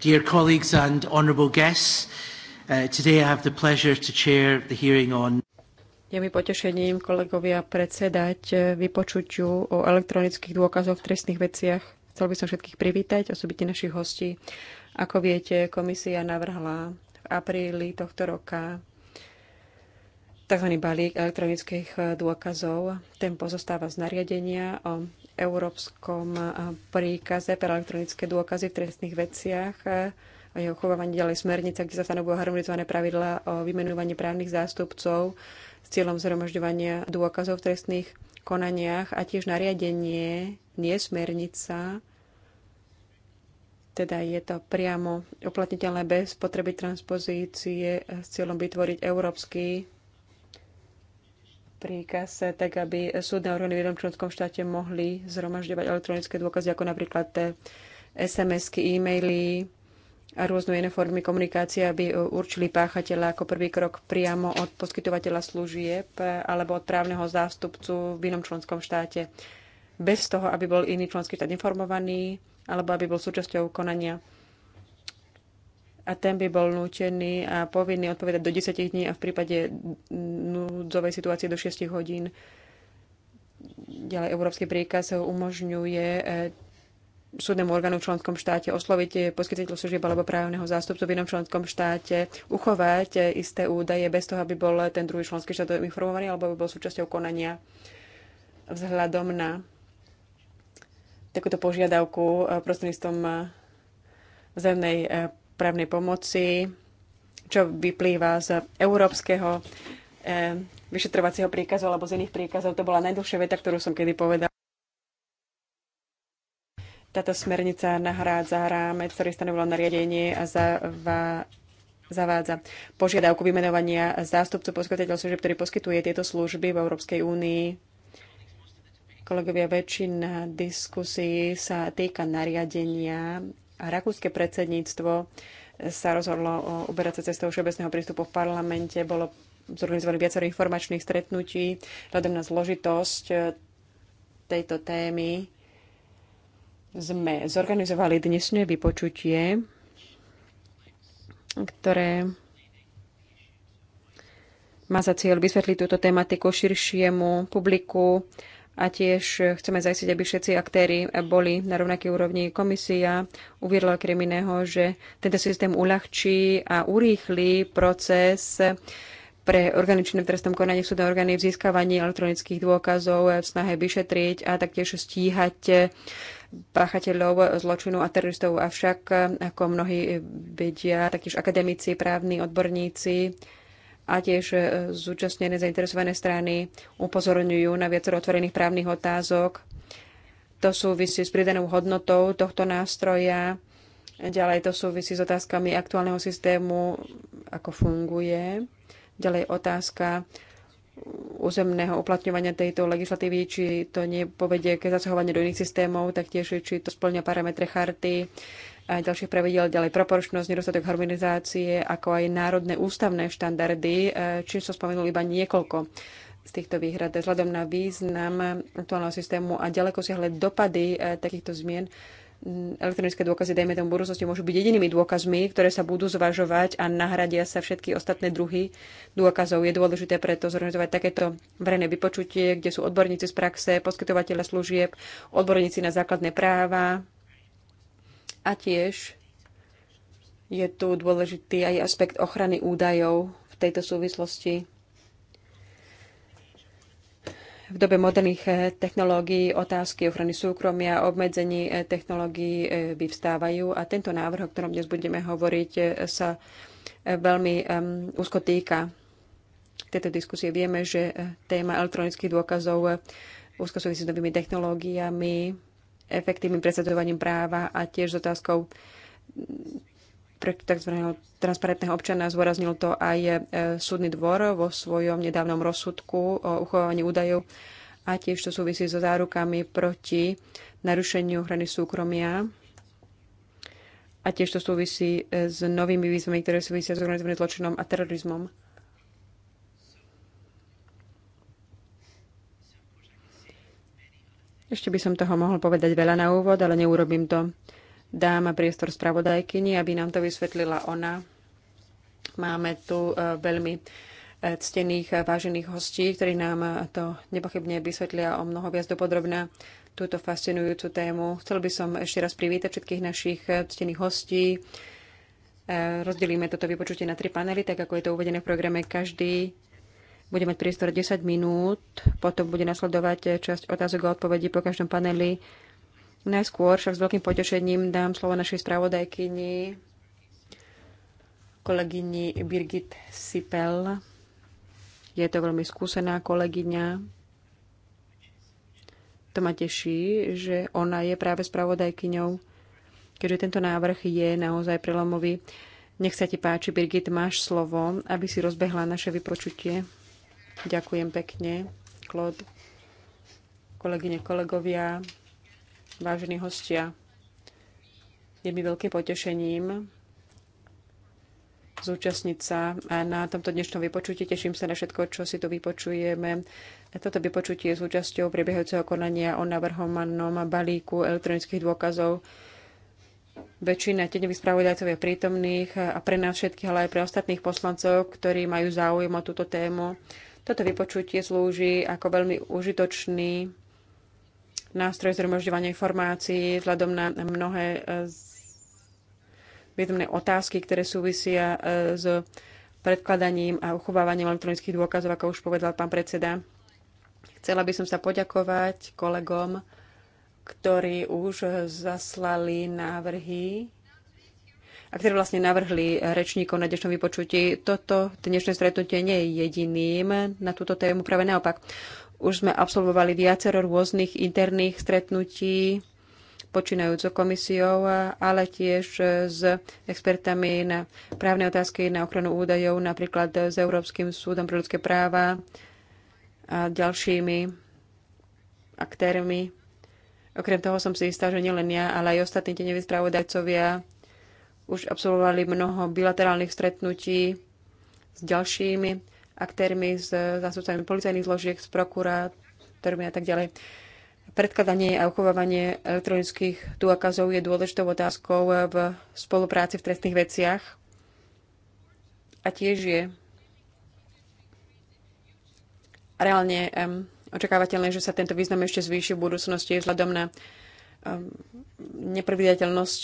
Dear colleagues and honourable guests, uh, today I have the pleasure to chair the hearing on je mi potešením, kolegovia, predsedať uh, vypočuťu o elektronických dôkazoch v trestných veciach. Chcel by som všetkých privítať, osobitne našich hostí. Ako viete, komisia navrhla v apríli tohto roka tzv. balík elektronických uh, dôkazov. Ten pozostáva z nariadenia o európskom eh, príkaze pre elektronické dôkazy v trestných veciach eh, a jeho chovávanie ďalej smernica, kde sa stanovujú harmonizované pravidla o vymenovaní právnych zástupcov s cieľom zhromažďovania dôkazov v trestných konaniach a tiež nariadenie, nie smernica, teda je to priamo uplatniteľné bez potreby transpozície eh, s cieľom vytvoriť európsky príkaz, tak aby súdne orgány v jednom členskom štáte mohli zhromažďovať elektronické dôkazy, ako napríklad eh, SMS-ky, e-maily a rôzne iné formy komunikácie, aby eh, určili páchateľa ako prvý krok priamo od poskytovateľa služieb eh, alebo od právneho zástupcu v inom členskom štáte, bez toho, aby bol iný členský štát informovaný alebo aby bol súčasťou konania a ten by bol nútený a povinný odpovedať do 10 dní a v prípade núdzovej situácie do 6 hodín. Ďalej Európsky príkaz umožňuje e, súdnemu orgánu v členskom štáte osloviť poskytiteľ služieb alebo právneho zástupcu v inom členskom štáte, uchovať e, isté údaje bez toho, aby bol ten druhý členský štát informovaný alebo aby bol súčasťou konania vzhľadom na takúto požiadavku e, prostredníctvom zemnej právnej pomoci, čo vyplýva z európskeho eh, vyšetrovacieho príkazu alebo z iných príkazov. To bola najdlhšia veta, ktorú som kedy povedal. Táto smernica nahrádza rámec, ktorý stanovilo nariadenie a zavádza požiadavku vymenovania zástupcu poskytovateľ služieb, ktorý poskytuje tieto služby v Európskej únii. Kolegovia, väčšina diskusí sa týka nariadenia Rakúske predsedníctvo sa rozhodlo o uberať sa cestou všeobecného prístupu v parlamente. Bolo zorganizované viacero informačných stretnutí vzhľadom na zložitosť e, tejto témy. Sme zorganizovali dnešné vypočutie, ktoré má za cieľ vysvetliť túto tematiku širšiemu publiku a tiež chceme zajistiť, aby všetci aktéry boli na rovnakej úrovni. Komisia uviedla okrem iného, že tento systém uľahčí a urýchli proces pre orgány činné v trestnom konaní súdne orgány v získavaní elektronických dôkazov v snahe vyšetriť a taktiež stíhať páchateľov zločinu a teroristov. Avšak, ako mnohí vedia, taktiež akademici, právni odborníci, a tiež e, zúčastnené zainteresované strany upozorňujú na viacero otvorených právnych otázok. To súvisí s pridanou hodnotou tohto nástroja. Ďalej to súvisí s otázkami aktuálneho systému, ako funguje. Ďalej otázka územného uplatňovania tejto legislatívy, či to nepovedie ke zasahovaniu do iných systémov, taktiež či to splňa parametre charty, a ďalších pravidel, ďalej proporčnosť, nedostatok harmonizácie, ako aj národné ústavné štandardy, e, či som spomenul iba niekoľko z týchto výhrad. Vzhľadom na význam aktuálneho systému a ďaleko siahle dopady e, takýchto zmien, mm, elektronické dôkazy, dajme tomu budúcnosti, môžu byť jedinými dôkazmi, ktoré sa budú zvažovať a nahradia sa všetky ostatné druhy dôkazov. Je dôležité preto zorganizovať takéto verejné vypočutie, kde sú odborníci z praxe, poskytovateľe služieb, odborníci na základné práva, a tiež je tu dôležitý aj aspekt ochrany údajov v tejto súvislosti. V dobe moderných eh, technológií otázky ochrany súkromia, a obmedzení eh, technológií eh, vyvstávajú a tento návrh, o ktorom dnes budeme hovoriť, sa veľmi úzko týka tejto diskusie. Vieme, že téma elektronických dôkazov úzko súvisí s novými technológiami, efektívnym presadzovaním práva a tiež s otázkou pre tzv. transparentného občana zvoraznil to aj e, súdny dvor vo svojom nedávnom rozsudku o uchovávaní údajov a tiež to súvisí so zárukami proti narušeniu ochrany súkromia a tiež to súvisí e, s novými výzvami, ktoré súvisia s organizovaným zločinom a terorizmom. Ešte by som toho mohol povedať veľa na úvod, ale neurobím to. Dám priestor spravodajkyni, aby nám to vysvetlila ona. Máme tu e, veľmi e, ctených, vážených hostí, ktorí nám to nepochybne vysvetlia o mnoho viac dopodrobná túto fascinujúcu tému. Chcel by som ešte raz privítať všetkých našich e, ctených hostí. Rozdelíme toto vypočutie na tri panely, tak ako je to uvedené v programe. Každý bude mať priestor 10 minút, potom bude nasledovať časť otázok a odpovedí po každom paneli. Najskôr však s veľkým potešením dám slovo našej spravodajkyni, kolegyni Birgit Sipel. Je to veľmi skúsená kolegyňa. To ma teší, že ona je práve spravodajkyňou, keďže tento návrh je naozaj prelomový. Nech sa ti páči, Birgit, máš slovo, aby si rozbehla naše vypočutie. Ďakujem pekne, Klod, kolegyne, kolegovia, vážení hostia. Je mi veľkým potešením zúčastniť sa na tomto dnešnom vypočutí. Teším sa na všetko, čo si tu vypočujeme. Toto vypočutie je súčasťou prebiehajúceho konania o navrhovanom balíku elektronických dôkazov. Väčšina tenových spravodajcov je prítomných a pre nás všetkých, ale aj pre ostatných poslancov, ktorí majú záujem o túto tému. Toto vypočutie slúži ako veľmi užitočný nástroj zhromažďovania informácií vzhľadom na mnohé e, významné otázky, ktoré súvisia e, s predkladaním a uchovávaním elektronických dôkazov, ako už povedal pán predseda. Chcela by som sa poďakovať kolegom, ktorí už zaslali návrhy a ktoré vlastne navrhli rečníkov na dnešnom vypočutí. Toto dnešné stretnutie nie je jediným na túto tému, práve naopak. Už sme absolvovali viacero rôznych interných stretnutí, počínajúco komisiou, ale tiež s expertami na právne otázky, na ochranu údajov, napríklad s Európskym súdom pre ľudské práva a ďalšími aktérmi. Okrem toho som si istá, že nielen ja, ale aj ostatní teneví spravodajcovia už absolvovali mnoho bilaterálnych stretnutí s ďalšími aktérmi, s zástupcami policajných zložiek, s prokurátormi a tak ďalej. Predkladanie a uchovávanie elektronických dôkazov je dôležitou otázkou v spolupráci v trestných veciach a tiež je reálne um, očakávateľné, že sa tento význam ešte zvýši v budúcnosti vzhľadom na um, nepredvidateľnosť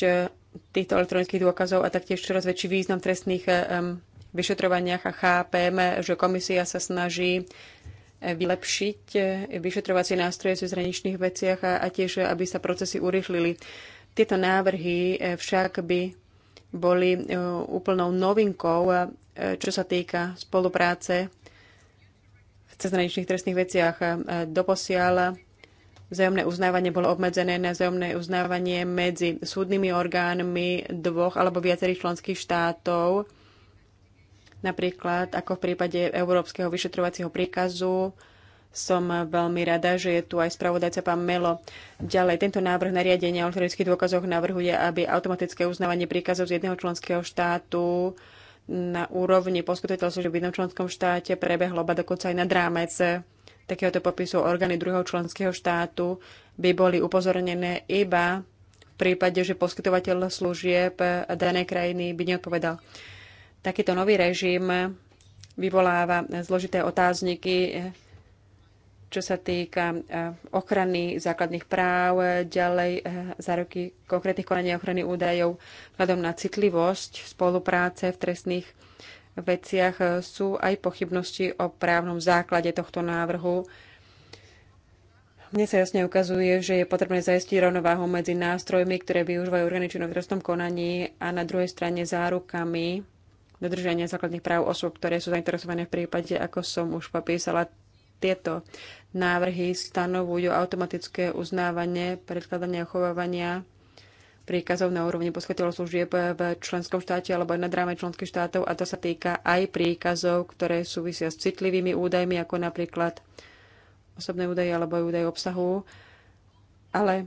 týchto elektronických dôkazov a taktiež čoraz väčší význam v trestných eh, vyšetrovaniach a chápem, že komisia sa snaží eh, vylepšiť eh, vyšetrovacie nástroje v zraničných veciach a, a tiež, aby sa procesy urýchlili. Tieto návrhy však by boli úplnou novinkou, čo sa týka spolupráce v cezhraničných trestných veciach. Doposiaľ vzájomné uznávanie bolo obmedzené na vzájomné uznávanie medzi súdnymi orgánmi dvoch alebo viacerých členských štátov, napríklad ako v prípade Európskeho vyšetrovacieho príkazu. Som veľmi rada, že je tu aj spravodajca pán Melo. Ďalej, tento návrh nariadenia o elektronických dôkazoch navrhuje, aby automatické uznávanie príkazov z jedného členského štátu na úrovni poskytovateľov služieb v jednom členskom štáte prebehlo, ba dokonca aj na drámece takéhoto popisu orgány druhého členského štátu by boli upozornené iba v prípade, že poskytovateľ služieb danej krajiny by neodpovedal. Takýto nový režim vyvoláva zložité otázniky, čo sa týka eh, ochrany základných práv, ďalej eh, zároky konkrétnych konania ochrany údajov vzhľadom na citlivosť spolupráce v trestných veciach e, sú aj pochybnosti o právnom základe tohto návrhu. Mne sa jasne ukazuje, že je potrebné zajistiť rovnováhu medzi nástrojmi, ktoré využívajú orgány činné v trestnom konaní a na druhej strane zárukami dodržania základných práv osôb, ktoré sú zainteresované v prípade, ako som už popísala, tieto návrhy stanovujú automatické uznávanie, predkladanie a chovávania príkazov na úrovni poskytovateľov služieb v členskom štáte alebo nad ráme členských štátov a to sa týka aj príkazov, ktoré súvisia s citlivými údajmi, ako napríklad osobné údaje alebo údaje obsahu. Ale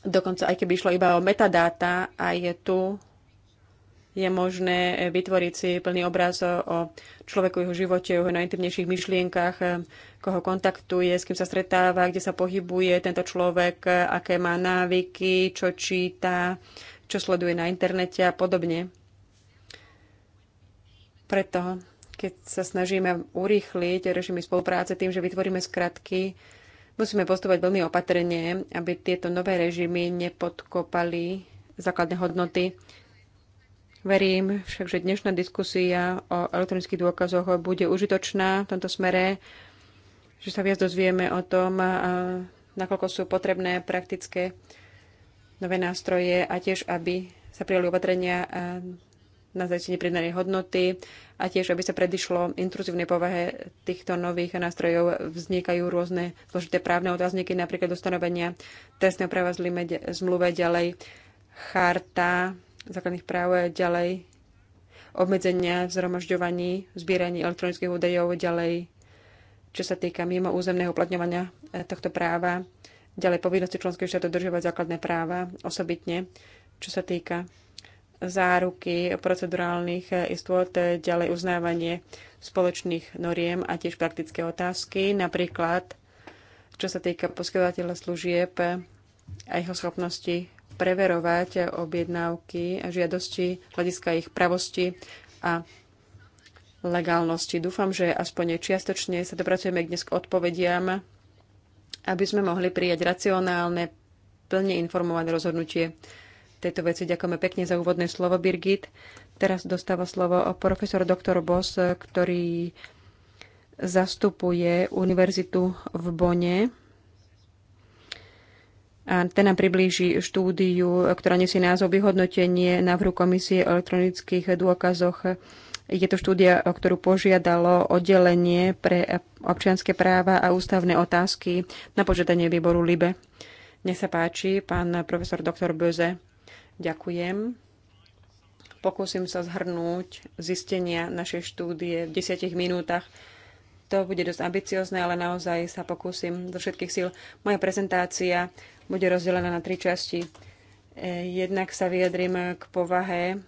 dokonca aj keby išlo iba o metadáta, aj tu je možné eh, vytvoriť si plný obraz o človeku, jeho živote, jeho najintimnejších myšlienkach, eh, koho kontaktuje, s kým sa stretáva, kde sa pohybuje tento človek, eh, aké má návyky, čo číta, čo sleduje na internete a podobne. Preto, keď sa snažíme urýchliť režimy spolupráce tým, že vytvoríme skratky, musíme postupovať veľmi opatrne, aby tieto nové režimy nepodkopali základné hodnoty Verím však, že dnešná diskusia o elektronických dôkazoch bude užitočná v tomto smere, že sa viac dozvieme o tom, nakoľko sú potrebné praktické nové nástroje a tiež, aby sa prijali opatrenia na zajistenie pridanej hodnoty a tiež, aby sa predišlo intruzívnej povahe týchto nových nástrojov. Vznikajú rôzne zložité právne otázniky, napríklad ustanovenia trestného práva zmluve ďalej charta základných práv, ďalej obmedzenia v zhromažďovaní, zbieraní elektronických údajov, ďalej čo sa týka mimo územného uplatňovania e, tohto práva, ďalej povinnosti členského štátu dodržovať základné práva, osobitne čo sa týka záruky procedurálnych e, istôt, e, ďalej uznávanie spoločných noriem a tiež praktické otázky, napríklad čo sa týka poskytovateľa služieb a jeho schopnosti preverovať objednávky a žiadosti hľadiska ich pravosti a legálnosti. Dúfam, že aspoň čiastočne sa dopracujeme dnes k odpovediam, aby sme mohli prijať racionálne, plne informované rozhodnutie tejto veci. Ďakujeme pekne za úvodné slovo, Birgit. Teraz dostáva slovo profesor doktor Bos, ktorý zastupuje univerzitu v Bone a ten nám priblíži štúdiu, ktorá nesie názov vyhodnotenie návrhu komisie o elektronických dôkazoch. Je to štúdia, o ktorú požiadalo oddelenie pre občianské práva a ústavné otázky na požiadanie výboru LIBE. Nech sa páči, pán profesor doktor Böze. Ďakujem. Pokúsim sa zhrnúť zistenia našej štúdie v desiatich minútach to bude dosť ambiciozne, ale naozaj sa pokúsim zo všetkých síl. Moja prezentácia bude rozdelená na tri časti. E, jednak sa vyjadrím k povahe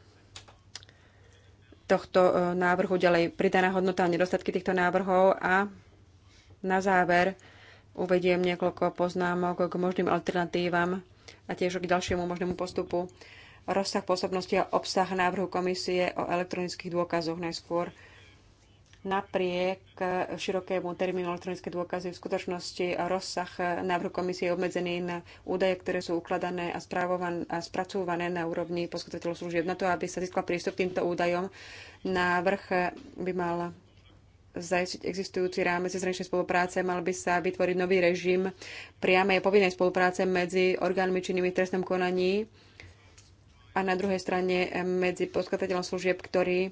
tohto e, návrhu, ďalej pridaná hodnota a nedostatky týchto návrhov a na záver uvediem niekoľko poznámok k možným alternatívam a tiež k ďalšiemu možnému postupu. Rozsah pôsobnosti a obsah návrhu komisie o elektronických dôkazoch najskôr. Napriek e, širokému termínu elektronické dôkazy v skutočnosti rozsah návrhu komisie je obmedzený na údaje, ktoré sú ukladané a, a spracúvané na úrovni poskytovateľov služieb. Na to, aby sa získal prístup k týmto údajom, návrh by mal zajistiť existujúci rámec cezhraničnej spolupráce, mal by sa vytvoriť nový režim priamej povinnej spolupráce medzi orgánmi činnými v trestnom konaní a na druhej strane medzi poskytateľom služieb, ktorý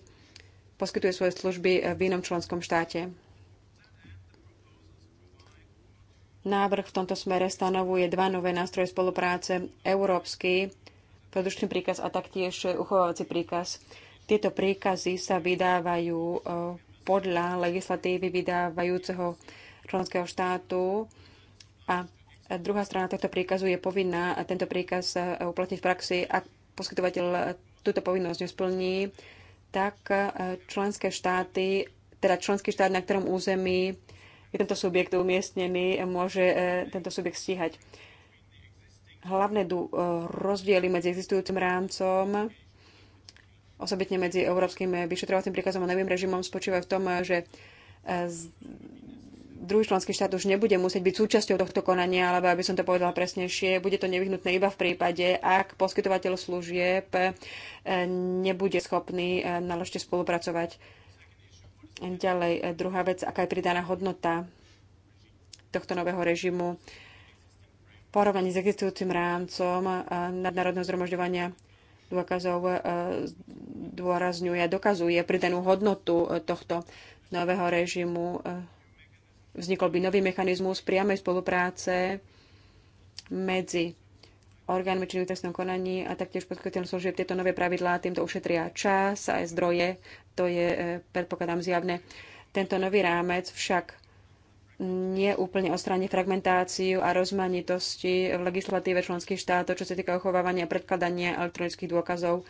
poskytuje svoje služby eh, v inom členskom štáte. Návrh v tomto smere stanovuje dva nové nástroje spolupráce, európsky produčný príkaz a taktiež uchovávací príkaz. Tieto príkazy sa vydávajú eh, podľa legislatívy vydávajúceho členského štátu a druhá strana tohto príkazu je povinná tento príkaz eh, uplatniť v praxi, ak poskytovateľ túto povinnosť nesplní, tak e, členské štáty, teda členský štát, na ktorom území je tento subjekt umiestnený, môže e, tento subjekt stíhať. Hlavné e, rozdiely medzi existujúcim rámcom osobitne medzi Európskym vyšetrovacím príkazom a novým režimom spočíva v tom, že druhý členský štát už nebude musieť byť súčasťou tohto konania, alebo aby som to povedala presnejšie, bude to nevyhnutné iba v prípade, ak poskytovateľ služieb eh, nebude schopný eh, naložte spolupracovať. Ďalej, eh, druhá vec, aká je pridaná hodnota tohto nového režimu porovnaní s existujúcim rámcom nadnárodného zhromažďovania dôkazov dôrazňuje, dokazuje pridanú hodnotu tohto nového režimu Vznikol by nový mechanizmus priamej spolupráce medzi orgánmi činnými trestnom konaní a taktiež poskytujem služieb tieto nové pravidlá týmto ušetria čas a aj zdroje. To je, e, predpokladám, zjavné. Tento nový rámec však neúplne odstráni fragmentáciu a rozmanitosti v legislatíve členských štátov, čo sa týka uchovávania a predkladania elektronických dôkazov.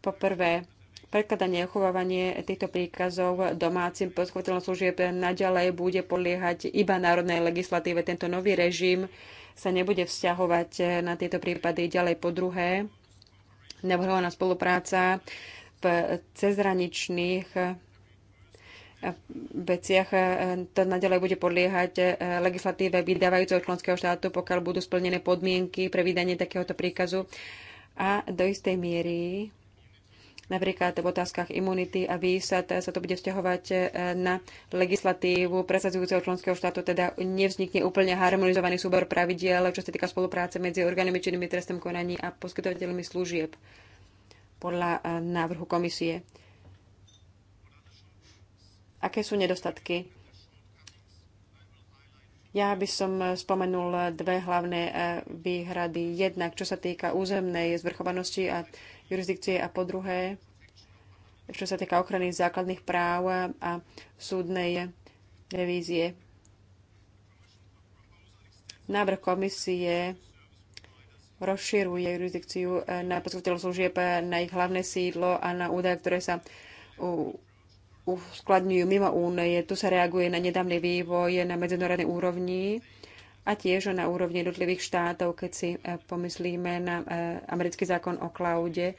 Po prvé, Prekladanie a uchovávanie týchto príkazov domácim poskytovateľom služieb naďalej bude podliehať iba národnej legislatíve. Tento nový režim sa nebude vzťahovať na tieto prípady ďalej po druhé. Navrhovaná spolupráca v cezhraničných veciach to nadalej bude podliehať legislatíve vydávajúceho členského štátu, pokiaľ budú splnené podmienky pre vydanie takéhoto príkazu. A do istej miery Napríklad v otázkach imunity a výsad sa to bude vzťahovať e, na legislatívu presadzujúceho členského štátu, teda nevznikne úplne harmonizovaný súbor pravidiel, čo sa týka spolupráce medzi orgánmi činnými trestom konaní a poskytovateľmi služieb podľa e, návrhu komisie. Aké sú nedostatky? Ja by som eh, spomenul eh, dve hlavné eh, výhrady. Jednak, čo sa týka územnej zvrchovanosti a jurisdikcie a po druhé, čo sa týka ochrany základných práv a súdnej revízie. Návrh komisie rozširuje jurisdikciu na poskytovateľov služieb, na ich hlavné sídlo a na údaje, ktoré sa uskladňujú mimo únie. Tu sa reaguje na nedávny vývoj na medzinárodnej úrovni a tiež na úrovni jednotlivých štátov, keď si e, pomyslíme na e, americký zákon o klaude.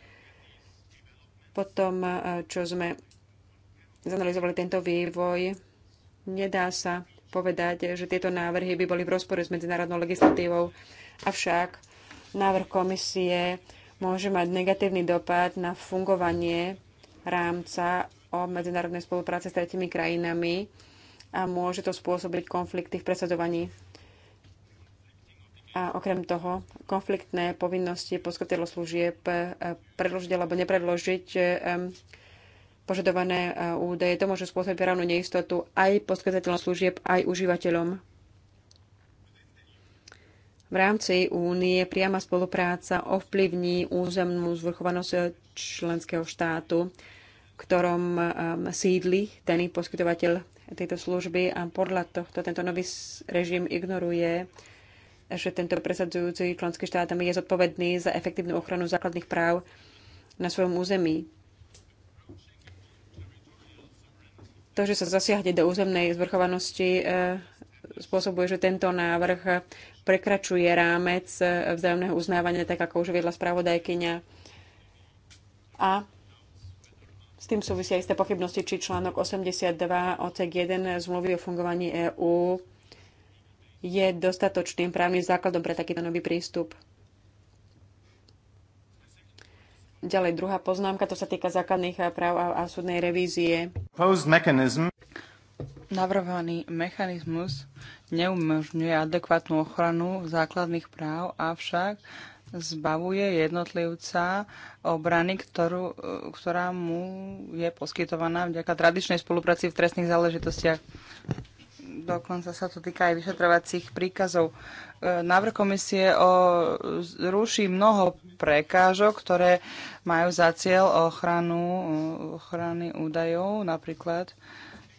Potom, e, čo sme zanalizovali tento vývoj, nedá sa povedať, že tieto návrhy by boli v rozpore s medzinárodnou legislatívou. Avšak návrh komisie môže mať negatívny dopad na fungovanie rámca o medzinárodnej spolupráce s tretimi krajinami a môže to spôsobiť konflikty v presadzovaní. A okrem toho, konfliktné povinnosti poskytovateľa služieb eh, predložiť alebo nepredložiť eh, požadované eh, údaje, to môže spôsobiť právnu neistotu aj poskytovateľom služieb, aj užívateľom. V rámci únie priama spolupráca ovplyvní územnú zvrchovanosť členského štátu ktorom um, sídli ten poskytovateľ tejto služby a podľa tohto tento nový režim ignoruje, že tento presadzujúci členský štát je zodpovedný za efektívnu ochranu základných práv na svojom území. To, že sa zasiahne do územnej zvrchovanosti, eh, spôsobuje, že tento návrh prekračuje rámec eh, vzájomného uznávania, tak ako už vedla spravodajkyňa. A s tým súvisia isté pochybnosti, či článok 82 odsek 1 zmluvy o fungovaní EÚ je dostatočným právnym základom pre takýto nový prístup. Ďalej druhá poznámka, to sa týka základných práv a, a súdnej revízie. Navrhovaný mechanizmus neumožňuje adekvátnu ochranu základných práv, avšak zbavuje jednotlivca obrany, ktorú, e, ktorá mu je poskytovaná vďaka tradičnej spolupráci v trestných záležitostiach. Dokonca sa to týka aj vyšetrovacích príkazov. E, návrh komisie o, ruší mnoho prekážok, ktoré majú za cieľ ochranu, e, ochrany údajov, napríklad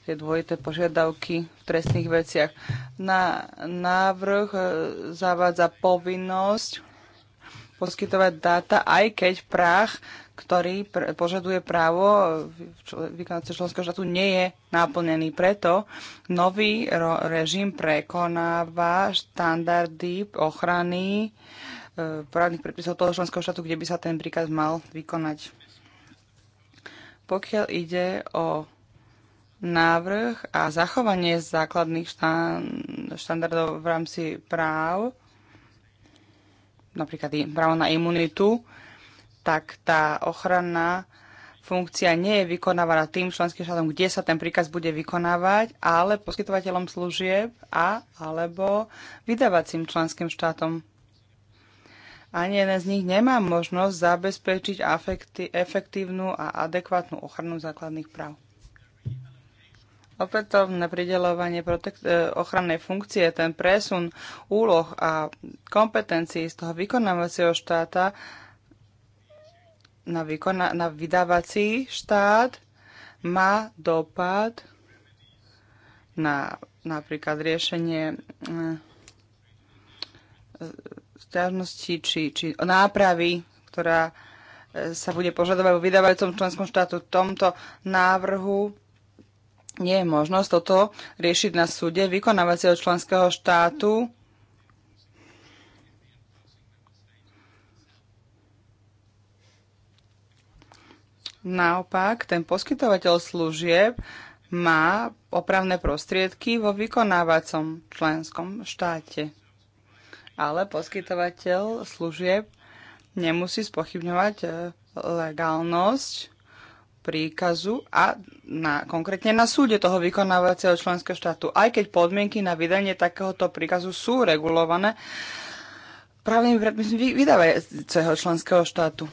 tie dvojité požiadavky v trestných veciach. Na návrh zavádza povinnosť poskytovať dáta, aj keď práh, ktorý pr- požaduje právo vykonávce členského štátu, nie je naplnený. Preto nový režim prekonáva štandardy ochrany e, právnych predpisov toho členského štátu, kde by sa ten príkaz mal vykonať. Pokiaľ ide o návrh a zachovanie základných štandardov v rámci práv, napríklad právo na imunitu, tak tá ochranná funkcia nie je vykonávaná tým členským štátom, kde sa ten príkaz bude vykonávať, ale poskytovateľom služieb a alebo vydávacím členským štátom. Ani jeden z nich nemá možnosť zabezpečiť efektívnu a adekvátnu ochranu základných práv. Opätovné pridelovanie e, ochrannej funkcie, ten presun úloh a kompetencií z toho vykonávacieho štáta na, vykona- na vydávací štát má dopad na napríklad riešenie e, stiažnosti či, či nápravy, ktorá e, sa bude požadovať vo vydávajúcom členskom štátu v tomto návrhu nie je možnosť toto riešiť na súde vykonávacieho členského štátu. Naopak, ten poskytovateľ služieb má opravné prostriedky vo vykonávacom členskom štáte. Ale poskytovateľ služieb nemusí spochybňovať eh, legálnosť príkazu a na, konkrétne na súde toho vykonávacieho členského štátu. Aj keď podmienky na vydanie takéhoto príkazu sú regulované právnymi predpismi vydávajúceho členského štátu.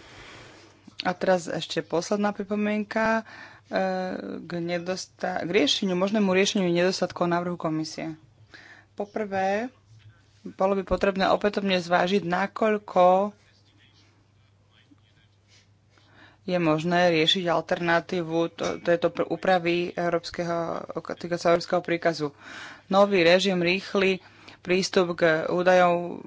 A teraz ešte posledná pripomienka e, k, nedosta- k riešeniu, možnému riešeniu nedostatkov návrhu komisie. Poprvé, bolo by potrebné opätovne zvážiť, nakoľko je možné riešiť alternatívu tejto úpravy európskeho, týkajúceho európskeho príkazu. Nový režim, rýchly prístup k údajom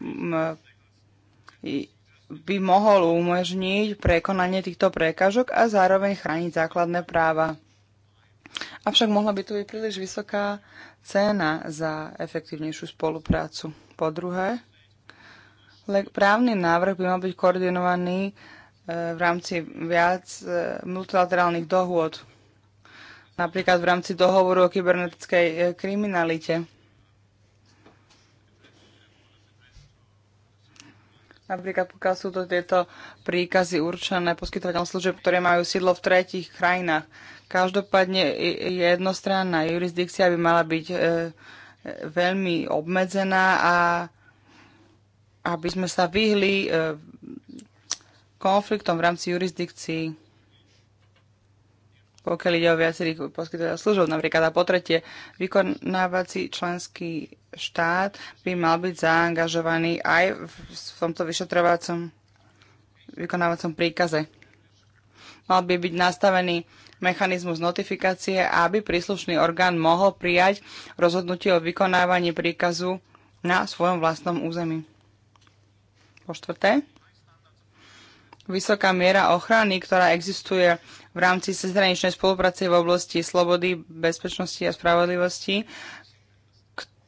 by mohol umožniť prekonanie týchto prekážok a zároveň chrániť základné práva. Avšak mohla by tu byť príliš vysoká cena za efektívnejšiu spoluprácu. Po druhé, právny návrh by mal byť koordinovaný v rámci viac e, multilaterálnych dohôd, napríklad v rámci dohovoru o kybernetickej e, kriminalite. Napríklad pokiaľ sú to tieto príkazy určené poskytovateľom služieb, ktoré majú sídlo v tretích krajinách. Každopádne jednostranná jurisdikcia by mala byť e, veľmi obmedzená a aby sme sa vyhli konfliktom v rámci jurisdikcií, pokiaľ ide o viacerých poskytovateľov služov. Napríklad a po tretie, vykonávací členský štát by mal byť zaangažovaný aj v tomto vyšetrovacom vykonávacom príkaze. Mal by byť nastavený mechanizmus notifikácie, aby príslušný orgán mohol prijať rozhodnutie o vykonávaní príkazu na svojom vlastnom území. Po štvrté, Vysoká miera ochrany, ktorá existuje v rámci cezhraničnej spolupráce v oblasti slobody, bezpečnosti a spravodlivosti,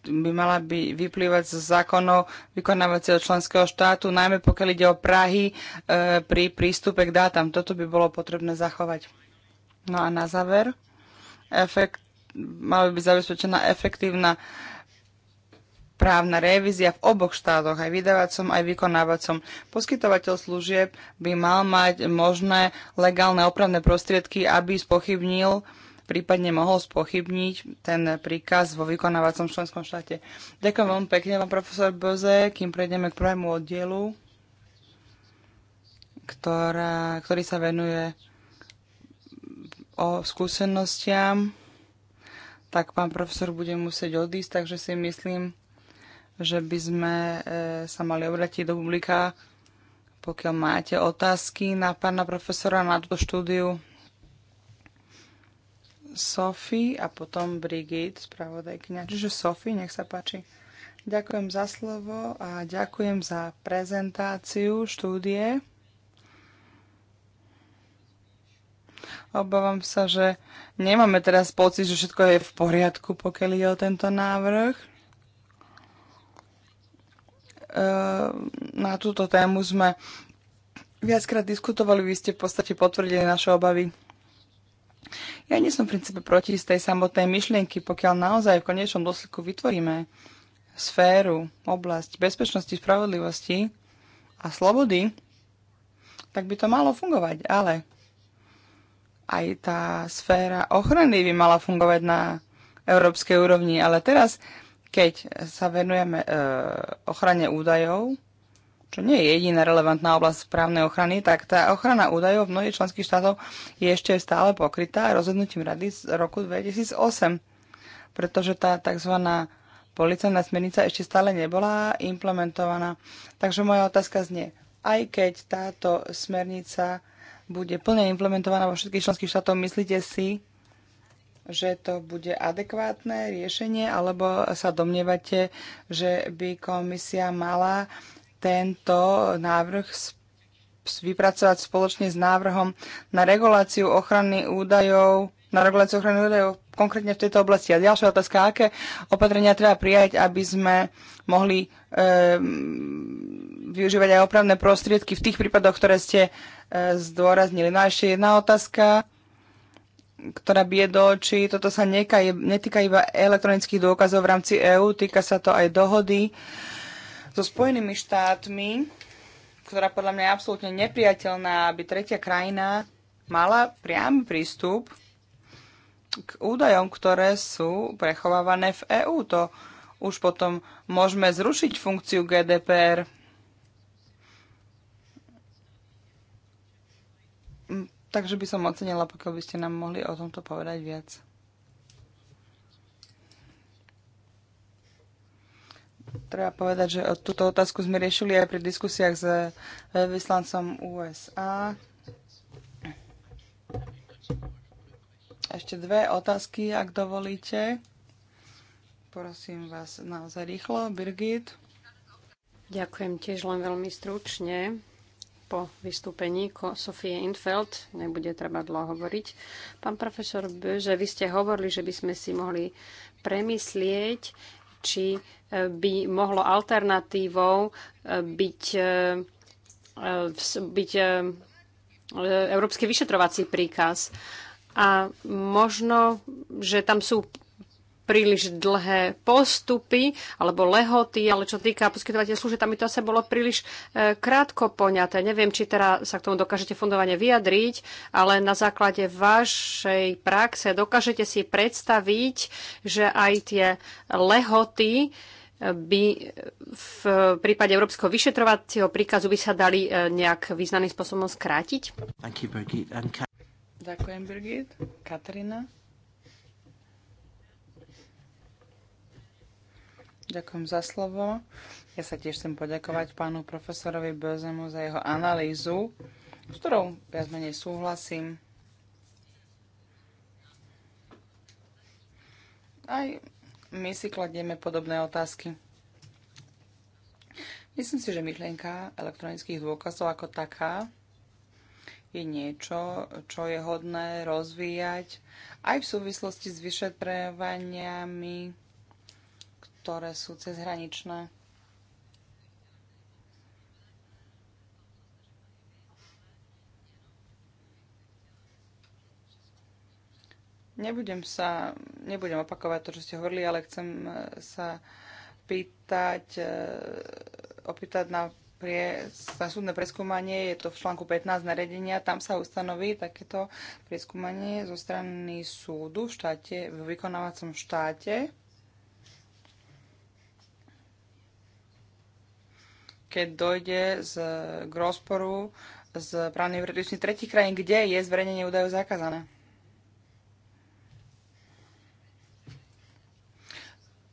by mala by vyplývať z zákonov vykonávacieho členského štátu, najmä pokiaľ ide o Prahy e, pri prístupe k dátam. Toto by bolo potrebné zachovať. No a na záver, efekt, mala by byť zabezpečená efektívna právna revízia v oboch štátoch, aj vydávacom, aj vykonávacom. Poskytovateľ služieb by mal mať možné legálne opravné prostriedky, aby spochybnil prípadne mohol spochybniť ten príkaz vo vykonávacom členskom štáte. Ďakujem veľmi pekne pán profesor Boze, kým prejdeme k prvému oddielu, ktorá, ktorý sa venuje o skúsenostiam, tak pán profesor bude musieť odísť, takže si myslím, že by sme e, sa mali obrátiť do publika, pokiaľ máte otázky na pána profesora na túto štúdiu. Sophie a potom Brigitte, spravodajkňa. Čiže Sophie, nech sa páči. Ďakujem za slovo a ďakujem za prezentáciu štúdie. Obávam sa, že nemáme teraz pocit, že všetko je v poriadku, pokiaľ je o tento návrh. Eh, na túto tému sme viackrát diskutovali, vy ste v podstate potvrdili naše obavy. Ja nie som v princípe proti z tej samotnej myšlienky, pokiaľ naozaj v konečnom dôsledku vytvoríme sféru, oblasť bezpečnosti, spravodlivosti a slobody, tak by to malo fungovať, ale aj tá sféra ochrany by mala fungovať na európskej úrovni. Ale teraz keď sa venujeme e, ochrane údajov, čo nie je jediná relevantná oblasť právnej ochrany, tak tá ochrana údajov v mnohých členských štátoch je ešte stále pokrytá rozhodnutím rady z roku 2008, pretože tá tzv. policajná smernica ešte stále nebola implementovaná. Takže moja otázka znie, aj keď táto smernica bude plne implementovaná vo všetkých členských štátoch, myslíte si, že to bude adekvátne riešenie, alebo sa domnievate, že by komisia mala tento návrh vypracovať spoločne s návrhom na reguláciu ochrany údajov na reguláciu ochrany údajov konkrétne v tejto oblasti. A ďalšia otázka, aké opatrenia treba prijať, aby sme mohli e, využívať aj opravné prostriedky v tých prípadoch, ktoré ste e, zdôraznili. No a ešte jedna otázka ktorá bije do očí. Toto sa nekaje, netýka iba elektronických dôkazov v rámci EÚ, týka sa to aj dohody so Spojenými štátmi, ktorá podľa mňa je absolútne nepriateľná, aby tretia krajina mala priamy prístup k údajom, ktoré sú prechovávané v EÚ. To už potom môžeme zrušiť funkciu GDPR Takže by som ocenila, pokiaľ by ste nám mohli o tomto povedať viac. Treba povedať, že túto otázku sme riešili aj pri diskusiách s eh, vyslancom USA. Ešte dve otázky, ak dovolíte. Prosím vás naozaj rýchlo. Birgit. Ďakujem tiež len veľmi stručne po vystúpení Sofie Infeld. Nebude treba dlho hovoriť. Pán profesor že vy ste hovorili, že by sme si mohli premyslieť, či e, by mohlo alternatívou e, byť, e, byť európsky vyšetrovací príkaz. A možno, že tam sú príliš dlhé postupy alebo lehoty, ale čo týka poskytovateľ služieb, tam by to asi bolo príliš e, krátko poňaté. Neviem, či teraz sa k tomu dokážete fundovane vyjadriť, ale na základe vašej praxe dokážete si predstaviť, že aj tie lehoty by v prípade Európskeho vyšetrovacieho príkazu by sa dali e, nejak významným spôsobom skrátiť? Ďakujem, Birgit. Katrina? Ďakujem za slovo. Ja sa tiež chcem poďakovať pánu profesorovi Bözemu za jeho analýzu, s ktorou viac menej súhlasím. Aj my si kladieme podobné otázky. Myslím si, že myšlienka elektronických dôkazov ako taká je niečo, čo je hodné rozvíjať aj v súvislosti s vyšetrovaniami ktoré sú cezhraničné. Nebudem sa, nebudem opakovať to, čo ste hovorili, ale chcem e, sa pýtať, e, opýtať na, prie, na súdne preskúmanie, je to v článku 15 naredenia, tam sa ustanoví takéto preskúmanie zo strany súdu v, štáte, v vykonávacom štáte keď dojde z, k rozporu s právnymi predpismi tretich krajín, kde je zverejnenie údajov zakázané.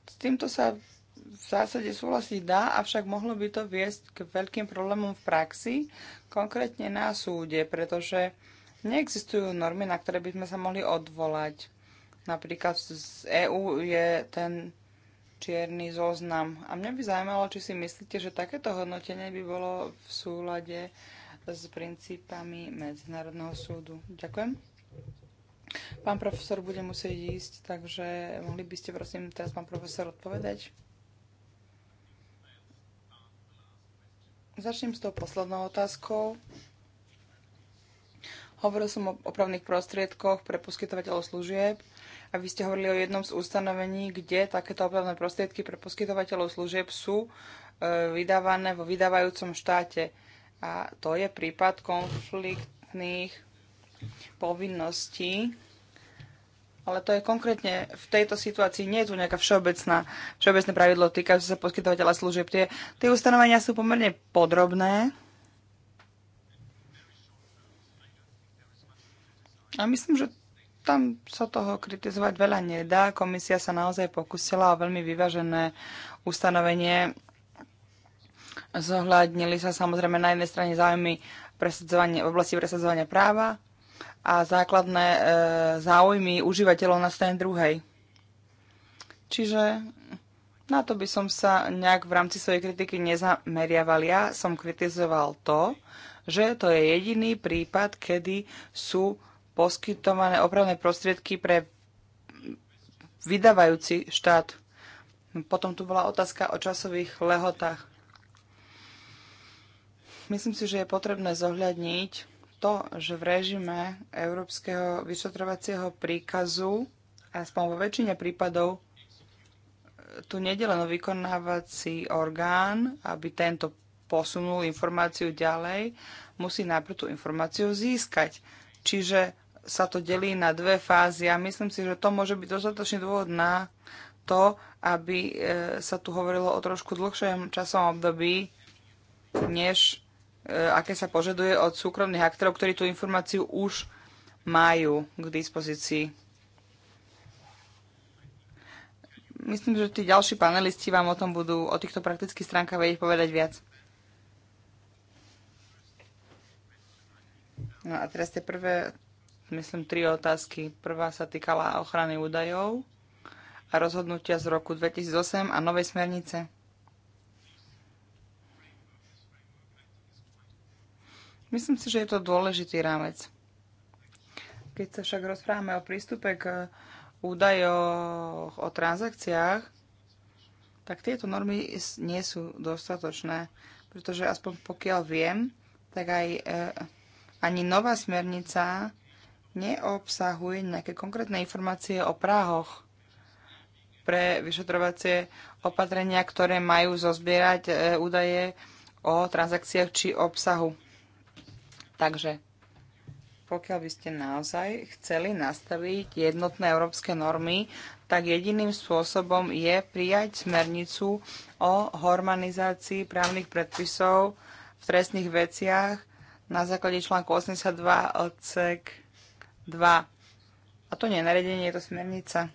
S týmto sa v zásade súhlasiť dá, avšak mohlo by to viesť k veľkým problémom v praxi, konkrétne na súde, pretože neexistujú normy, na ktoré by sme sa mohli odvolať. Napríklad z EÚ je ten čierny zoznam. A mňa by zaujímalo, či si myslíte, že takéto hodnotenie by bolo v súlade s princípami Medzinárodného súdu. Ďakujem. Pán profesor bude musieť ísť, takže mohli by ste prosím teraz pán profesor odpovedať? Začnem s tou poslednou otázkou. Hovoril som o opravných prostriedkoch pre poskytovateľov služieb. A vy ste hovorili o jednom z ustanovení, kde takéto opravné prostriedky pre poskytovateľov služieb sú e, vydávané vo vydávajúcom štáte. A to je prípad konfliktných povinností. Ale to je konkrétne v tejto situácii, nie je tu nejaká všeobecná, všeobecné pravidlo týkajúce sa poskytovateľa služieb. Tie, tie ustanovenia sú pomerne podrobné. A myslím, že tam sa toho kritizovať veľa nedá. Komisia sa naozaj pokusila o veľmi vyvážené ustanovenie. Zohľadnili sa samozrejme na jednej strane záujmy v oblasti presadzovania práva a základné e, záujmy užívateľov na strane druhej. Čiže na to by som sa nejak v rámci svojej kritiky nezameriaval. Ja som kritizoval to, že to je jediný prípad, kedy sú poskytované opravné prostriedky pre vydávajúci štát. Potom tu bola otázka o časových lehotách. Myslím si, že je potrebné zohľadniť to, že v režime Európskeho vyšetrovacieho príkazu, aspoň vo väčšine prípadov, tu nedelen vykonávací orgán, aby tento posunul informáciu ďalej, musí najprv tú informáciu získať. Čiže sa to delí na dve fázy a myslím si, že to môže byť dostatočný dôvod na to, aby e, sa tu hovorilo o trošku dlhšom časom období, než e, aké sa požaduje od súkromných aktérov, ktorí tú informáciu už majú k dispozícii. Myslím, že tí ďalší panelisti vám o tom budú, o týchto praktických stránkach vedieť povedať viac. No a teraz tie prvé, myslím, tri otázky. Prvá sa týkala ochrany údajov a rozhodnutia z roku 2008 a novej smernice. Myslím si, že je to dôležitý rámec. Keď sa však rozprávame o prístupe k údajoch o transakciách, tak tieto normy nie sú dostatočné, pretože aspoň pokiaľ viem, tak aj e, ani nová smernica neobsahuje nejaké konkrétne informácie o práhoch pre vyšetrovacie opatrenia, ktoré majú zozbierať e, údaje o transakciách či obsahu. Takže pokiaľ by ste naozaj chceli nastaviť jednotné európske normy, tak jediným spôsobom je prijať smernicu o harmonizácii právnych predpisov v trestných veciach na základe článku 82 odsek 2. A to nie je nariadenie, je to smernica.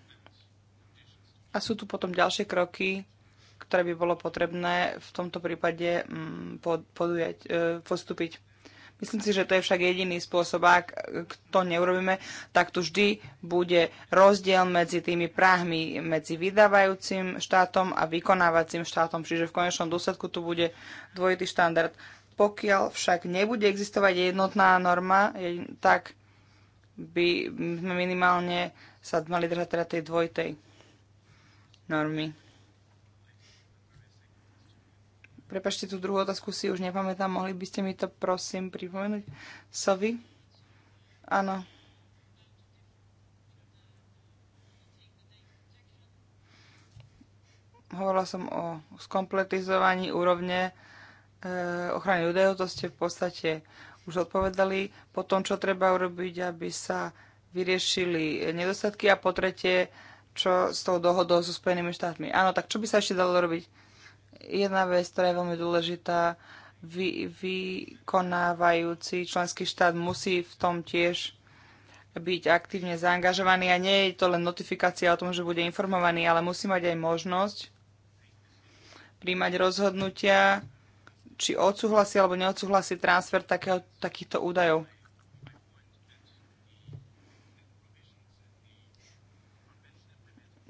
A sú tu potom ďalšie kroky, ktoré by bolo potrebné v tomto prípade mm, podujať, e, postúpiť. Myslím si, že to je však jediný spôsob, ak to neurobíme, tak tu vždy bude rozdiel medzi tými práhmi, medzi vydávajúcim štátom a vykonávacím štátom, čiže v konečnom dôsledku tu bude dvojitý štandard. Pokiaľ však nebude existovať jednotná norma, tak by sme minimálne sa mali držať teda tej dvojtej normy. Prepašte, tú druhú otázku si už nepamätám. Mohli by ste mi to prosím pripomenúť? Sovi? Áno. Hovorila som o skompletizovaní úrovne e, ochrany údajov. To ste v podstate už odpovedali, po tom, čo treba urobiť, aby sa vyriešili nedostatky a po tretie, čo s tou dohodou so Spojenými štátmi. Áno, tak čo by sa ešte dalo robiť? Jedna vec, ktorá je veľmi dôležitá, vy, vykonávajúci členský štát musí v tom tiež byť aktívne zaangažovaný a nie je to len notifikácia o tom, že bude informovaný, ale musí mať aj možnosť príjmať rozhodnutia, či odsúhlasí alebo neodsúhlasí transfer takého, takýchto údajov.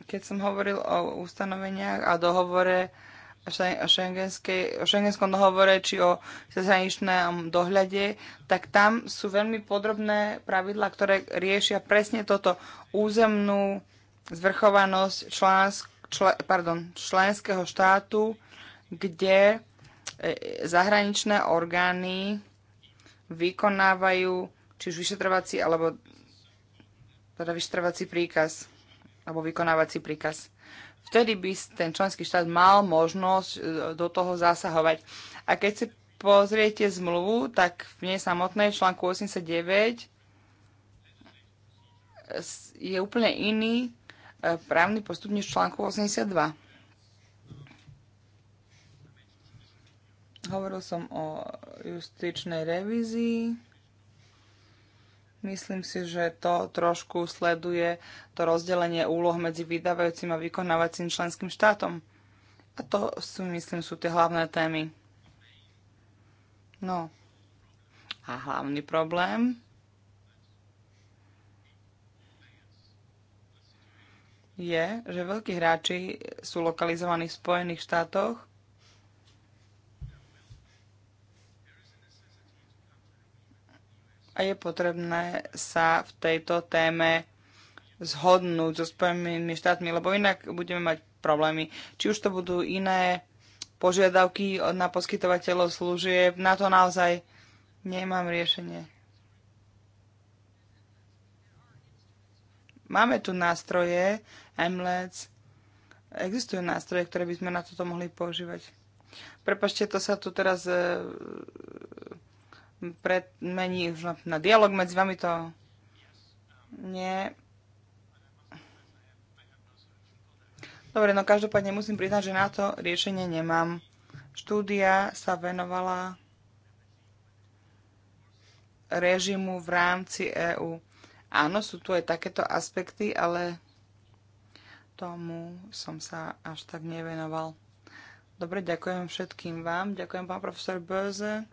Keď som hovoril o ustanoveniach a dohovore o šengenskom dohovore či o cezhraničnom dohľade, tak tam sú veľmi podrobné pravidlá, ktoré riešia presne toto územnú zvrchovanosť článsk, čl, pardon, členského štátu, kde E, zahraničné orgány vykonávajú či už vyšetrovací alebo teda vyšetrovací príkaz alebo vykonávací príkaz. Vtedy by ten členský štát mal možnosť e, do toho zasahovať. A keď si pozriete zmluvu, tak v nej samotnej článku 89 je úplne iný e, právny postup než článku 82. Hovoril som o justičnej revízii. Myslím si, že to trošku sleduje to rozdelenie úloh medzi vydávajúcim a vykonávacím členským štátom. A to si myslím sú tie hlavné témy. No. A hlavný problém je, že veľkí hráči sú lokalizovaní v Spojených štátoch a je potrebné sa v tejto téme zhodnúť so Spojenými štátmi, lebo inak budeme mať problémy. Či už to budú iné požiadavky na poskytovateľov služieb, na to naozaj nemám riešenie. Máme tu nástroje, MLEDs, existujú nástroje, ktoré by sme na toto mohli používať. Prepašte, to sa tu teraz e, predmení už na, na dialog medzi vami to nie. Dobre, no každopádne musím priznať, že na to riešenie nemám. Štúdia sa venovala režimu v rámci EÚ. Áno, sú tu aj takéto aspekty, ale tomu som sa až tak nevenoval. Dobre, ďakujem všetkým vám. Ďakujem pán profesor Böze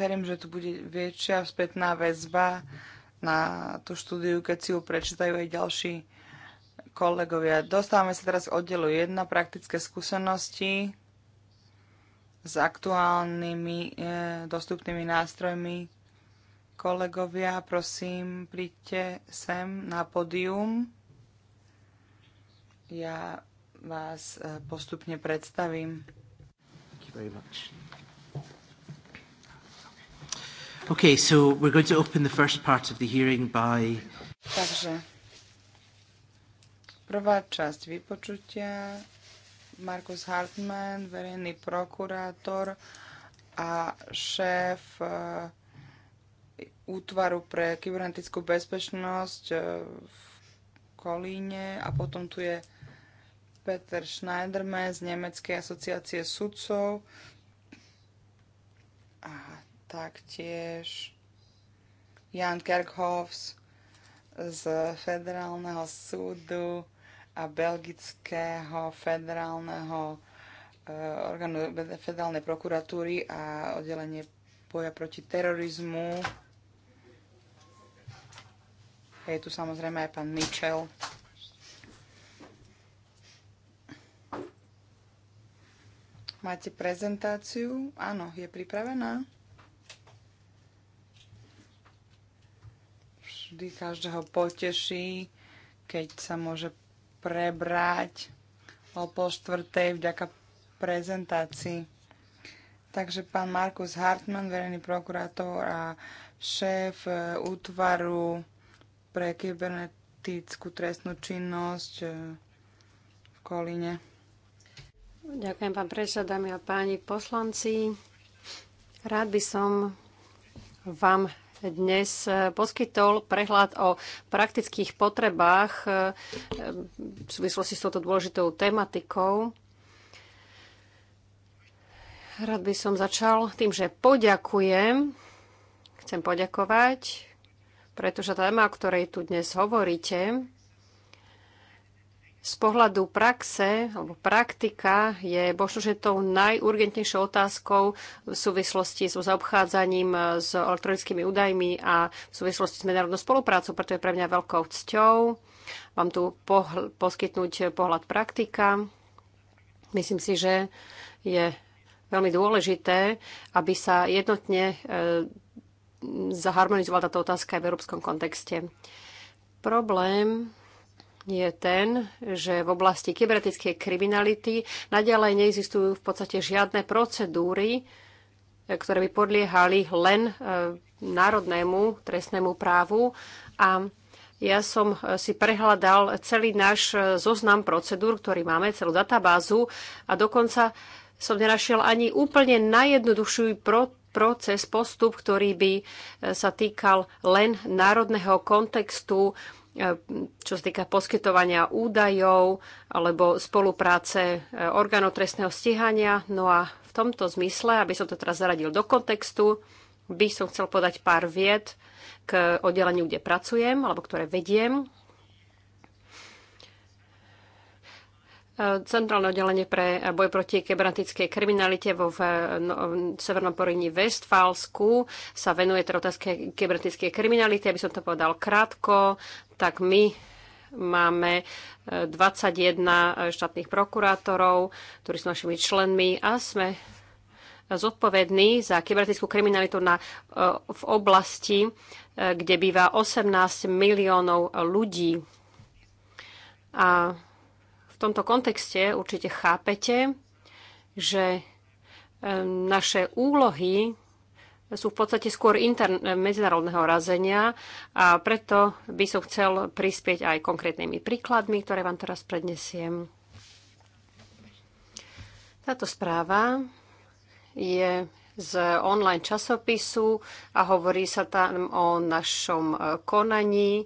verím, že tu bude väčšia spätná väzba na tú štúdiu, keď si ju prečítajú aj ďalší kolegovia. Dostávame sa teraz k oddelu 1, praktické skúsenosti s aktuálnymi e, dostupnými nástrojmi. Kolegovia, prosím, príďte sem na pódium. Ja vás e, postupne predstavím. Thank you very much. Okay, so we're going to open the first part of the hearing by... Takže prvá časť vypočutia Markus Hartmann, verejný prokurátor a šéf eh, útvaru pre kybernetickú bezpečnosť eh, v Kolíne a potom tu je Peter Schneiderman z Nemeckej asociácie sudcov, taktiež Jan Kerkhoffs z federálneho súdu a belgického federálneho e, orgánu federálnej prokuratúry a oddelenie boja proti terorizmu. Je tu samozrejme aj pán Mitchell. Máte prezentáciu? Áno, je pripravená. vždy každého poteší, keď sa môže prebrať o pol štvrtej vďaka prezentácii. Takže pán Markus Hartmann, verejný prokurátor a šéf e, útvaru pre kybernetickú trestnú činnosť e, v Kolíne. Ďakujem, pán predseda, dámy a páni poslanci. Rád by som vám dnes eh, poskytol prehľad o praktických potrebách eh, v súvislosti s touto dôležitou tematikou. Rád by som začal tým, že poďakujem. Chcem poďakovať, pretože téma, o ktorej tu dnes hovoríte, z pohľadu praxe alebo praktika je možno, že tou najurgentnejšou otázkou v súvislosti so zaobchádzaním s elektronickými údajmi a v súvislosti s medzinárodnou spoluprácou, preto je pre mňa veľkou cťou vám tu pohl- poskytnúť pohľad praktika. Myslím si, že je veľmi dôležité, aby sa jednotne e, zaharmonizovala táto otázka aj v európskom kontexte. Problém je ten, že v oblasti kybernetickej kriminality nadalej neexistujú v podstate žiadne procedúry, e, ktoré by podliehali len e, národnému trestnému právu. A ja som e, si prehľadal celý náš zoznam procedúr, ktorý máme, celú databázu a dokonca som nenašiel ani úplne najjednoduchší proces, postup, ktorý by sa týkal len národného kontextu E, čo sa týka poskytovania údajov alebo spolupráce e, orgánov trestného stíhania. No a v tomto zmysle, aby som to teraz zaradil do kontextu, by som chcel podať pár vied k oddeleniu, kde pracujem alebo ktoré vediem. Centrálne oddelenie pre boj proti kybernetickej kriminalite vo v, no, v Severnom Poríni Westfalsku sa venuje teda otázke kybernetickej kriminality. Aby som to povedal krátko, tak my máme 21 e, štátnych prokurátorov, ktorí sú našimi členmi a sme zodpovední za kybernetickú kriminalitu na, e, v oblasti, e, kde býva 18 miliónov ľudí. A tomto kontexte určite chápete, že naše úlohy sú v podstate skôr medzinárodného razenia a preto by som chcel prispieť aj konkrétnymi príkladmi, ktoré vám teraz prednesiem. Táto správa je z online časopisu a hovorí sa tam o našom e, konaní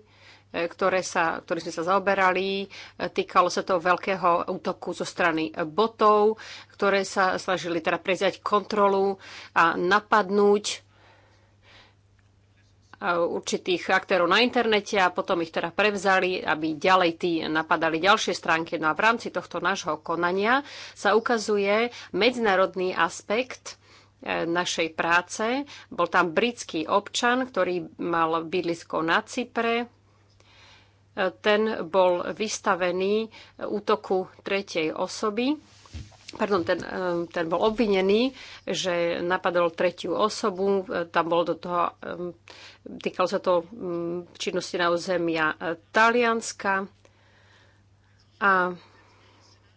E, ktoré sa, ktorý sme sa zaoberali. E, týkalo sa to veľkého útoku zo strany botov, ktoré sa snažili teda prezať kontrolu a napadnúť e, určitých aktérov na internete a potom ich teda prevzali, aby ďalej tí napadali ďalšie stránky. No a v rámci tohto nášho konania sa ukazuje medzinárodný aspekt našej práce. Bol tam britský občan, ktorý mal bydlisko na Cypre, ten bol vystavený útoku tretej osoby. Pardon, ten, e, ten bol obvinený, že napadol tretiu osobu, tam bol do toho, e, týkal sa to mm, činnosti na územia e, Talianska. A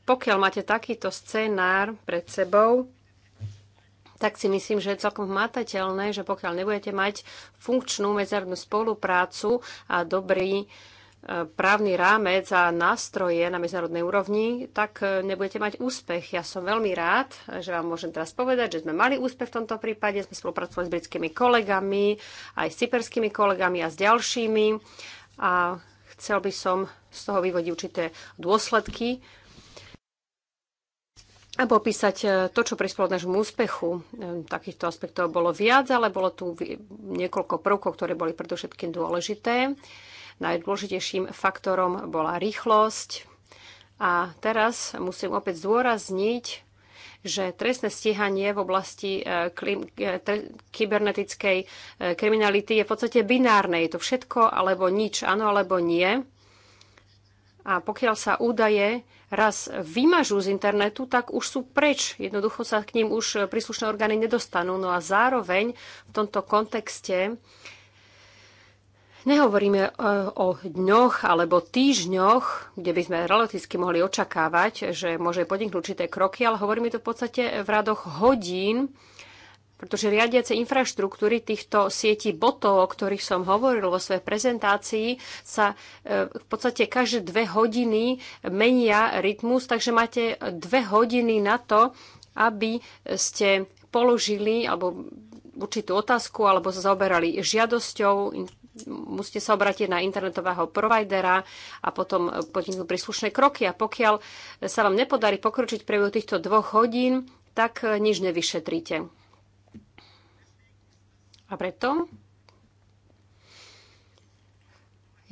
pokiaľ máte takýto scénár pred sebou, tak si myslím, že je celkom hmatateľné, že pokiaľ nebudete mať funkčnú medzárodnú spoluprácu a dobrý uh, právny rámec a nástroje na medzinárodnej úrovni, tak e, nebudete mať úspech. Ja som veľmi rád, že vám môžem teraz povedať, že sme mali úspech v tomto prípade, sme spolupracovali s britskými kolegami, aj s cyperskými kolegami a s ďalšími. A chcel by som z toho vyvodiť určité dôsledky a popísať e, to, čo prispelo nášmu úspechu. E, takýchto aspektov bolo viac, ale bolo tu niekoľko prvkov, ktoré boli predovšetkým dôležité. Najdôležitejším faktorom bola rýchlosť. A teraz musím opäť zdôrazniť, že trestné stíhanie v oblasti e, klim, e, kybernetickej e, kriminality je v podstate binárne. Je to všetko alebo nič, áno alebo nie. A pokiaľ sa údaje raz vymažú z internetu, tak už sú preč. Jednoducho sa k ním už príslušné orgány nedostanú. No a zároveň v tomto kontexte Nehovoríme e, o dňoch alebo týždňoch, kde by sme relaticky mohli očakávať, že môže podniknúť určité kroky, ale hovoríme to v podstate v radoch hodín, pretože riadiace infraštruktúry týchto sietí botov, o ktorých som hovoril vo svojej prezentácii, sa e, v podstate každé dve hodiny menia rytmus, takže máte dve hodiny na to, aby ste položili alebo určitú otázku alebo sa zaoberali žiadosťou musíte sa obrátiť na internetového providera a potom podniknú príslušné kroky. A pokiaľ sa vám nepodarí pokročiť priebehu týchto dvoch hodín, tak eh, nič nevyšetríte. A preto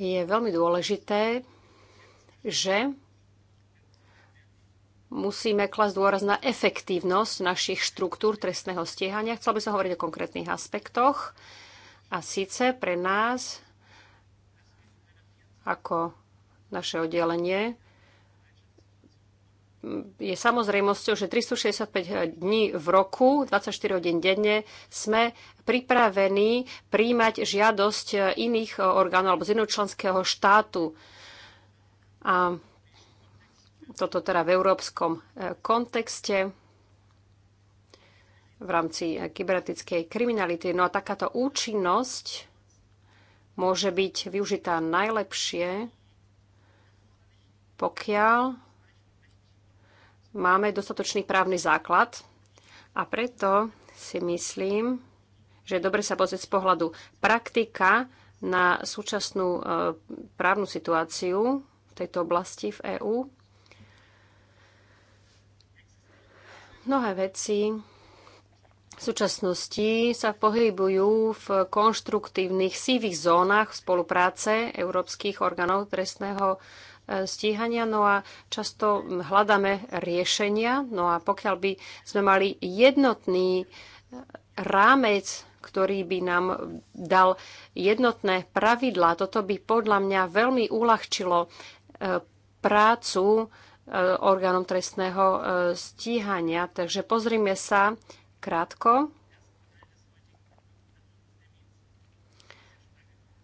je veľmi dôležité, že musíme klasť dôraz na efektívnosť našich štruktúr trestného stíhania. Chcel by som hovoriť o konkrétnych aspektoch. A síce pre nás, ako naše oddelenie, je samozrejmosťou, že 365 dní v roku, 24 hodín denne, sme pripravení príjmať žiadosť iných orgánov alebo z iného členského štátu. A toto teda v európskom eh, kontexte v rámci eh, kybernetickej kriminality. No a takáto účinnosť môže byť využitá najlepšie, pokiaľ máme dostatočný právny základ. A preto si myslím, že je dobre sa pozrieť z pohľadu praktika na súčasnú eh, právnu situáciu v tejto oblasti v EÚ. Mnohé veci v súčasnosti sa pohybujú v konštruktívnych sivých zónach spolupráce európskych orgánov trestného e, stíhania, no a často hľadáme riešenia. No a pokiaľ by sme mali jednotný e, rámec, ktorý by nám dal jednotné pravidlá, toto by podľa mňa veľmi uľahčilo e, prácu orgánom trestného stíhania. Takže pozrime sa krátko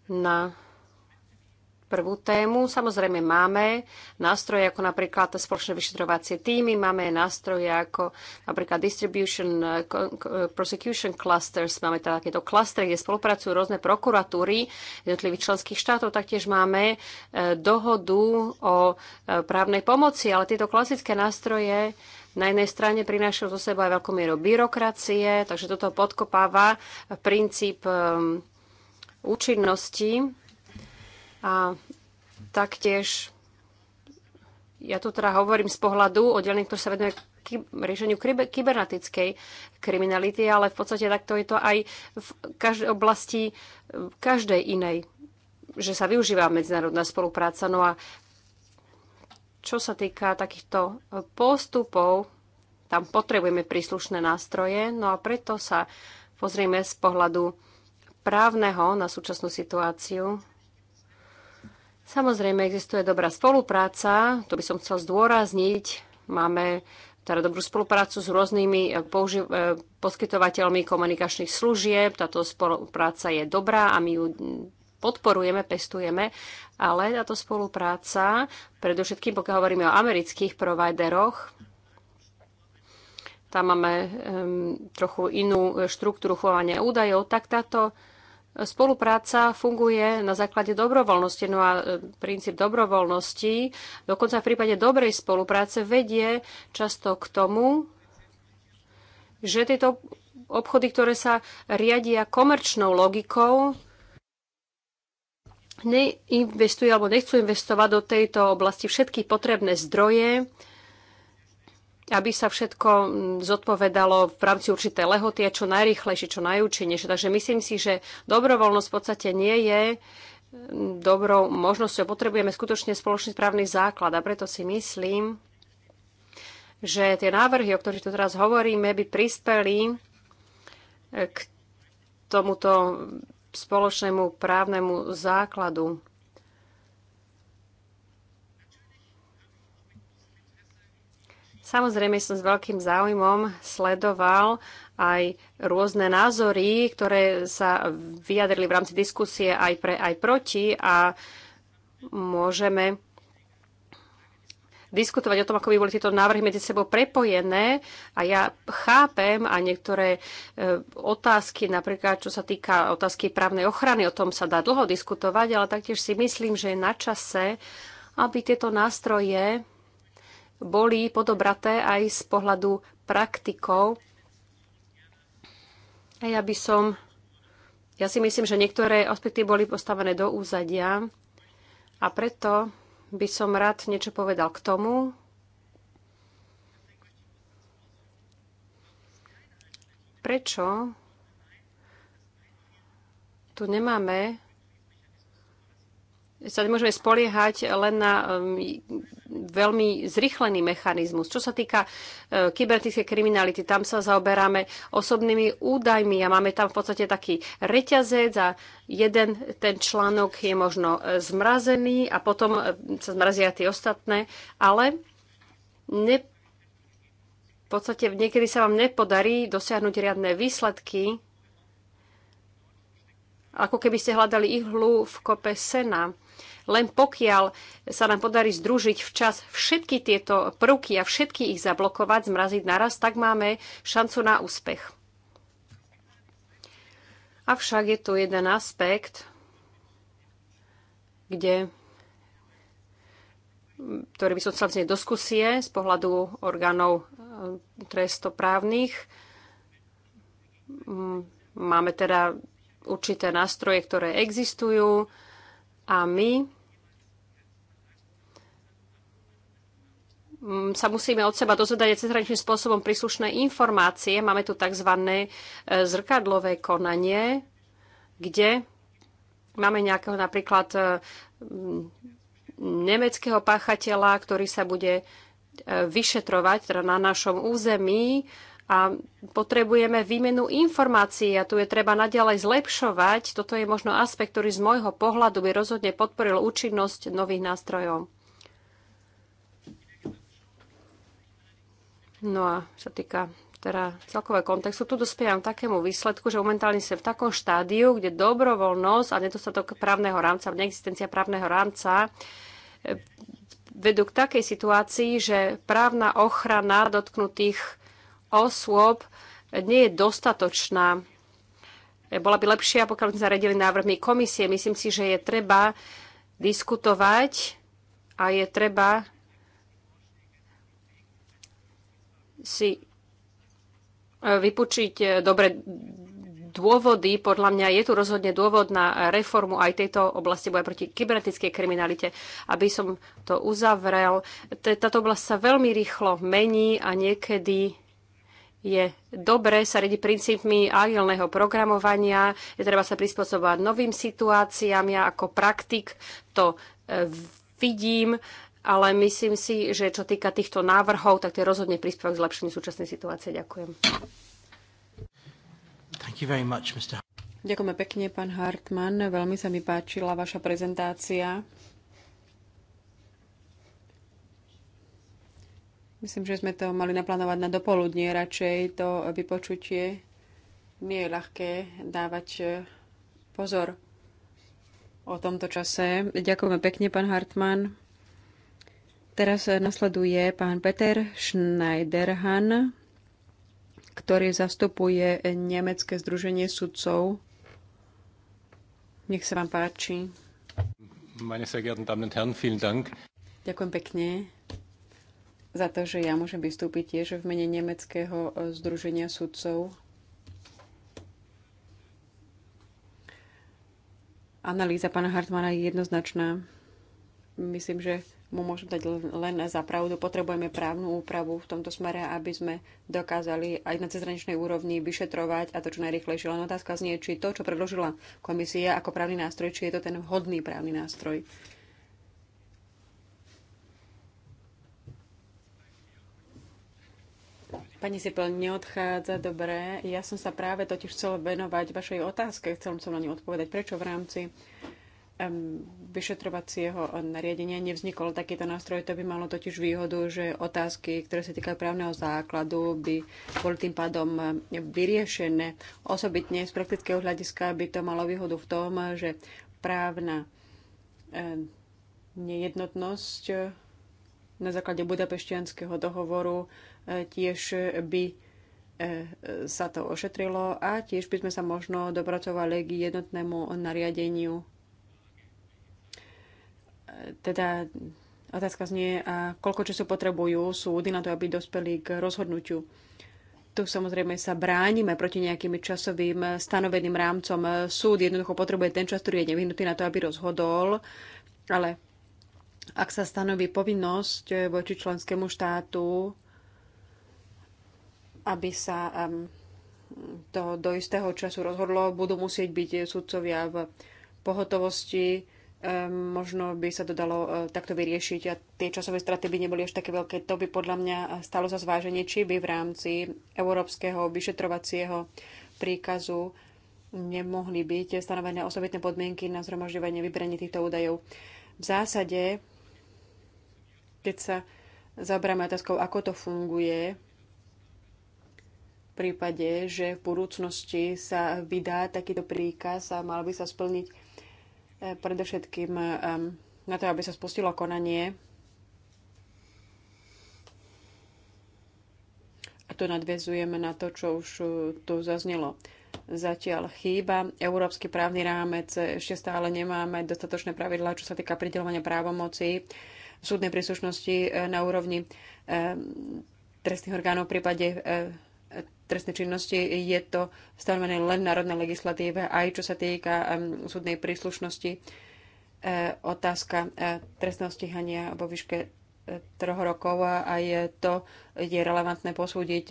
na prvú tému. Samozrejme máme nástroje ako napríklad spoločné vyšetrovacie týmy, máme nástroje ako napríklad distribution, prosecution clusters, máme teda takéto klastre, kde spolupracujú rôzne prokuratúry jednotlivých členských štátov, taktiež máme e, dohodu o e, právnej pomoci, ale tieto klasické nástroje na jednej strane prinášajú zo seba aj veľkú mieru byrokracie, takže toto podkopáva princíp e, účinnosti a taktiež, ja tu teda hovorím z pohľadu oddelenia, ktorý sa venuje riešeniu kybernetickej kriminality, ale v podstate takto je to aj v každej oblasti, v každej inej, že sa využíva medzinárodná spolupráca. No a čo sa týka takýchto postupov, tam potrebujeme príslušné nástroje, no a preto sa pozrieme z pohľadu právneho na súčasnú situáciu. Samozrejme, existuje dobrá spolupráca, to by som chcel zdôrazniť. Máme teda dobrú spoluprácu s rôznymi eh, eh, poskytovateľmi komunikačných služieb. Táto spolupráca je dobrá a my ju podporujeme, pestujeme, ale táto spolupráca, predovšetkým pokiaľ hovoríme o amerických provideroch, tam máme um, trochu inú eh, štruktúru chovania údajov, tak táto Spolupráca funguje na základe dobrovoľnosti, no a e, princíp dobrovoľnosti dokonca v prípade dobrej spolupráce vedie často k tomu, že tieto obchody, ktoré sa riadia komerčnou logikou, neinvestujú alebo nechcú investovať do tejto oblasti všetky potrebné zdroje, aby sa všetko mm, zodpovedalo v rámci určité lehoty a čo najrychlejšie, čo najúčinnejšie. Takže myslím si, že dobrovoľnosť v podstate nie je mm, dobrou možnosťou. Potrebujeme skutočne spoločný správny základ a preto si myslím, že tie návrhy, o ktorých tu teraz hovoríme, by prispeli e, k tomuto spoločnému právnemu základu. Samozrejme som s veľkým záujmom sledoval aj rôzne názory, ktoré sa vyjadrili v rámci diskusie aj pre, aj proti a môžeme diskutovať o tom, ako by boli tieto návrhy medzi sebou prepojené. A ja chápem a niektoré e, otázky, napríklad čo sa týka otázky právnej ochrany, o tom sa dá dlho diskutovať, ale taktiež si myslím, že je na čase, aby tieto nástroje boli podobraté aj z pohľadu praktikov. A ja by som, ja si myslím, že niektoré aspekty boli postavené do úzadia a preto by som rád niečo povedal k tomu. Prečo tu nemáme sa nemôžeme spoliehať len na um, veľmi zrychlený mechanizmus. Čo sa týka uh, kybernetickej kriminality, tam sa zaoberáme osobnými údajmi a máme tam v podstate taký reťazec a jeden ten článok je možno uh, zmrazený a potom uh, sa zmrazia tie ostatné, ale ne, v podstate niekedy sa vám nepodarí dosiahnuť riadne výsledky, ako keby ste hľadali ihlu v kope sena. Len pokiaľ sa nám podarí združiť včas všetky tieto prvky a všetky ich zablokovať, zmraziť naraz, tak máme šancu na úspech. Avšak je tu jeden aspekt, kde ktorý by som chcel vznieť diskusie z pohľadu orgánov eh, trestoprávnych. Mm, máme teda určité nástroje, ktoré existujú, a my mm, sa musíme od seba dozvedať cezhraničným spôsobom príslušné informácie. Máme tu tzv. E, zrkadlové konanie, kde máme nejakého napríklad e, nemeckého páchateľa, ktorý sa bude e, vyšetrovať teda na našom území a potrebujeme výmenu informácií a tu je treba naďalej zlepšovať. Toto je možno aspekt, ktorý z môjho pohľadu by rozhodne podporil účinnosť nových nástrojov. No a čo týka teda celkového kontextu, tu dospievam takému výsledku, že momentálne sme v takom štádiu, kde dobrovoľnosť a nedostatok právneho rámca, neexistencia právneho rámca eh, vedú k takej situácii, že právna ochrana dotknutých osôb nie je dostatočná. E, bola by lepšia, pokiaľ by sme zaradili návrhmi komisie. Myslím si, že je treba diskutovať a je treba si e, vypučiť e, dobre dôvody. Podľa mňa je tu rozhodne dôvod na reformu aj tejto oblasti boja proti kybernetickej kriminalite. Aby som to uzavrel, táto oblasť sa veľmi rýchlo mení a niekedy je dobre sa riadiť princípmi agilného programovania, je treba sa prispôsobovať novým situáciám. Ja ako praktik to e, vidím, ale myslím si, že čo týka týchto návrhov, tak to je rozhodne príspevok k zlepšeniu súčasnej situácie. Ďakujem. Thank you very much, Mr. Ďakujeme pekne, pán Hartmann. Veľmi sa mi páčila vaša prezentácia. Myslím, že sme to mali naplánovať na dopoludnie radšej. To vypočutie nie je ľahké dávať e, pozor o tomto čase. Ďakujeme pekne, pán Hartmann. Teraz e, nasleduje pán Peter Schneiderhan, ktorý zastupuje Nemecké združenie sudcov. Nech sa vám páči. Meine sehr geehrten Damen und Herren, vielen Dank. Ďakujem pekne za to, že ja môžem vystúpiť tiež v mene Nemeckého e, združenia sudcov. Analýza pána Hartmana je jednoznačná. Myslím, že mu môžem dať len za pravdu. Potrebujeme právnu úpravu v tomto smere, aby sme dokázali aj na cezhraničnej úrovni vyšetrovať a to čo najrychlejšie. Len otázka znie, či to, čo predložila komisia ako právny nástroj, či je to ten vhodný právny nástroj. Pani Sipel neodchádza, dobre. Ja som sa práve totiž chcela venovať vašej otázke, chcel som na ňu odpovedať, prečo v rámci um, vyšetrovacieho nariadenia nevznikol takýto nástroj. To by malo totiž výhodu, že otázky, ktoré sa týkajú právneho základu, by boli tým pádom vyriešené. Osobitne z praktického hľadiska by to malo výhodu v tom, že právna nejednotnosť na základe budapešťanského dohovoru tiež by e, sa to ošetrilo a tiež by sme sa možno dopracovali k jednotnému nariadeniu. Teda otázka znie, a koľko času potrebujú súdy na to, aby dospeli k rozhodnutiu. Tu samozrejme sa bránime proti nejakým časovým stanoveným rámcom. Súd jednoducho potrebuje ten čas, ktorý je nevyhnutý na to, aby rozhodol, ale ak sa stanoví povinnosť voči členskému štátu aby sa to do istého času rozhodlo. Budú musieť byť sudcovia v pohotovosti, možno by sa to dalo eh, takto vyriešiť a tie časové straty by neboli až také veľké. To by podľa mňa stalo za zváženie, či by v rámci európskeho vyšetrovacieho príkazu nemohli byť stanovené osobitné podmienky na zhromažďovanie vybranie týchto údajov. V zásade, keď sa zabráme otázkou, ako to funguje, prípade, že v budúcnosti sa vydá takýto príkaz a mal by sa splniť eh, predovšetkým na to, aby sa spustilo konanie. A to nadvezujeme na to, čo už eh, tu zaznelo. Zatiaľ chýba európsky právny rámec, ešte stále nemáme dostatočné pravidlá, čo sa týka pridelovania právomoci súdnej príslušnosti eh, na úrovni trestných orgánov v prípade trestnej činnosti je to stanovené len v národnej legislatíve, aj čo sa týka súdnej príslušnosti. E, otázka e, trestného stíhania vo výške e, troch rokov a je to je relevantné posúdiť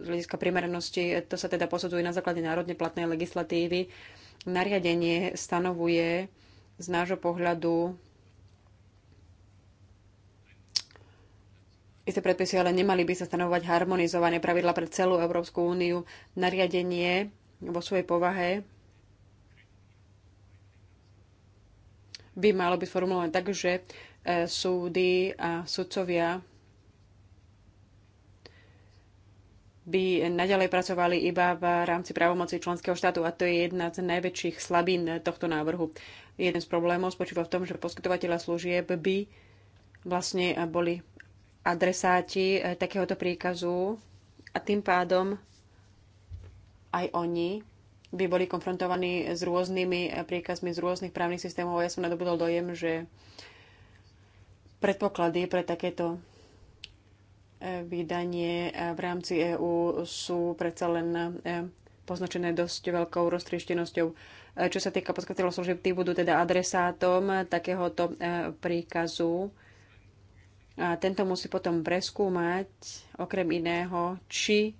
z hľadiska primeranosti. To sa teda posudzuje na základe národne platnej legislatívy. Nariadenie stanovuje z nášho pohľadu isté predpisy, ale nemali by sa stanovovať harmonizované pravidla pre celú Európsku úniu. Nariadenie vo svojej povahe by malo byť formulované tak, že e, súdy a sudcovia by naďalej pracovali iba v rámci právomoci členského štátu a to je jedna z najväčších slabín tohto návrhu. Jeden z problémov spočíva v tom, že poskytovateľa služieb by vlastne boli adresáti e, takéhoto príkazu a tým pádom aj oni by boli konfrontovaní s rôznymi e, príkazmi z rôznych právnych systémov. Ja som nadobudol dojem, že predpoklady pre takéto e, vydanie v rámci EÚ sú predsa len poznačené dosť veľkou roztrieštenosťou. Čo sa týka poskytovateľov služieb, tí budú teda adresátom takéhoto príkazu a tento musí potom preskúmať, okrem iného, či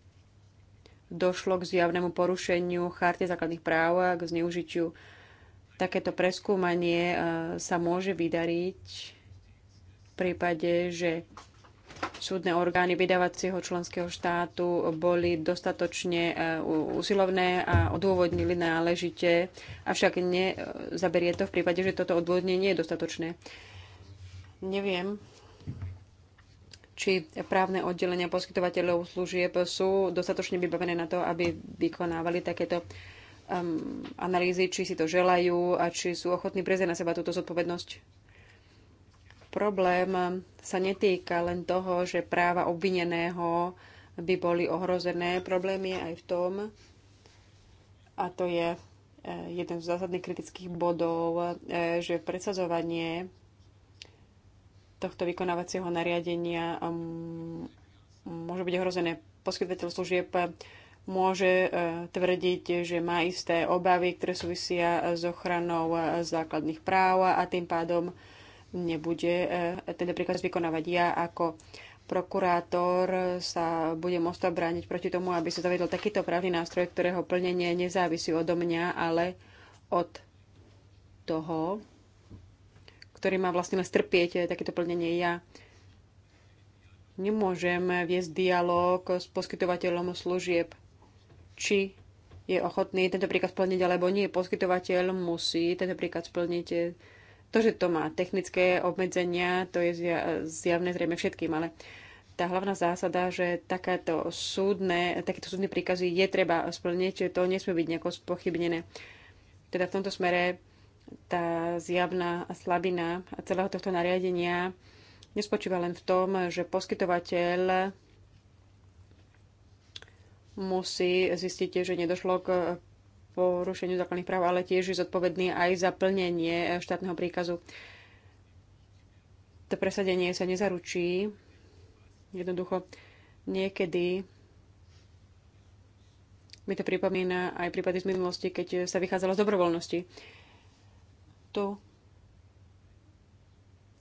došlo k zjavnému porušeniu charty základných práv a k zneužitiu. Takéto preskúmanie e, sa môže vydariť v prípade, že súdne orgány vydávacieho členského štátu boli dostatočne e, usilovné a odôvodnili náležite, avšak nezaberie e, to v prípade, že toto odôvodnenie nie je dostatočné. Neviem, či právne oddelenia poskytovateľov služieb sú dostatočne vybavené na to, aby vykonávali takéto um, analýzy, či si to želajú a či sú ochotní prezrieť na seba túto zodpovednosť. Problém sa netýka len toho, že práva obvineného by boli ohrozené. Problém je aj v tom, a to je eh, jeden z zásadných kritických bodov, eh, že predsazovanie tohto vykonávacieho nariadenia um, môže byť ohrozené. Poskytovateľ služieb môže e, tvrdiť, že má isté obavy, ktoré súvisia s ochranou e, základných práv a tým pádom nebude e, teda príkaz vykonávať. Ja ako prokurátor sa budem môcť brániť proti tomu, aby sa zavedol takýto právny nástroj, ktorého plnenie nezávisí odo mňa, ale od toho, ktorý má vlastne len strpieť eh, takéto plnenie. Ja nemôžem viesť dialog s poskytovateľom služieb, či je ochotný tento príkaz splniť alebo nie. Poskytovateľ musí tento príkaz splniť. To, že to má technické obmedzenia, to je zjavné zrejme všetkým, ale tá hlavná zásada, že takéto súdne, takéto súdne príkazy je treba splniť, že to nesmie byť nejako spochybnené. Teda v tomto smere tá zjavná slabina celého tohto nariadenia nespočíva len v tom, že poskytovateľ musí zistiť, že nedošlo k porušeniu základných práv, ale tiež je zodpovedný aj za plnenie štátneho príkazu. To presadenie sa nezaručí. Jednoducho niekedy mi to pripomína aj prípady z minulosti, keď sa vychádzalo z dobrovoľnosti tu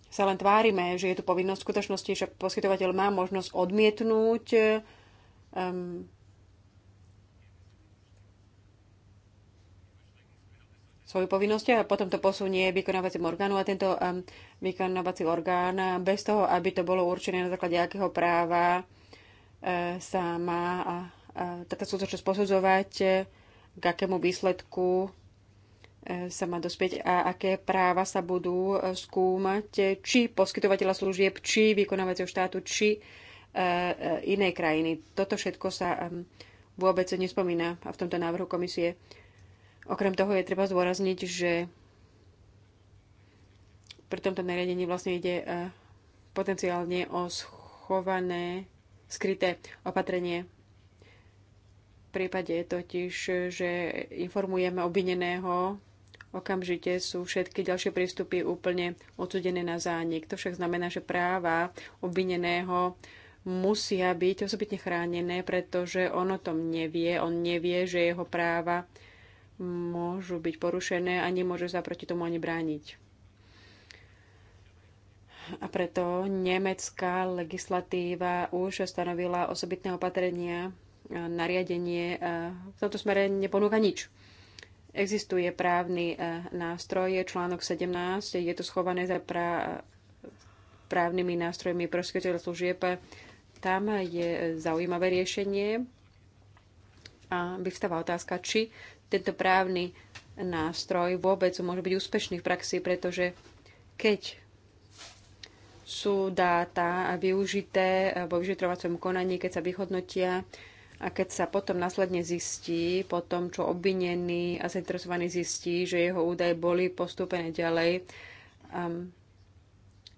sa len tvárime, že je tu povinnosť v skutočnosti, že poskytovateľ má možnosť odmietnúť um, svoju povinnosť a potom to posunie vykonávacím orgánu a tento um, vykonávací orgán bez toho, aby to bolo určené na základe akého práva eh, sa má a, táto skutočnosť posudzovať, k akému výsledku E, sa má dospieť a aké práva sa budú e, skúmať, či poskytovateľa služieb, či vykonávacieho štátu, či e, inej krajiny. Toto všetko sa vôbec nespomína v tomto návrhu komisie. Okrem toho je treba zdôrazniť, že pri tomto nariadení vlastne ide potenciálne o schované, skryté opatrenie v prípade totiž, že informujeme obvineného Okamžite sú všetky ďalšie prístupy úplne odsudené na zánik. To však znamená, že práva obvineného musia byť osobitne chránené, pretože on o tom nevie. On nevie, že jeho práva môžu byť porušené a nemôže sa proti tomu ani brániť a preto nemecká legislatíva už stanovila osobitné opatrenia, nariadenie. V tomto smere neponúka nič. Existuje právny e, nástroj, je článok 17, je to schované za právnymi nástrojmi poskytovateľa služieb. Tam je zaujímavé riešenie a vyvstáva otázka, či tento právny nástroj vôbec môže byť úspešný v praxi, pretože keď sú dáta využité vo vyšetrovacom konaní, keď sa vyhodnotia a keď sa potom následne zistí, po tom, čo obvinený a zainteresovaný zistí, že jeho údaje boli postúpené ďalej, um,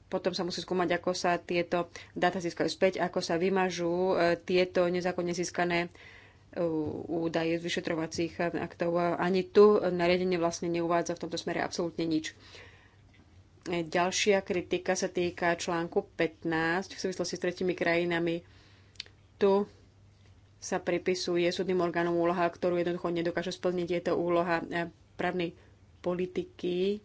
potom sa musí skúmať, ako sa tieto dáta získajú späť, ako sa vymažú uh, tieto nezákonne získané uh, údaje z vyšetrovacích uh, aktov. Ani tu nariadenie vlastne neuvádza v tomto smere absolútne nič. Ďalšia kritika sa týka článku 15 v súvislosti s tretimi krajinami. Tu sa pripisuje súdnym orgánom úloha, ktorú jednoducho nedokáže splniť. Je to úloha eh, právnej politiky,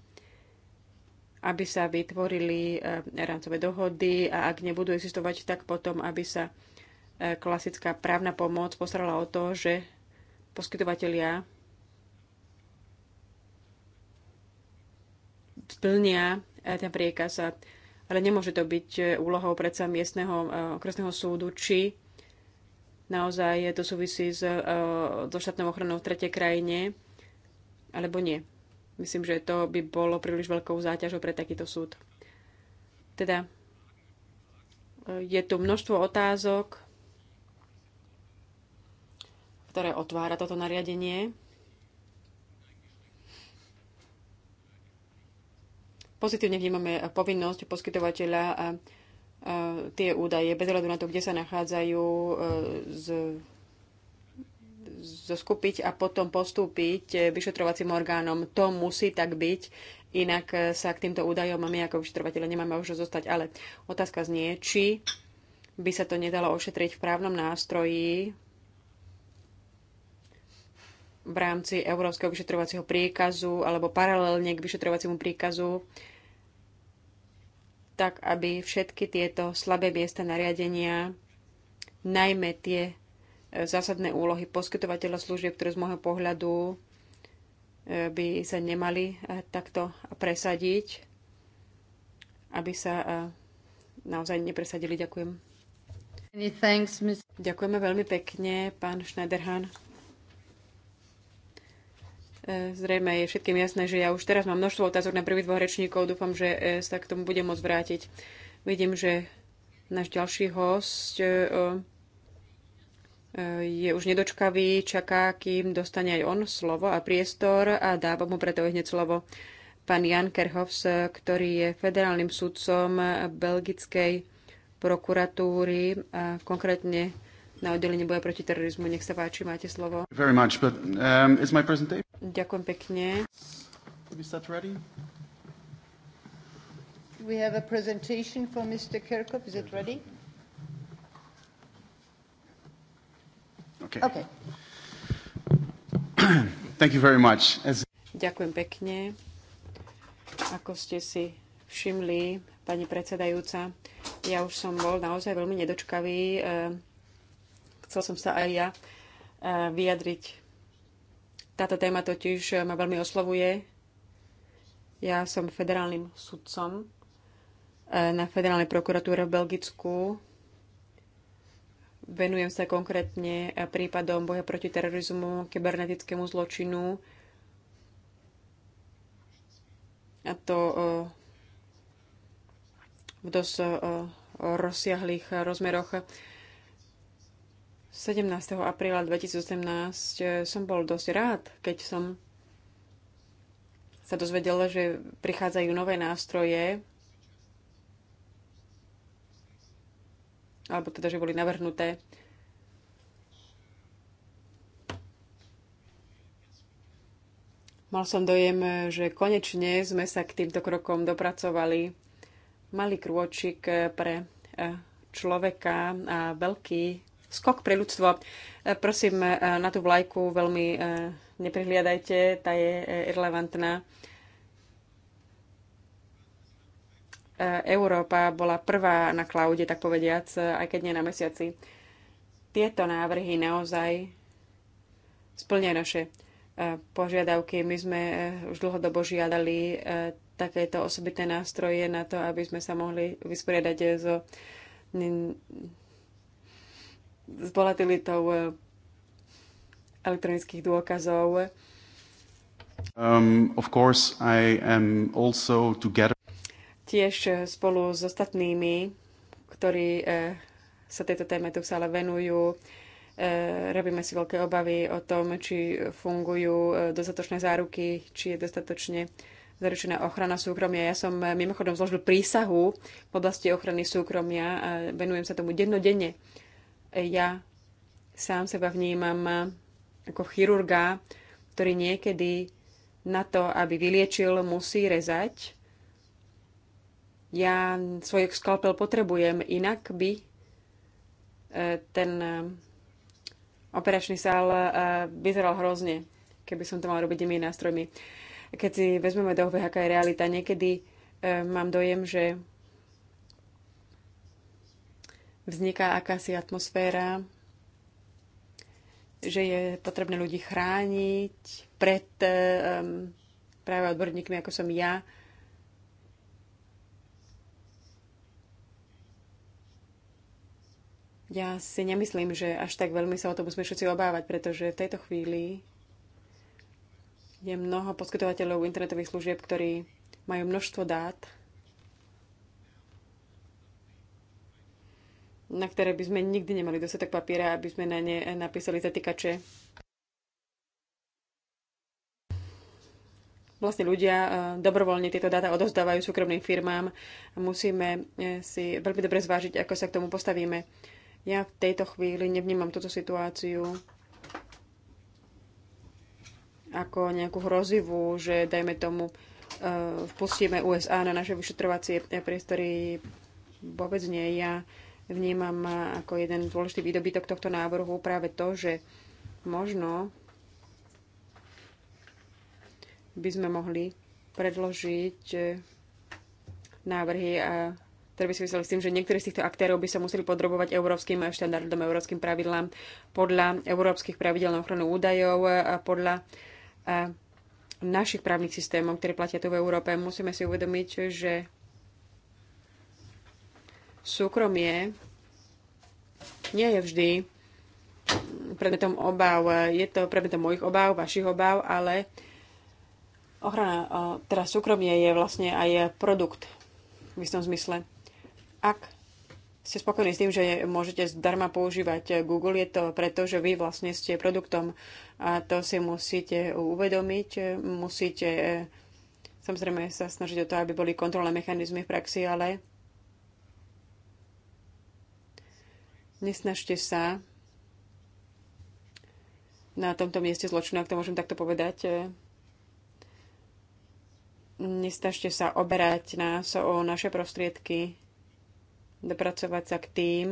aby sa vytvorili eh, rámcové dohody a ak nebudú existovať, tak potom, aby sa eh, klasická právna pomoc postarala o to, že poskytovateľia splnia ten priekaz, ale nemôže to byť úlohou predsa miestneho okresného súdu či naozaj to súvisí s, doštátnou e, ochranou v tretej krajine, alebo nie. Myslím, že to by bolo príliš veľkou záťažou pre takýto súd. Teda e, je tu množstvo otázok, ktoré otvára toto nariadenie. Pozitívne vnímame povinnosť poskytovateľa e, tie údaje, bez hľadu na to, kde sa nachádzajú, e, z, zoskupiť a potom postúpiť e, vyšetrovacím orgánom. To musí tak byť, inak e, sa k týmto údajom my ako vyšetrovateľe nemáme už zostať. Ale otázka znie, či by sa to nedalo ošetriť v právnom nástroji v rámci Európskeho vyšetrovacieho príkazu alebo paralelne k vyšetrovaciemu príkazu tak aby všetky tieto slabé miesta nariadenia, najmä tie e, zásadné úlohy poskytovateľa služieb, ktoré z môjho pohľadu e, by sa nemali e, takto presadiť, aby sa naozaj nepresadili. Ďakujem. Thanks, Ďakujeme veľmi pekne, pán Schneiderhan. E, zrejme je všetkým jasné, že ja už teraz mám množstvo otázok na prvých dvoch rečníkov. Dúfam, že e, sa k tomu budem môcť vrátiť. Vidím, že náš ďalší host e, je už nedočkavý, čaká, kým dostane aj on slovo a priestor a dáva mu preto hneď slovo pán Jan Kerhovs, ktorý je federálnym sudcom belgickej prokuratúry, a konkrétne na oddelenie boja proti terorizmu. Nech sa páči, máte slovo. Very much, but, um, is my Ďakujem pekne. ready? We have a presentation for Mr. Is it ready? Okay. okay. Thank you very much. As... Ďakujem pekne. Ako ste si všimli, pani predsedajúca, ja už som bol naozaj veľmi nedočkavý. Eh, chcel som sa aj ja e, vyjadriť. Táto téma totiž ma veľmi oslovuje. Ja som federálnym sudcom e, na federálnej prokuratúre v Belgicku. Venujem sa konkrétne e, prípadom boja proti terorizmu, kybernetickému zločinu a to v dosť rozsiahlých rozmeroch. 17. apríla 2018 eh, som bol dosť rád, keď som sa dozvedela, že prichádzajú nové nástroje, alebo teda, že boli navrhnuté. Mal som dojem, že konečne sme sa k týmto krokom dopracovali. Malý krôčik eh, pre eh, človeka a veľký skok pre ľudstvo. E, prosím, e, na tú vlajku veľmi e, neprihliadajte, tá je irrelevantná. Európa bola prvá na klaude, tak povediac, aj keď nie na mesiaci. Tieto návrhy naozaj splňajú naše požiadavky. My sme už dlhodobo žiadali takéto osobitné nástroje na to, aby sme sa mohli vysporiadať so s volatilitou eh, elektronických dôkazov. Um, of course, I am also together. Tiež eh, spolu s ostatnými, ktorí eh, sa tejto téme tu v venujú, robíme si veľké obavy o tom, či fungujú dostatočné záruky, či je dostatočne zaručená ochrana súkromia. Ja som mimochodom zložil prísahu v oblasti ochrany súkromia a venujem sa tomu dennodenne. Ja sám seba vnímam ako chirurga, ktorý niekedy na to, aby vyliečil, musí rezať. Ja svoj skalpel potrebujem, inak by e, ten e, operačný sál e, vyzeral hrozne, keby som to mal robiť inými nástrojmi. Keď si vezmeme do aká je realita, niekedy mám dojem, že vzniká akási atmosféra, že je potrebné ľudí chrániť pred um, práve odborníkmi, ako som ja. Ja si nemyslím, že až tak veľmi sa o to musíme všetci obávať, pretože v tejto chvíli je mnoho poskytovateľov internetových služieb, ktorí majú množstvo dát na ktoré by sme nikdy nemali dostatok papiera, aby sme na ne napísali zatýkače. Vlastne ľudia e, dobrovoľne tieto dáta odozdávajú súkromným firmám. Musíme e, si veľmi dobre zvážiť, ako sa k tomu postavíme. Ja v tejto chvíli nevnímam túto situáciu ako nejakú hrozivú, že dajme tomu e, vpustíme USA na naše vyšetrovacie priestory. Vôbec nie. Ja Vnímam ako jeden dôležitý výdobytok tohto návrhu práve to, že možno by sme mohli predložiť eh, návrhy a ktoré by súviseli s tým, že niektorí z týchto aktérov by sa museli podrobovať európskym štandardom, európskym pravidlám podľa európskych pravidel na ochranu údajov a podľa eh, našich právnych systémov, ktoré platia tu v Európe. Musíme si uvedomiť, že súkromie nie je vždy predmetom obav, Je to predmetom mojich obáv, vašich obáv, ale ochrana, teda súkromie je vlastne aj produkt v istom zmysle. Ak ste spokojní s tým, že môžete zdarma používať Google, je to preto, že vy vlastne ste produktom a to si musíte uvedomiť, musíte e, samozrejme sa snažiť o to, aby boli kontrolné mechanizmy v praxi, ale Nesnažte sa na tomto mieste zločinu, ak to môžem takto povedať. Nestažte sa oberať nás o naše prostriedky, dopracovať sa k tým,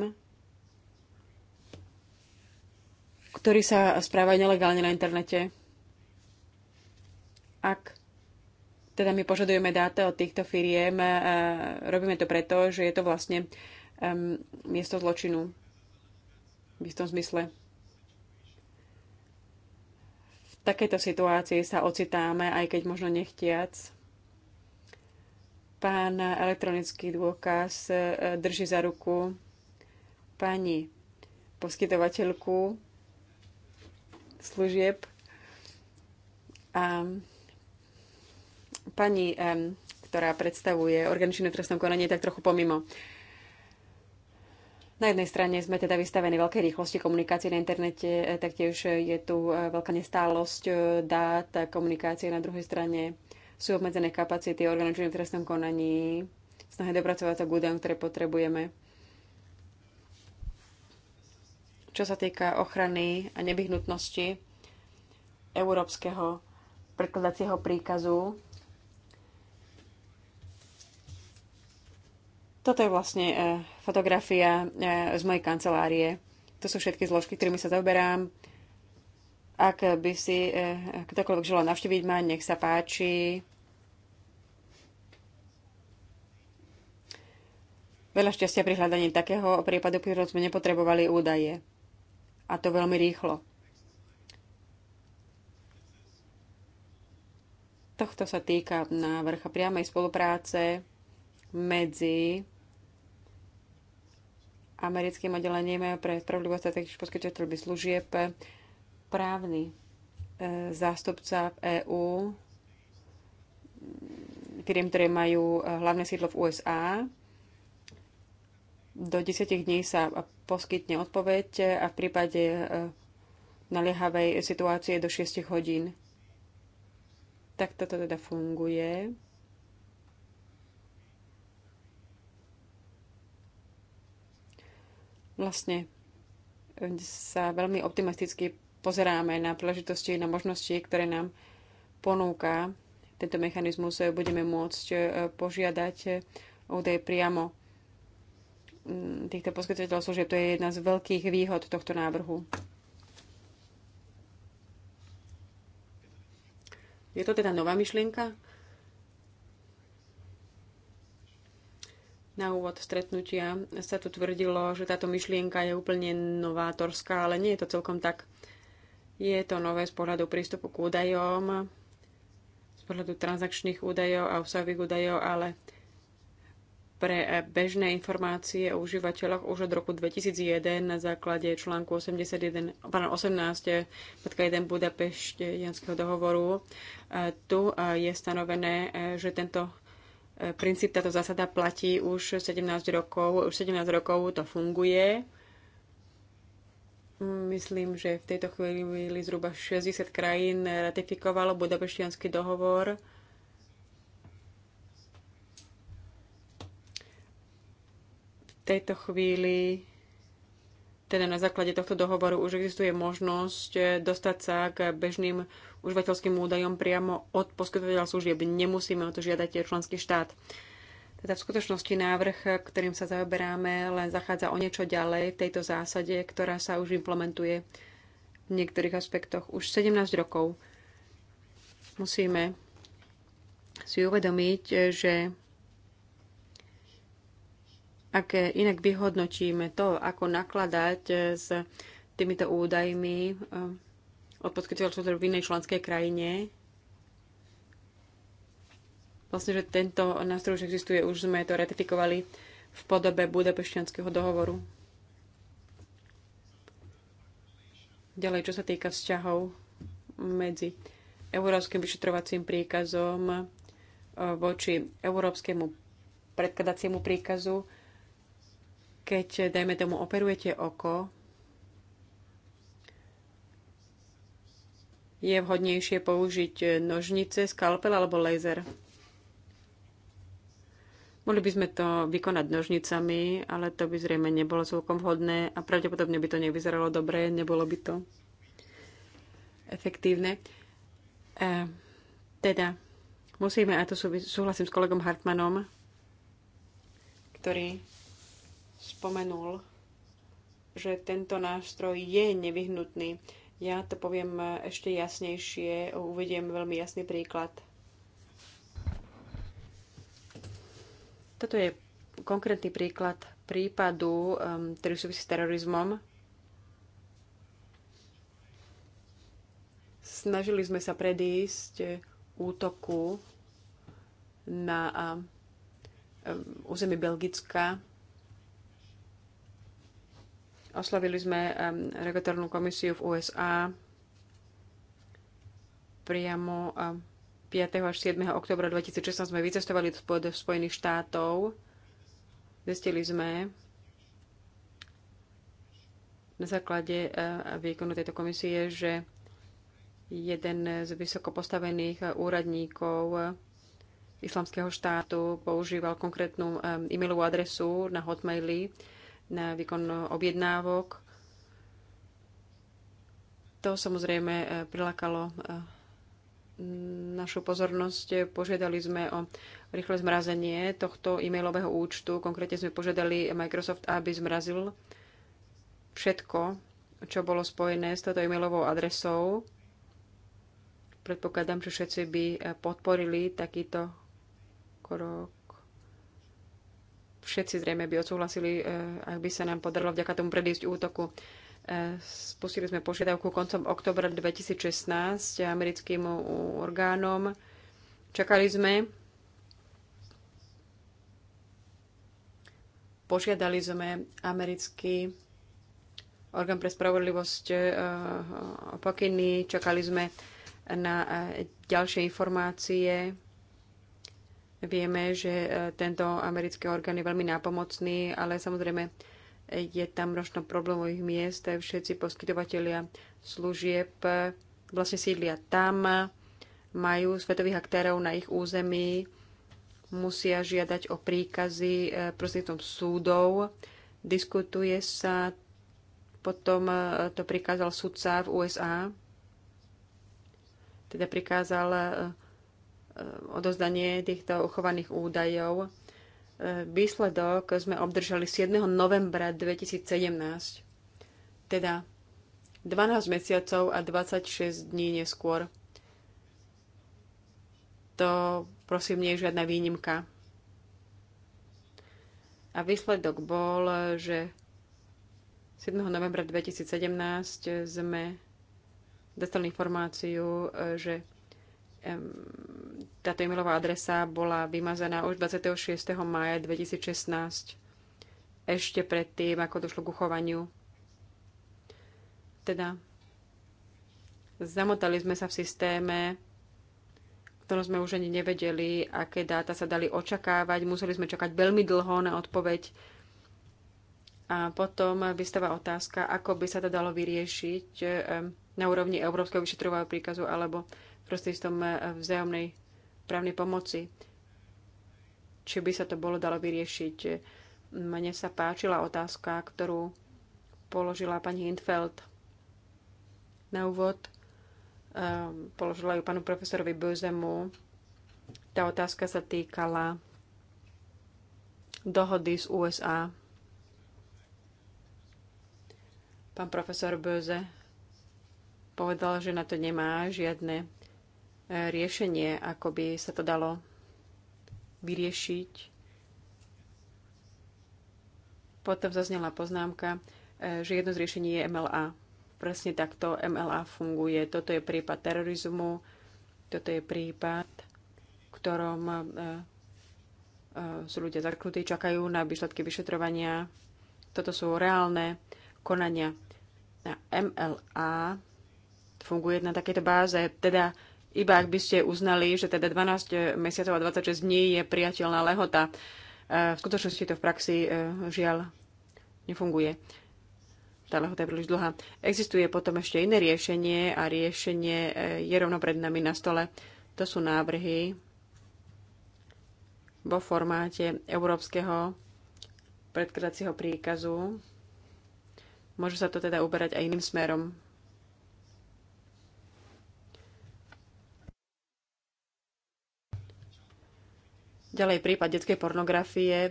ktorí sa správajú nelegálne na internete. Ak teda my požadujeme dáta od týchto firiem, eh, robíme to preto, že je to vlastne miesto zločinu v istom zmysle. V takejto situácii sa ocitáme, aj keď možno nechtiac. Pán elektronický dôkaz e, drží za ruku pani poskytovateľku služieb a pani, ktorá predstavuje organičné trestné konanie, tak trochu pomimo. Na jednej strane sme teda vystavení veľkej rýchlosti komunikácie na internete, e, taktiež je tu e, veľká nestálosť e, dát, komunikácie na druhej strane sú obmedzené kapacity orgánov v trestnom konaní, snahy dopracovať sa k údajom, ktoré potrebujeme. Čo sa týka ochrany a nevyhnutnosti európskeho prekladacieho príkazu, Toto je vlastne e, fotografia e, z mojej kancelárie. To sú všetky zložky, ktorými sa zaoberám. Ak by si e, ktokoľvek želal navštíviť ma, nech sa páči. Veľa šťastia pri hľadaní takého prípadu, ktorom sme nepotrebovali údaje. A to veľmi rýchlo. Tohto sa týka návrh priamej spolupráce medzi americkým oddelením pre spravodlivosť a taktiež poskytovateľ by služieb právny e, zástupca v EÚ firiem, ktoré majú e, hlavné sídlo v USA. Do 10 dní sa poskytne odpoveď a v prípade e, naliehavej situácie do 6 hodín. Tak toto teda funguje. vlastne eh, sa veľmi optimisticky pozeráme na príležitosti, na možnosti, ktoré nám ponúka tento mechanizmus. Eh, budeme môcť eh, požiadať údaje priamo mm, týchto poskytovateľov služieb. To je jedna z veľkých výhod tohto návrhu. Je to teda nová myšlienka? Na úvod stretnutia sa tu tvrdilo, že táto myšlienka je úplne novátorská, ale nie je to celkom tak. Je to nové z pohľadu prístupu k údajom, z pohľadu transakčných údajov a obsahových údajov, ale pre bežné informácie o užívateľoch už od roku 2001 na základe článku 81, 18 Budapešť Janského dohovoru. Tu je stanovené, že tento E, princíp táto zásada platí už 17 rokov. Už 17 rokov to funguje. Myslím, že v tejto chvíli zhruba 60 krajín ratifikovalo budapeštianský dohovor. V tejto chvíli, teda na základe tohto dohovoru, už existuje možnosť dostať sa k bežným užívateľským údajom priamo od poskytovateľa služieb. Nemusíme o to žiadať členský štát. Teda v skutočnosti návrh, ktorým sa zaoberáme, len zachádza o niečo ďalej v tejto zásade, ktorá sa už implementuje v niektorých aspektoch už 17 rokov. Musíme si uvedomiť, že ak inak vyhodnotíme to, ako nakladať s týmito údajmi, od poskytovateľov v inej členskej krajine. Vlastne, že tento nástroj už existuje, už sme to ratifikovali v podobe Budapešťanského dohovoru. Ďalej, čo sa týka vzťahov medzi Európskym vyšetrovacím príkazom e, voči Európskemu predkladaciemu príkazu, keď, dajme tomu, operujete oko, je vhodnejšie použiť nožnice, skalpel alebo laser. Mohli by sme to vykonať nožnicami, ale to by zrejme nebolo celkom vhodné a pravdepodobne by to nevyzeralo dobre, nebolo by to efektívne. E, teda musíme, a to súhlasím s kolegom Hartmanom, ktorý spomenul, že tento nástroj je nevyhnutný ja to poviem ešte jasnejšie, uvediem veľmi jasný príklad. Toto je konkrétny príklad prípadu, um, ktorý súvisí s terorizmom. Snažili sme sa predísť útoku na um, území Belgicka Oslovili sme regulatornú komisiu v USA priamo 5. až 7. oktobra 2016 sme vycestovali do Spojených štátov. Zistili sme na základe eh, výkonu tejto komisie, že jeden z vysoko postavených eh, úradníkov eh, islamského štátu používal konkrétnu e-mailovú adresu na uh, na výkon objednávok. To samozrejme e, prilákalo e, našu pozornosť. Požiadali sme o rýchle zmrazenie tohto e-mailového účtu. Konkrétne sme požiadali Microsoft, aby zmrazil všetko, čo bolo spojené s touto e-mailovou adresou. Predpokladám, že všetci by e, podporili takýto krok všetci zrejme by odsúhlasili, e, ak by sa nám podarilo vďaka tomu predísť útoku. E, spustili sme požiadavku koncom oktobra 2016 americkým orgánom. Čakali sme, požiadali sme americký orgán pre spravodlivosť e, opakiny. pokyny, čakali sme na ďalšie informácie Vieme, že e, tento americký orgán je veľmi nápomocný, ale samozrejme je tam množstvo problémových miest. Všetci poskytovateľia služieb e, vlastne sídlia tam, majú svetových aktérov na ich území, musia žiadať o príkazy e, prostredníctvom súdov. Diskutuje sa, potom to prikázal sudca v USA, teda prikázal Eh, odozdanie týchto uchovaných údajov. Eh, výsledok sme obdržali 7. novembra 2017, teda 12 mesiacov a 26 dní neskôr. To prosím nie je žiadna výnimka. A výsledok bol, že 7. novembra 2017 sme dostali informáciu, eh, že táto e-mailová adresa bola vymazaná už 26. maja 2016, ešte predtým, ako došlo k uchovaniu. Teda zamotali sme sa v systéme, v ktorom sme už ani nevedeli, aké dáta sa dali očakávať. Museli sme čakať veľmi dlho na odpoveď. A potom vystáva otázka, ako by sa to dalo vyriešiť na úrovni Európskeho vyšetrového príkazu alebo prostredstvom eh, vzájomnej právnej pomoci. Či by sa to bolo dalo vyriešiť? Mne sa páčila otázka, ktorú položila pani Hintfeld na úvod. Ehm, položila ju panu profesorovi Bözemu. Tá otázka sa týkala dohody z USA. Pán profesor Böze povedal, že na to nemá žiadne riešenie, ako by sa to dalo vyriešiť. Potom zaznela poznámka, e, že jedno z riešení je MLA. Presne takto MLA funguje. Toto je prípad terorizmu, toto je prípad, v ktorom e, e, sú ľudia zakrutí, čakajú na výsledky vyšetrovania. Toto sú reálne konania. Na MLA funguje na takejto báze, teda iba ak by ste uznali, že teda 12 eh, mesiacov a 26 dní je priateľná lehota. Eh, v skutočnosti to v praxi eh, žiaľ nefunguje. Tá lehota je príliš dlhá. Existuje potom ešte iné riešenie a riešenie je rovno pred nami na stole. To sú návrhy vo formáte európskeho predkladacieho príkazu. Môže sa to teda uberať aj iným smerom. Ďalej prípad detskej pornografie. E,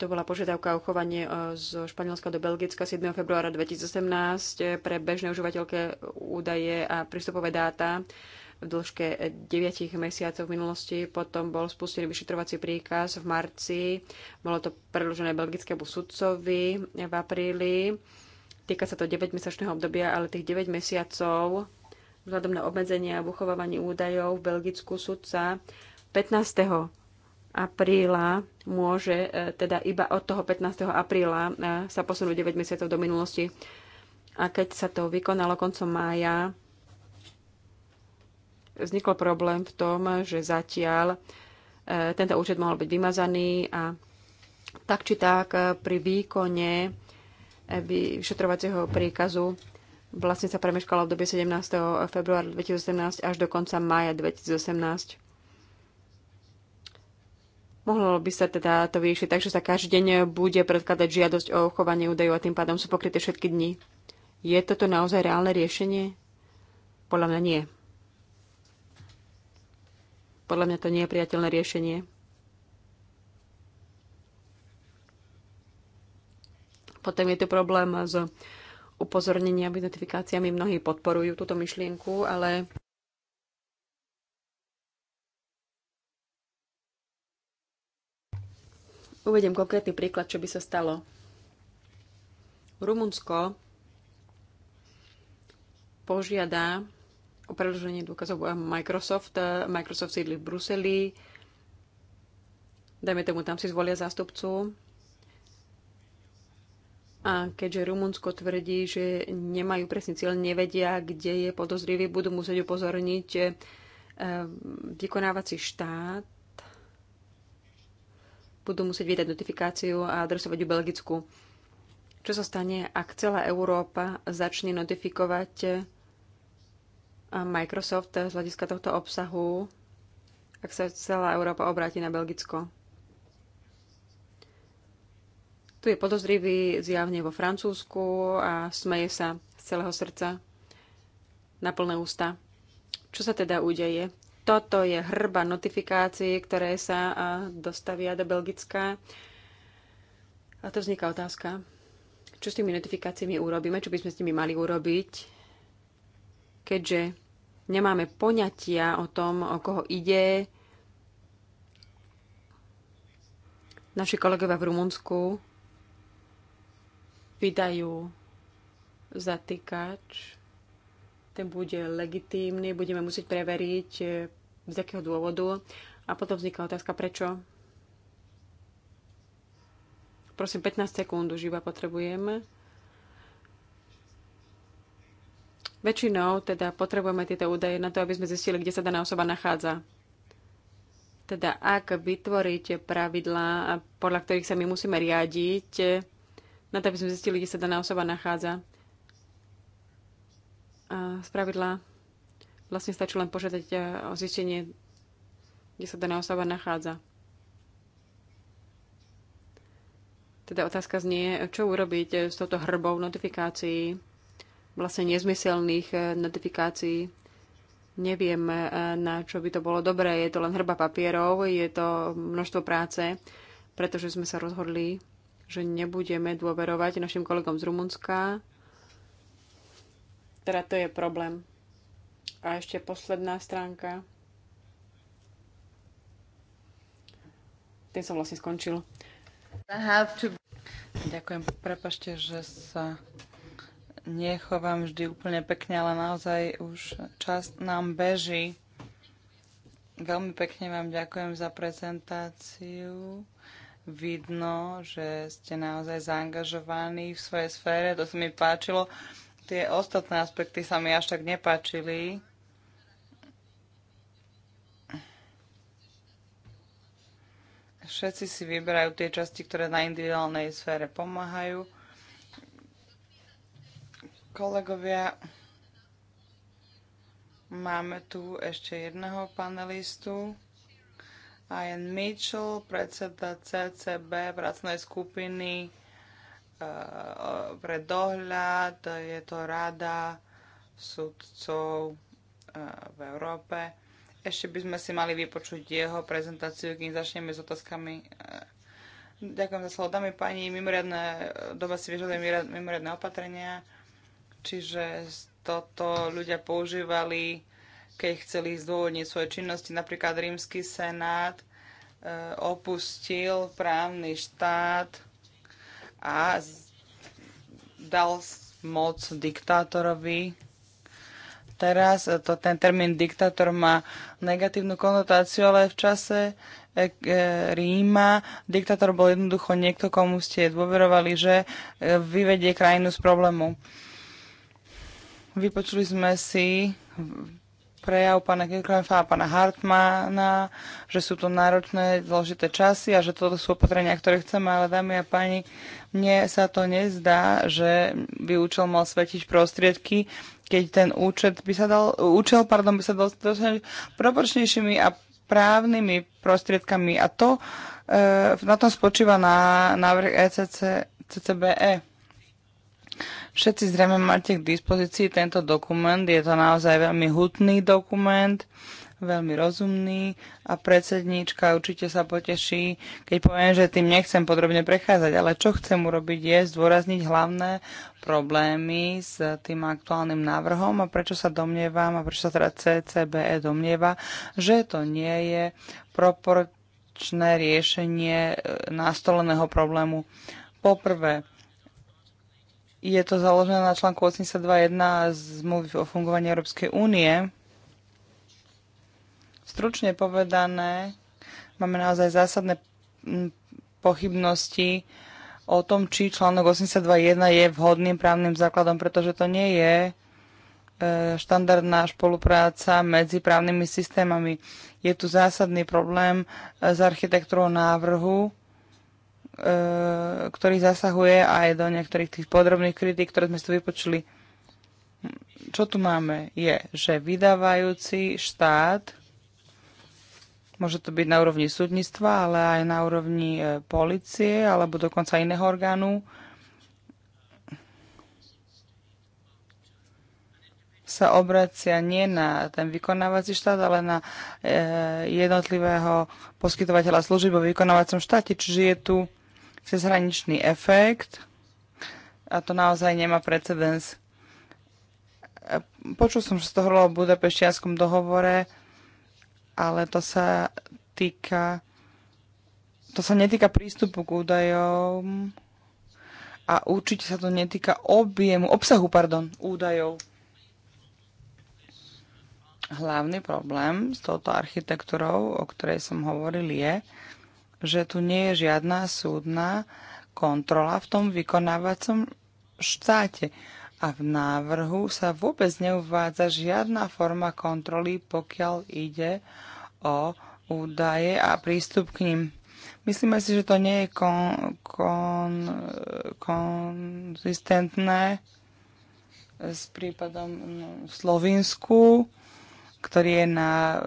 to bola požiadavka o chovanie e, z Španielska do Belgicka 7. februára 2018 e, pre bežné užívateľké údaje a prístupové dáta v dĺžke 9 mesiacov v minulosti. Potom bol spustený vyšetrovací príkaz v marci. Bolo to predložené belgickému sudcovi v apríli. Týka sa to 9-mesačného obdobia, ale tých 9 mesiacov vzhľadom na obmedzenia a uchovávaní údajov v Belgicku sudca 15 apríla môže, e, teda iba od toho 15. apríla e, sa posunúť 9 mesiacov do minulosti. A keď sa to vykonalo koncom mája, vznikol problém v tom, že zatiaľ e, tento účet mohol byť vymazaný a tak či tak pri výkone vyšetrovacieho príkazu vlastne sa premeškalo obdobie 17. februára 2017 až do konca mája 2018 Mohlo by sa teda to vyriešiť tak, že sa každý deň bude predkladať žiadosť o uchovanie údajov a tým pádom sú pokryté všetky dni. Je toto naozaj reálne riešenie? Podľa mňa nie. Podľa mňa to nie je priateľné riešenie. Potom je tu problém s upozorneniami, notifikáciami. Mnohí podporujú túto myšlienku, ale Uvediem konkrétny príklad, čo by sa stalo. Rumunsko požiada o predlženie dôkazov Microsoft. Microsoft sídli v Bruseli. Dajme tomu, tam si zvolia zástupcu. A keďže Rumunsko tvrdí, že nemajú presný cieľ, nevedia, kde je podozrivý, budú musieť upozorniť eh, vykonávací štát budú musieť vydať notifikáciu a adresovať ju Belgicku. Čo sa stane, ak celá Európa začne notifikovať eh, Microsoft z hľadiska tohto obsahu, ak sa celá Európa obráti na Belgicko? Tu je podozrivý zjavne vo Francúzsku a smeje sa z celého srdca na plné ústa. Čo sa teda udeje? Toto je hrba notifikácií, ktoré sa dostavia do Belgická. A to vzniká otázka, čo s tými notifikáciami urobíme, čo by sme s nimi mali urobiť, keďže nemáme poňatia o tom, o koho ide. Naši kolegovia v Rumunsku vydajú zatýkač, ten bude legitímny, budeme musieť preveriť z akého dôvodu. A potom vznikla otázka, prečo. Prosím, 15 sekúnd už iba potrebujem. Väčšinou teda potrebujeme tieto údaje na to, aby sme zistili, kde sa daná osoba nachádza. Teda ak vytvoríte pravidlá, podľa ktorých sa my musíme riadiť, na to, aby sme zistili, kde sa daná osoba nachádza. A z pravidla Vlastne stačí len požiadať eh, o zistenie, kde sa daná osoba nachádza. Teda otázka znie, čo urobiť eh, s touto hrbou notifikácií, vlastne nezmyselných eh, notifikácií. Neviem, na čo by to bolo dobré. Je to len hrba papierov, je to množstvo práce, pretože sme sa rozhodli, že nebudeme dôverovať našim kolegom z Rumunska. Teda to je problém. A ešte posledná stránka. Tým som vlastne skončil. To... Ďakujem, prepašte, že sa nechovám vždy úplne pekne, ale naozaj už čas nám beží. Veľmi pekne vám ďakujem za prezentáciu. Vidno, že ste naozaj zaangažovaní v svojej sfére, to sa mi páčilo. Tie ostatné aspekty sa mi až tak nepáčili. Všetci si vyberajú tie časti, ktoré na individuálnej sfére pomáhajú. Kolegovia, máme tu ešte jedného panelistu. Ian Mitchell, predseda CCB, pracnej skupiny pre dohľad, je to rada sudcov eh, v Európe. Ešte by sme si mali vypočuť jeho prezentáciu, kým začneme s otázkami. Eh, ďakujem za slovo. Dámy pani, mimoriadne, doba si vyžaduje mimoriadne opatrenia, čiže toto ľudia používali, keď chceli zdôvodniť svoje činnosti. Napríklad rímsky senát eh, opustil právny štát, a dal moc diktátorovi. Teraz to, ten termín diktátor má negatívnu konotáciu, ale v čase e, e, Ríma diktátor bol jednoducho niekto, komu ste dôverovali, že e, vyvedie krajinu z problému. Vypočuli sme si prejav pána Kirchhoffa a pána Hartmana, že sú to náročné, zložité časy a že toto sú opatrenia, ktoré chceme, ale dámy a páni, mne sa to nezdá, že by účel mal svetiť prostriedky, keď ten účet by sa dal, účel, pardon, by sa dal dosiahnuť proporčnejšími a právnymi prostriedkami a to e, na tom spočíva na návrh ECC, CCBE. Všetci zrejme máte k dispozícii tento dokument. Je to naozaj veľmi hutný dokument, veľmi rozumný a predsedníčka určite sa poteší, keď poviem, že tým nechcem podrobne prechádzať, ale čo chcem urobiť je zdôrazniť hlavné problémy s tým aktuálnym návrhom a prečo sa domnievam a prečo sa teda CCBE domnieva, že to nie je proporčné riešenie e, nastoleného problému. Poprvé, je to založené na článku 82.1 zmluvy o fungovaní Európskej únie. Stručne povedané, máme naozaj zásadné pochybnosti o tom, či článok 82.1 je vhodným právnym základom, pretože to nie je e, štandardná spolupráca medzi právnymi systémami. Je tu zásadný problém e, s architektúrou návrhu, E, ktorý zasahuje aj do niektorých tých podrobných kritík, ktoré sme tu vypočuli. Čo tu máme? Je, že vydávajúci štát, môže to byť na úrovni súdnictva, ale aj na úrovni e, policie alebo dokonca iného orgánu, sa obracia nie na ten vykonávací štát, ale na e, jednotlivého poskytovateľa služby vo vykonávacom štáte. Čiže je tu cezhraničný efekt a to naozaj nemá precedens. Počul som, že to hovorilo o budapeštianskom dohovore, ale to sa týka to sa netýka prístupu k údajom a určite sa to netýka objemu, obsahu, pardon, údajov. Hlavný problém s touto architektúrou, o ktorej som hovoril, je, že tu nie je žiadna súdna kontrola v tom vykonávacom štáte. A v návrhu sa vôbec neuvádza žiadna forma kontroly, pokiaľ ide o údaje a prístup k ním. Myslíme si, že to nie je kon, kon, konzistentné s prípadom v Slovinsku, ktorý je na e,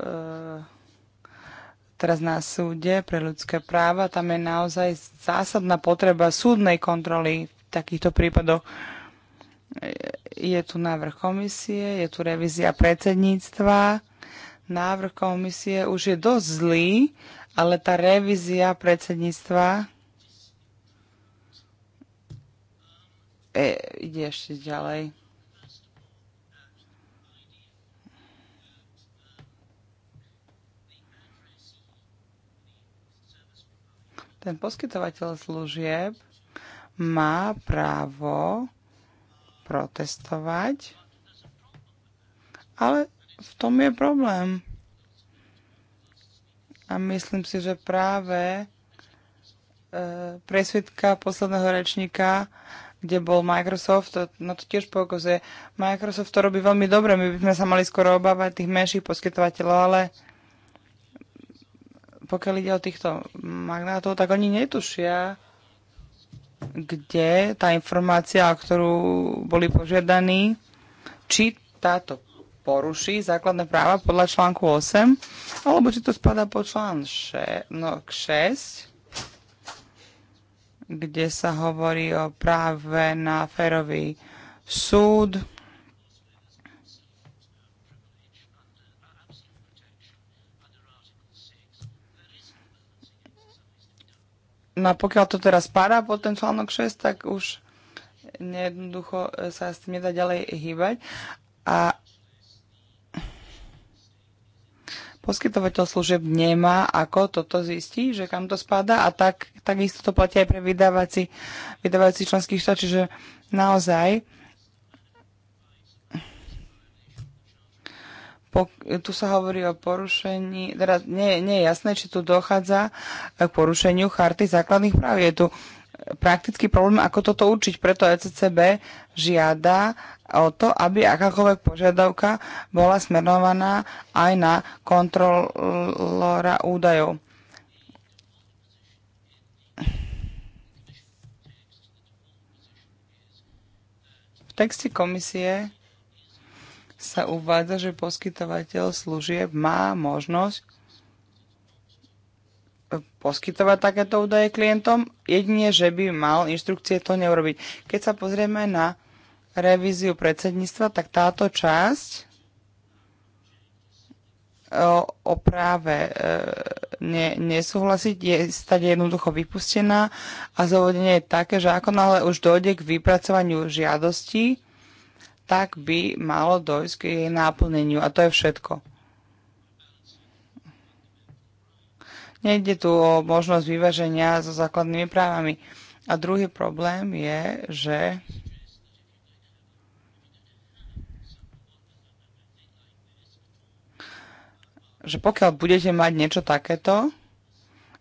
teraz na súde pre ľudské práva. Tam je naozaj zásadná potreba súdnej kontroly v takýchto prípadoch. Je tu návrh komisie, je tu revízia predsedníctva. Návrh komisie už je dosť zlý, ale tá revízia predsedníctva e, ide ešte ďalej. ten poskytovateľ služieb má právo protestovať, ale v tom je problém. A myslím si, že práve e, presvitka posledného rečníka, kde bol Microsoft, to, no to tiež pokazuje. Microsoft to robí veľmi dobre, my by sme sa mali skoro obávať tých menších poskytovateľov, ale pokiaľ ide o týchto magnátov, tak oni netušia, kde tá informácia, o ktorú boli požiadaní, či táto poruší základné práva podľa článku 8, alebo či to spadá po člán 6, no, kde sa hovorí o práve na férový súd, No a pokiaľ to teraz spadá pod ten článok 6, tak už nejednoducho sa s tým nedá ďalej hýbať. A poskytovateľ služieb nemá ako toto zistí, že kam to spadá a tak, takisto to platí aj pre vydávací, vydávací členských štát, čiže naozaj tu sa hovorí o porušení, teda nie, nie je jasné, či tu dochádza k porušeniu charty základných práv. Je tu praktický problém, ako toto určiť. Preto ECCB žiada o to, aby akákoľvek požiadavka bola smerovaná aj na kontrolora údajov. V texte komisie sa uvádza, že poskytovateľ služieb má možnosť e, poskytovať takéto údaje klientom, jedine, že by mal inštrukcie to neurobiť. Keď sa pozrieme na revíziu predsedníctva, tak táto časť e, o, práve e, ne, nesúhlasiť je stať jednoducho vypustená a zôvodenie je také, že ako náhle už dojde k vypracovaniu žiadosti, tak by malo dojsť k jej náplneniu. A to je všetko. Nejde tu o možnosť vyváženia so základnými právami. A druhý problém je, že že pokiaľ budete mať niečo takéto,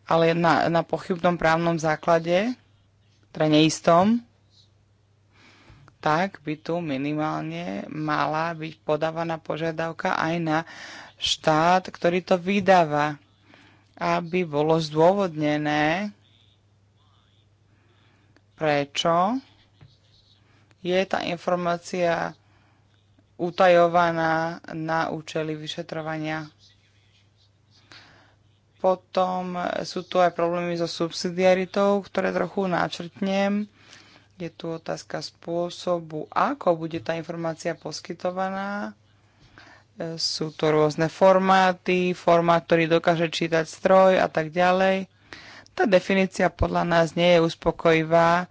ale na, na pochybnom právnom základe, teda neistom, tak by tu minimálne mala byť podávaná požiadavka aj na štát, ktorý to vydáva, aby bolo zdôvodnené, prečo je tá informácia utajovaná na účely vyšetrovania. Potom sú tu aj problémy so subsidiaritou, ktoré trochu načrtnem. Je tu otázka spôsobu, ako bude tá informácia poskytovaná. E, sú to rôzne formáty, formát, ktorý dokáže čítať stroj a tak ďalej. Tá definícia podľa nás nie je uspokojivá,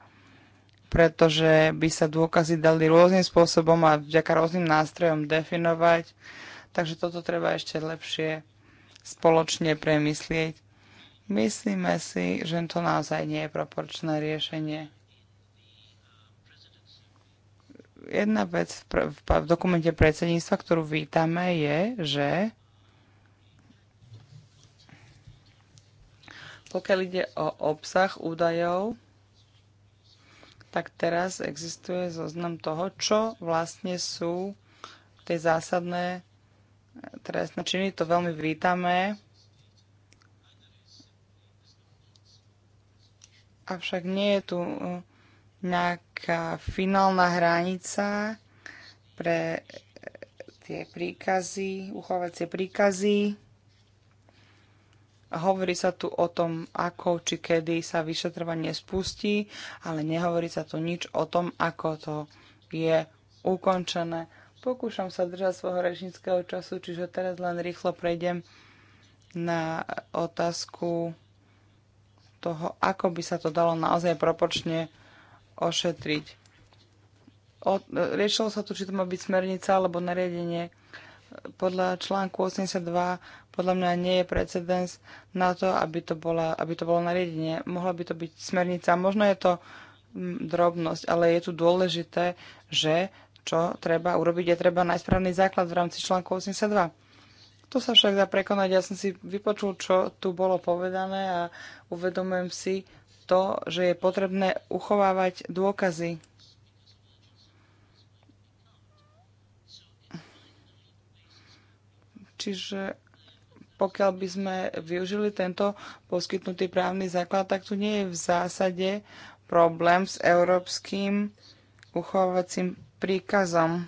pretože by sa dôkazy dali rôznym spôsobom a vďaka rôznym nástrojom definovať. Takže toto treba ešte lepšie spoločne premyslieť. Myslíme si, že to naozaj nie je proporčné riešenie. Jedna vec v, v, v dokumente predsedníctva, ktorú vítame, je, že pokiaľ ide o obsah údajov, tak teraz existuje zoznam toho, čo vlastne sú tie zásadné trestné činy. To veľmi vítame. Avšak nie je tu nejaká finálna hranica pre e, tie príkazy, uchovacie príkazy. Hovorí sa tu o tom, ako či kedy sa vyšetrovanie spustí, ale nehovorí sa tu nič o tom, ako to je ukončené. Pokúšam sa držať svojho rečníckého času, čiže teraz len rýchlo prejdem na otázku toho, ako by sa to dalo naozaj proporčne ošetriť. O, riešilo sa tu, či to má byť smernica alebo nariadenie. Podľa článku 82 podľa mňa nie je precedens na to, aby to, bola, aby to bolo nariadenie. Mohla by to byť smernica. Možno je to mm, drobnosť, ale je tu dôležité, že čo treba urobiť, je treba najsprávny základ v rámci článku 82. To sa však dá prekonať. Ja som si vypočul, čo tu bolo povedané a uvedomujem si, to, že je potrebné uchovávať dôkazy. Čiže pokiaľ by sme využili tento poskytnutý právny základ, tak tu nie je v zásade problém s európskym uchovávacím príkazom.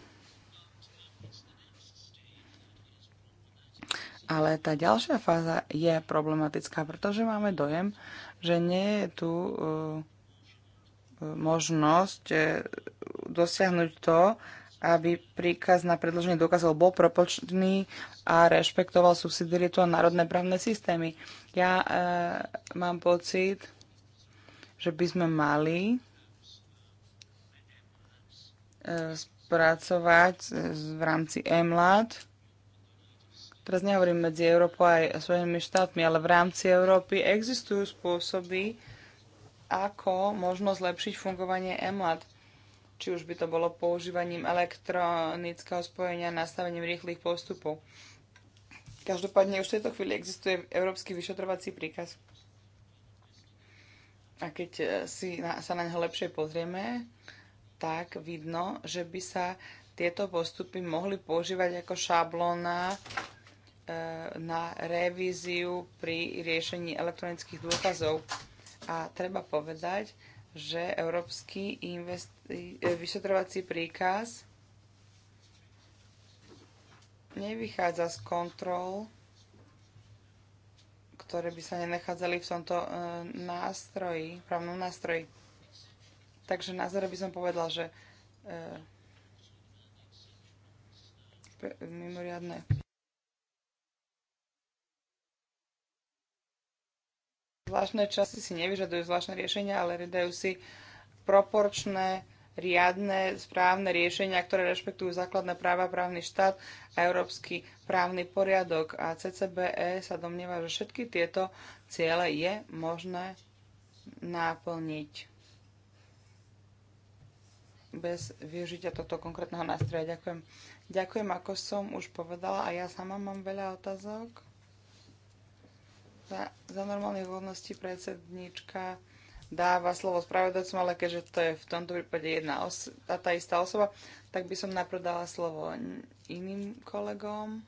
Ale tá ďalšia fáza je problematická, pretože máme dojem, že nie je tu e, e, možnosť e, dosiahnuť to, aby príkaz na predloženie dokázov bol propočný a rešpektoval subsidiaritu a národné právne systémy. Ja e, mám pocit, že by sme mali e, spracovať v rámci EMLAT teraz nehovorím medzi Európou aj svojimi štátmi, ale v rámci Európy existujú spôsoby, ako možno zlepšiť fungovanie EMLAD. Či už by to bolo používaním elektronického spojenia, nastavením rýchlych postupov. Každopádne už v tejto chvíli existuje európsky vyšetrovací príkaz. A keď e, si na, sa na neho lepšie pozrieme, tak vidno, že by sa tieto postupy mohli používať ako šablóna E, na revíziu pri riešení elektronických dôkazov. A treba povedať, že Európsky e, vyšetrovací príkaz nevychádza z kontrol, ktoré by sa nenachádzali v tomto e, nástroji, právnom nástroji. Takže na záver by som povedal, že mimoriadne Zvláštne časy si nevyžadujú zvláštne riešenia, ale vydajú si proporčné, riadne, správne riešenia, ktoré rešpektujú základné práva, právny štát a európsky právny poriadok. A CCBE sa domnieva, že všetky tieto ciele je možné náplniť bez využitia tohto konkrétneho nástroja. Ďakujem. Ďakujem, ako som už povedala, a ja sama mám veľa otázok. Za, za normálne vhodnosti predsednička dáva slovo spravodajcom, ale keďže to je v tomto prípade jedna os- a tá istá osoba, tak by som najprv dala slovo iným kolegom.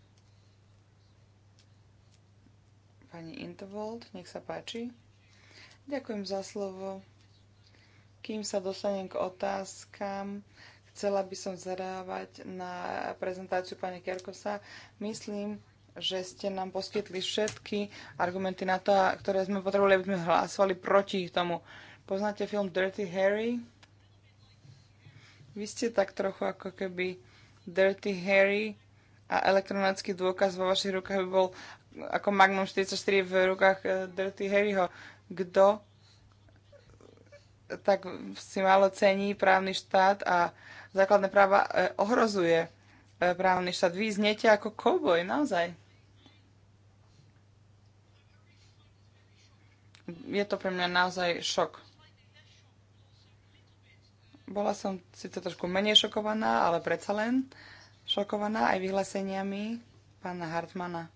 Pani Intervold, nech sa páči. Ďakujem za slovo. Kým sa dostanem k otázkam, chcela by som zarávať na prezentáciu pani Kerkosa. Myslím, že ste nám poskytli všetky argumenty na to, ktoré sme potrebovali, aby sme hlasovali proti tomu. Poznáte film Dirty Harry? Vy ste tak trochu ako keby Dirty Harry a elektronický dôkaz vo vašich rukách by bol ako Magnum 44 v rukách e, Dirty Harryho. Kto tak si málo cení právny štát a základné práva e, ohrozuje e, právny štát. Vy znete ako koboj, naozaj. je to pre mňa naozaj šok. Bola som síce trošku menej šokovaná, ale predsa len šokovaná aj vyhláseniami pána Hartmana.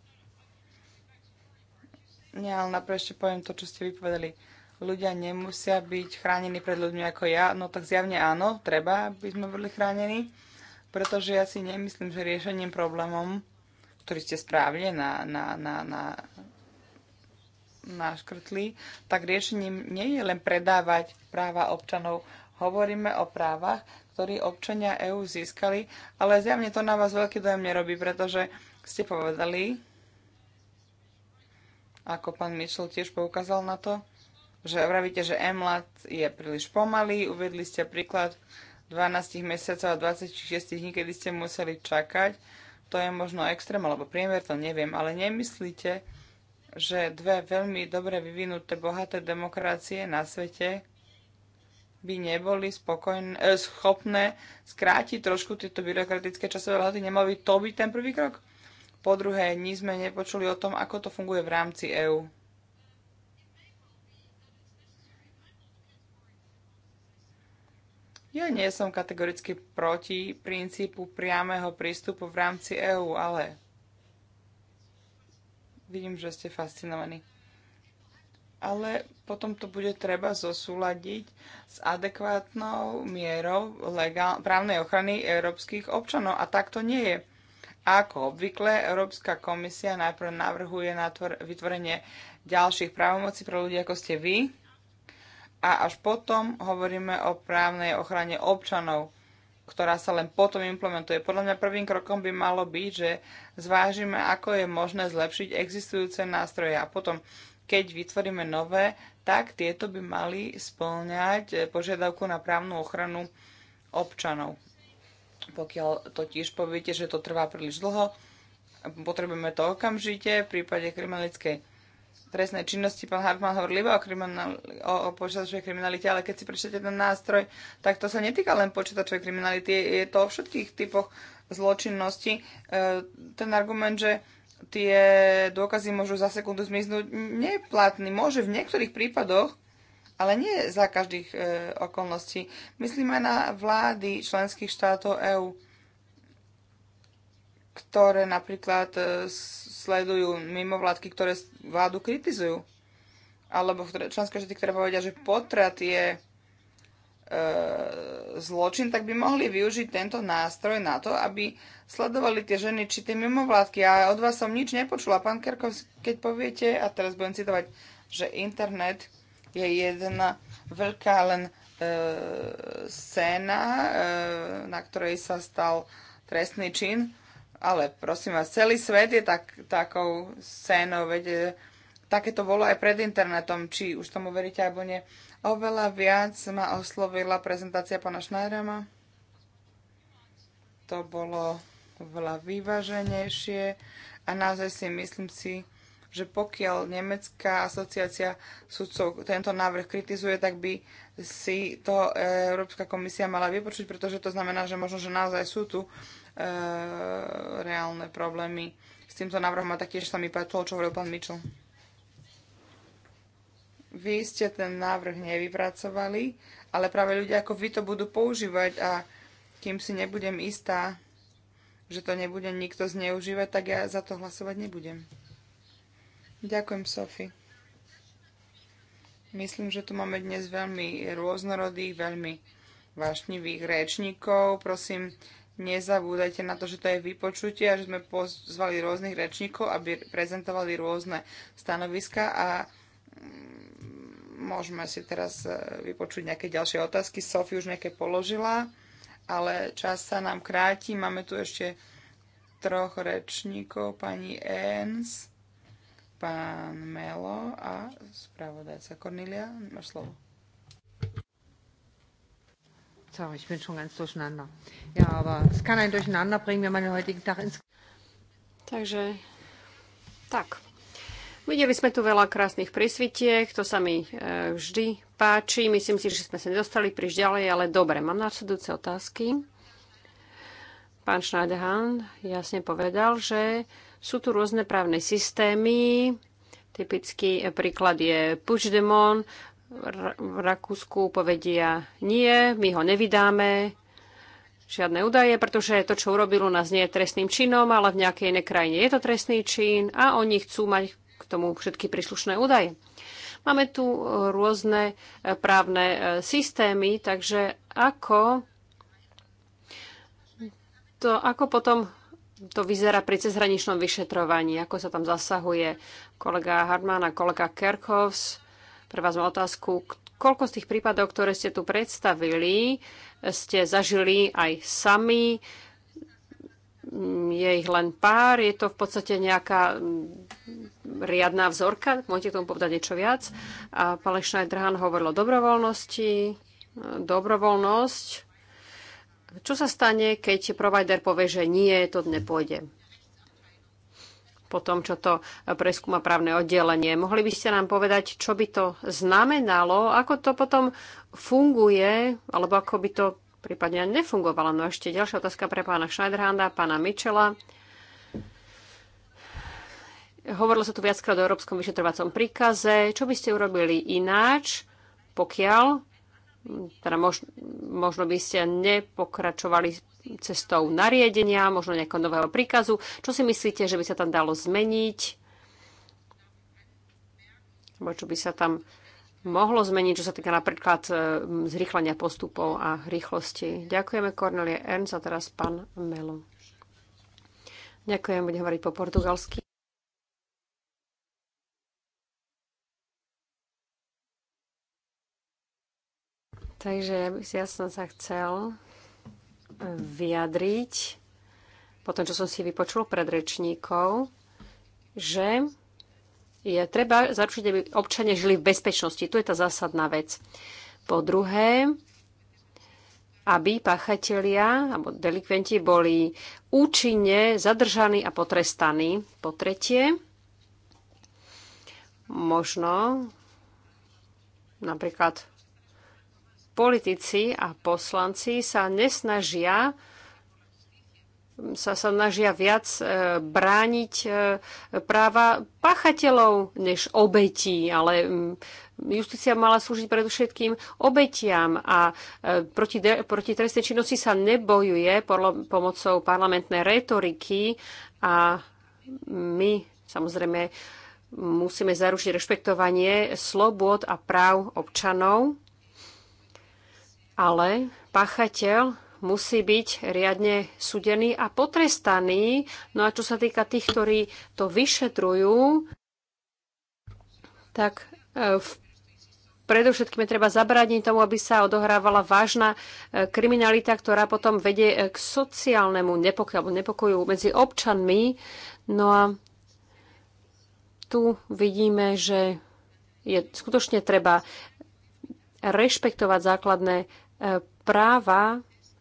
Nie, ale najprv ešte poviem to, čo ste vypovedali. Ľudia nemusia byť chránení pred ľuďmi ako ja. No tak zjavne áno, treba, aby sme boli chránení. Pretože ja si nemyslím, že riešením problémom, ktorý ste správne na, na, na, na naškrtli, tak riešením nie je len predávať práva občanov. Hovoríme o právach, ktorí občania EÚ získali, ale zjavne to na vás veľký dojem nerobí, pretože ste povedali, ako pán Mitchell tiež poukázal na to, že vravíte, že MLAT je príliš pomalý, uvedli ste príklad 12 mesiacov a 26 dní, kedy ste museli čakať. To je možno extrém, alebo priemer, to neviem, ale nemyslíte, že dve veľmi dobre vyvinuté bohaté demokracie na svete by neboli spokojné, eh, schopné skrátiť trošku tieto byrokratické časové lehoty, nemal by to byť ten prvý krok? Po druhé, nič sme nepočuli o tom, ako to funguje v rámci EÚ. Ja nie som kategoricky proti princípu priamého prístupu v rámci EÚ, ale Vidím, že ste fascinovaní. Ale potom to bude treba zosúľadiť s adekvátnou mierou legál- právnej ochrany európskych občanov. A tak to nie je. A ako obvykle, Európska komisia najprv navrhuje vytvorenie ďalších právomocí pre ľudí, ako ste vy. A až potom hovoríme o právnej ochrane občanov ktorá sa len potom implementuje. Podľa mňa prvým krokom by malo byť, že zvážime, ako je možné zlepšiť existujúce nástroje a potom, keď vytvoríme nové, tak tieto by mali spĺňať eh, požiadavku na právnu ochranu občanov. Pokiaľ totiž poviete, že to trvá príliš dlho, potrebujeme to okamžite v prípade kriminalickej trestnej činnosti. Pán Hartmann hovoril iba o, kriminál, o, o počítačovej kriminalite, ale keď si prečítate ten nástroj, tak to sa netýka len počítačovej kriminality, je to o všetkých typoch zločinnosti. E, ten argument, že tie dôkazy môžu za sekundu zmiznúť, nie je platný. Môže v niektorých prípadoch, ale nie za každých e, okolností. Myslíme na vlády členských štátov EÚ ktoré napríklad e, sledujú mimovládky, ktoré vládu kritizujú. Alebo členské štáty, ktoré povedia, že potrat je e, zločin, tak by mohli využiť tento nástroj na to, aby sledovali tie ženy či tie mimovládky. A od vás som nič nepočula. Pán Kerkov, keď poviete, a teraz budem citovať, že internet je jedna veľká len e, scéna, e, na ktorej sa stal trestný čin, ale prosím vás, celý svet je tak, takou scénou, veď e, také to bolo aj pred internetom, či už tomu veríte alebo nie. Oveľa viac ma oslovila prezentácia pana Schneidera. To bolo oveľa vyváženejšie a naozaj si myslím si, že pokiaľ Nemecká asociácia sudcov tento návrh kritizuje, tak by si to e, Európska komisia mala vypočuť, pretože to znamená, že možno, že naozaj sú tu E, reálne problémy. S týmto návrhom a taktiež sa mi páčilo, čo hovoril pán Mičel. Vy ste ten návrh nevypracovali, ale práve ľudia ako vy to budú používať a kým si nebudem istá, že to nebude nikto zneužívať, tak ja za to hlasovať nebudem. Ďakujem, Sofi. Myslím, že tu máme dnes veľmi rôznorodých, veľmi vášnivých rečníkov. Prosím, nezabúdajte na to, že to je vypočutie a že sme pozvali rôznych rečníkov, aby prezentovali rôzne stanoviska a mm, môžeme si teraz e, vypočuť nejaké ďalšie otázky. Sofie už nejaké položila, ale čas sa nám kráti. Máme tu ešte troch rečníkov, pani Ens, pán Melo a spravodajca Cornelia. Máš slovo. Sorry, ich bin schon ganz durcheinander. Ja, aber es kann einen durcheinander bringen, wenn man den heutigen Tag ins... Takže, tak. Videli sme tu veľa krásnych prísvitiek, to sa mi e, vždy páči. Myslím si, že sme sa nedostali príliš ďalej, ale dobre, mám následujúce otázky. Pán Schneiderhan jasne povedal, že sú tu rôzne právne systémy, Typický e, príklad je Puigdemont, v Rakúsku povedia nie, my ho nevydáme, žiadne údaje, pretože to, čo urobil u nás nie je trestným činom, ale v nejakej inej krajine je to trestný čin a oni chcú mať k tomu všetky príslušné údaje. Máme tu e, rôzne e, právne e, systémy, takže ako, to, ako potom to vyzerá pri cezhraničnom vyšetrovaní, ako sa tam zasahuje kolega Hartmann a kolega Kerkovs pre vás mám otázku, koľko z tých prípadov, ktoré ste tu predstavili, ste zažili aj sami, je ich len pár, je to v podstate nejaká mm, riadná vzorka, môžete k tomu povedať niečo viac. A pán Drhan hovoril o dobrovoľnosti, dobrovoľnosť. Čo sa stane, keď provider povie, že nie, to nepôjde? po tom, čo to preskúma právne oddelenie. Mohli by ste nám povedať, čo by to znamenalo, ako to potom funguje, alebo ako by to prípadne nefungovalo. No ešte ďalšia otázka pre pána Schneiderhanda, pána Michela. Hovorilo sa tu viackrát o Európskom vyšetrovacom príkaze. Čo by ste urobili ináč, pokiaľ teda mož, možno by ste nepokračovali cestou nariadenia, možno nejakého nového príkazu. Čo si myslíte, že by sa tam dalo zmeniť? Bo čo by sa tam mohlo zmeniť, čo sa týka napríklad e, zrýchlenia postupov a rýchlosti. Ďakujeme Cornelie Ernst a teraz pán Melo. Ďakujem, budem hovoriť po portugalsky. Takže ja, by, ja som sa chcel vyjadriť po tom, čo som si vypočul pred rečníkov, že je treba zaručiť, aby občania žili v bezpečnosti. Tu je tá zásadná vec. Po druhé, aby páchatelia alebo delikventi boli účinne zadržaní a potrestaní. Po tretie, možno napríklad politici a poslanci sa nesnažia sa snažia viac e, brániť e, práva páchateľov než obetí, ale mm, justícia mala slúžiť predovšetkým obetiam a e, proti, proti trestnej činnosti sa nebojuje pomocou parlamentnej retoriky a my samozrejme musíme zaručiť rešpektovanie slobod a práv občanov ale pachateľ musí byť riadne súdený a potrestaný. No a čo sa týka tých, ktorí to vyšetrujú, tak e, v Predovšetkým je treba zabrániť tomu, aby sa odohrávala vážna e, kriminalita, ktorá potom vedie e, k sociálnemu nepokoju, nepokoju medzi občanmi. No a tu vidíme, že je skutočne treba rešpektovať základné práva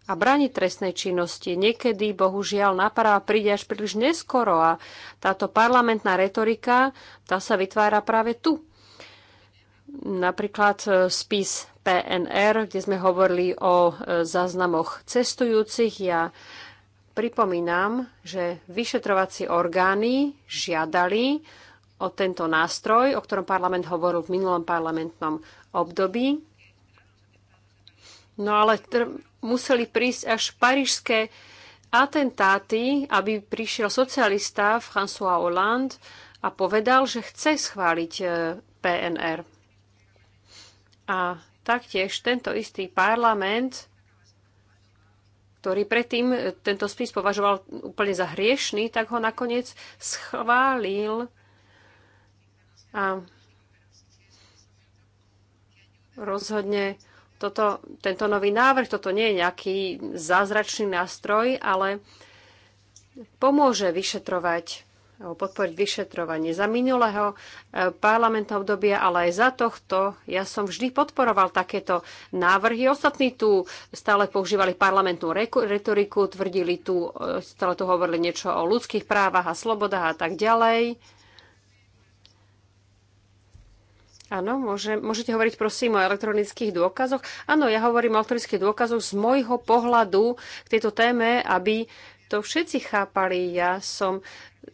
a brániť trestnej činnosti. Niekedy, bohužiaľ, náprava príde až príliš neskoro a táto parlamentná retorika, tá sa vytvára práve tu. Napríklad e, spis PNR, kde sme hovorili o e, záznamoch cestujúcich. Ja pripomínam, že vyšetrovací orgány žiadali o tento nástroj, o ktorom parlament hovoril v minulom parlamentnom období No ale museli prísť až parížské atentáty, aby prišiel socialista François Hollande a povedal, že chce schváliť e, PNR. A taktiež tento istý parlament, ktorý predtým e, tento spis považoval úplne za hriešný, tak ho nakoniec schválil. A rozhodne toto, tento nový návrh, toto nie je nejaký zázračný nástroj, ale pomôže vyšetrovať podporiť vyšetrovanie. Za minulého e, parlamentného obdobia, ale aj za tohto, ja som vždy podporoval takéto návrhy. Ostatní tu stále používali parlamentnú retoriku, tvrdili tu, e, stále tu hovorili niečo o ľudských právach a slobodách a tak ďalej. Áno, môže, môžete hovoriť prosím o elektronických dôkazoch. Áno, ja hovorím o elektronických dôkazoch z môjho pohľadu k tejto téme, aby to všetci chápali. Ja som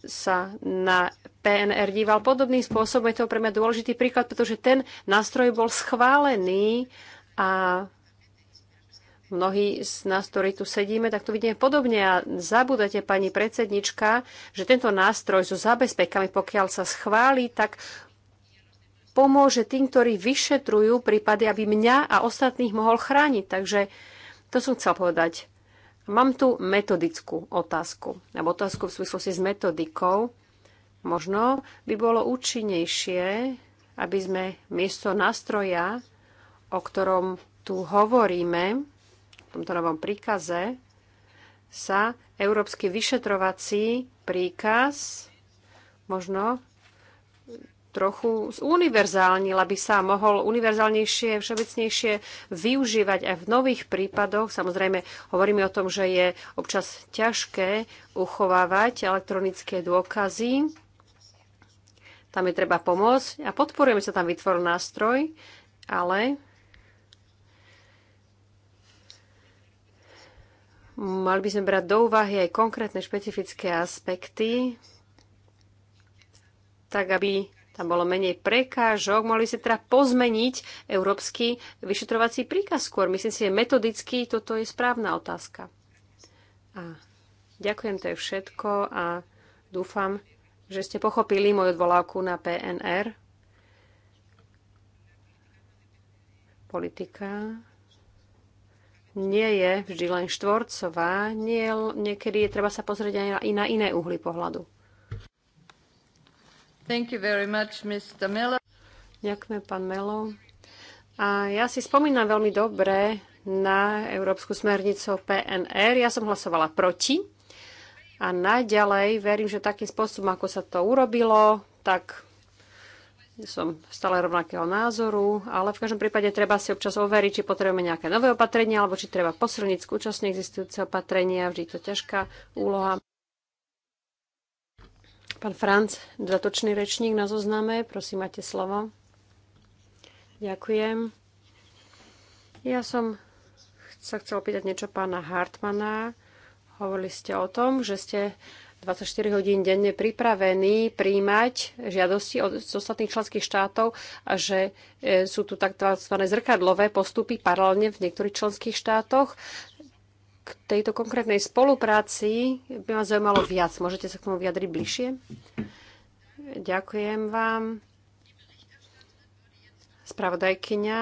sa na PNR díval podobným spôsobom. Je to pre mňa dôležitý príklad, pretože ten nástroj bol schválený a mnohí z nás, ktorí tu sedíme, tak to vidíme podobne. A zabudete, pani predsednička, že tento nástroj so zabezpekami, pokiaľ sa schváli, tak pomôže tým, ktorí vyšetrujú prípady, aby mňa a ostatných mohol chrániť. Takže to som chcel povedať. Mám tu metodickú otázku, alebo otázku v súvislosti s metodikou. Možno by bolo účinnejšie, aby sme miesto nástroja, o ktorom tu hovoríme, v tomto novom príkaze, sa Európsky vyšetrovací príkaz možno trochu zuniverzálnil, aby sa mohol univerzálnejšie, všeobecnejšie využívať aj v nových prípadoch. Samozrejme, hovoríme o tom, že je občas ťažké uchovávať elektronické dôkazy. Tam je treba pomôcť a podporujeme sa tam vytvoril nástroj, ale mali by sme brať do úvahy aj konkrétne špecifické aspekty, tak aby tam bolo menej prekážok, mohli ste teda pozmeniť európsky vyšetrovací príkaz skôr. Myslím si, že metodicky toto je správna otázka. A ďakujem, to je všetko a dúfam, že ste pochopili moju odvolávku na PNR. Politika nie je vždy len štvorcová, nie, niekedy je treba sa pozrieť aj na iné uhly pohľadu. Ďakujem pán Melo. A ja si spomínam veľmi dobre na Európsku smernicu PNR. Ja som hlasovala proti. A naďalej verím, že takým spôsobom, ako sa to urobilo, tak som stále rovnakého názoru, ale v každom prípade treba si občas overiť, či potrebujeme nejaké nové opatrenia, alebo či treba posilniť skúčasne existujúce opatrenia, vždy to ťažká úloha. Pán Franc, dodatočný rečník na zozname, prosím, máte slovo. Ďakujem. Ja som sa chcel opýtať niečo pána Hartmana. Hovorili ste o tom, že ste 24 hodín denne pripravení príjmať žiadosti od ostatných členských štátov a že e, sú tu tzv. zrkadlové postupy paralelne v niektorých členských štátoch k tejto konkrétnej spolupráci by ma zaujímalo viac. Môžete sa k tomu vyjadriť bližšie? Ďakujem vám. Spravodajkyňa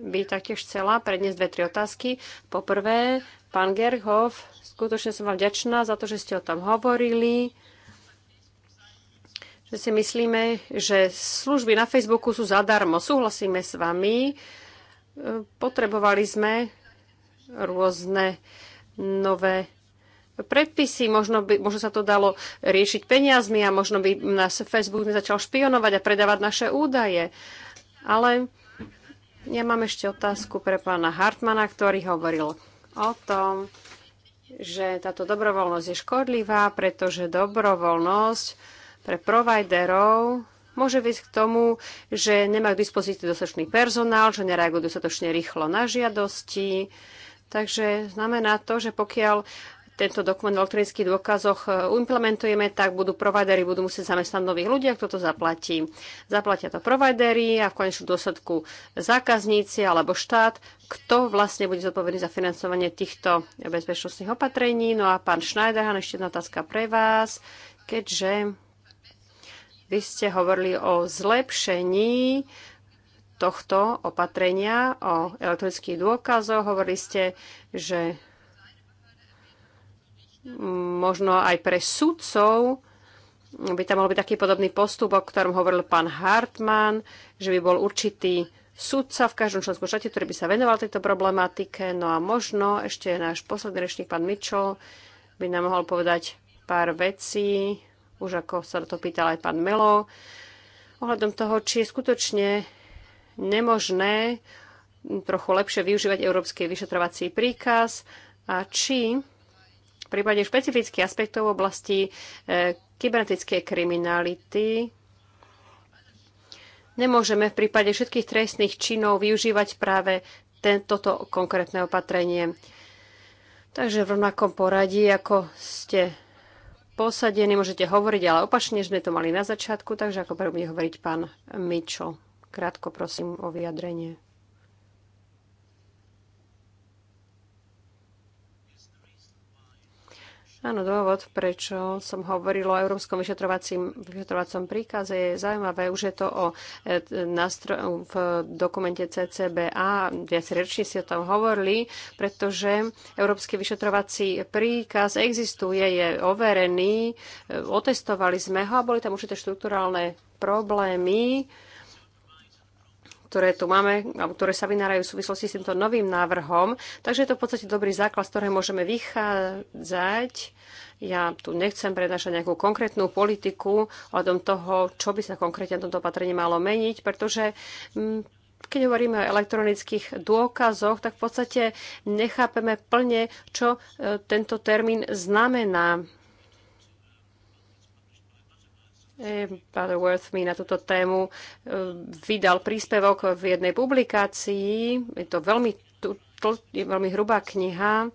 by taktiež chcela predniesť dve, tri otázky. Poprvé, pán Gerhov, skutočne som vám vďačná za to, že ste o tom hovorili že si myslíme, že služby na Facebooku sú zadarmo. Súhlasíme s vami. Potrebovali sme rôzne nové predpisy, možno by, možno sa to dalo riešiť peniazmi a možno by nás Facebook začal špionovať a predávať naše údaje. Ale ja mám ešte otázku pre pána Hartmana, ktorý hovoril o tom, že táto dobrovoľnosť je škodlivá, pretože dobrovoľnosť pre providerov môže viesť k tomu, že nemajú k dispozícii dostatočný personál, že nereagujú dostatočne rýchlo na žiadosti, Takže znamená to, že pokiaľ tento dokument v elektronických dôkazoch e, implementujeme, tak budú providery, budú musieť zamestnať nových ľudí, kto to zaplatí. Zaplatia to providery a v konečnom dôsledku zákazníci alebo štát, kto vlastne bude zodpovedný za financovanie týchto bezpečnostných opatrení. No a pán Schneider, ešte jedna otázka pre vás, keďže vy ste hovorili o zlepšení tohto opatrenia o elektronických dôkazoch. Hovorili ste, že možno aj pre sudcov by tam mohol byť taký podobný postup, o ktorom hovoril pán Hartmann, že by bol určitý sudca v každom členskom štáte, ktorý by sa venoval tejto problematike. No a možno ešte náš posledný rečník, pán Mitchell, by nám mohol povedať pár vecí, už ako sa to pýtal aj pán Melo, ohľadom toho, či je skutočne nemožné trochu lepšie využívať európsky vyšetrovací príkaz a či v prípade špecifických aspektov v oblasti e, kybernetickej kriminality nemôžeme v prípade všetkých trestných činov využívať práve toto konkrétne opatrenie. Takže v rovnakom poradí, ako ste posadení, môžete hovoriť, ale opačne sme to mali na začiatku, takže ako prvý bude hovoriť pán Mičo. Krátko prosím o vyjadrenie. Áno, dôvod, prečo som hovoril o Európskom vyšetrovacom príkaze je zaujímavé. Už je to o, e, nástro- v dokumente CCBA, viac rečne si o tom hovorili, pretože Európsky vyšetrovací príkaz existuje, je overený, e, otestovali sme ho a boli tam určité štruktúrálne problémy, ktoré tu máme, alebo ktoré sa vynárajú v súvislosti s týmto novým návrhom. Takže je to v podstate dobrý základ, z ktorého môžeme vychádzať. Ja tu nechcem prednášať nejakú konkrétnu politiku ohľadom toho, čo by sa konkrétne na tomto opatrení malo meniť, pretože mm, keď hovoríme o elektronických dôkazoch, tak v podstate nechápeme plne, čo e, tento termín znamená. E, Worth mi na túto tému e, vydal príspevok v jednej publikácii. Je to veľmi, je veľmi hrubá kniha.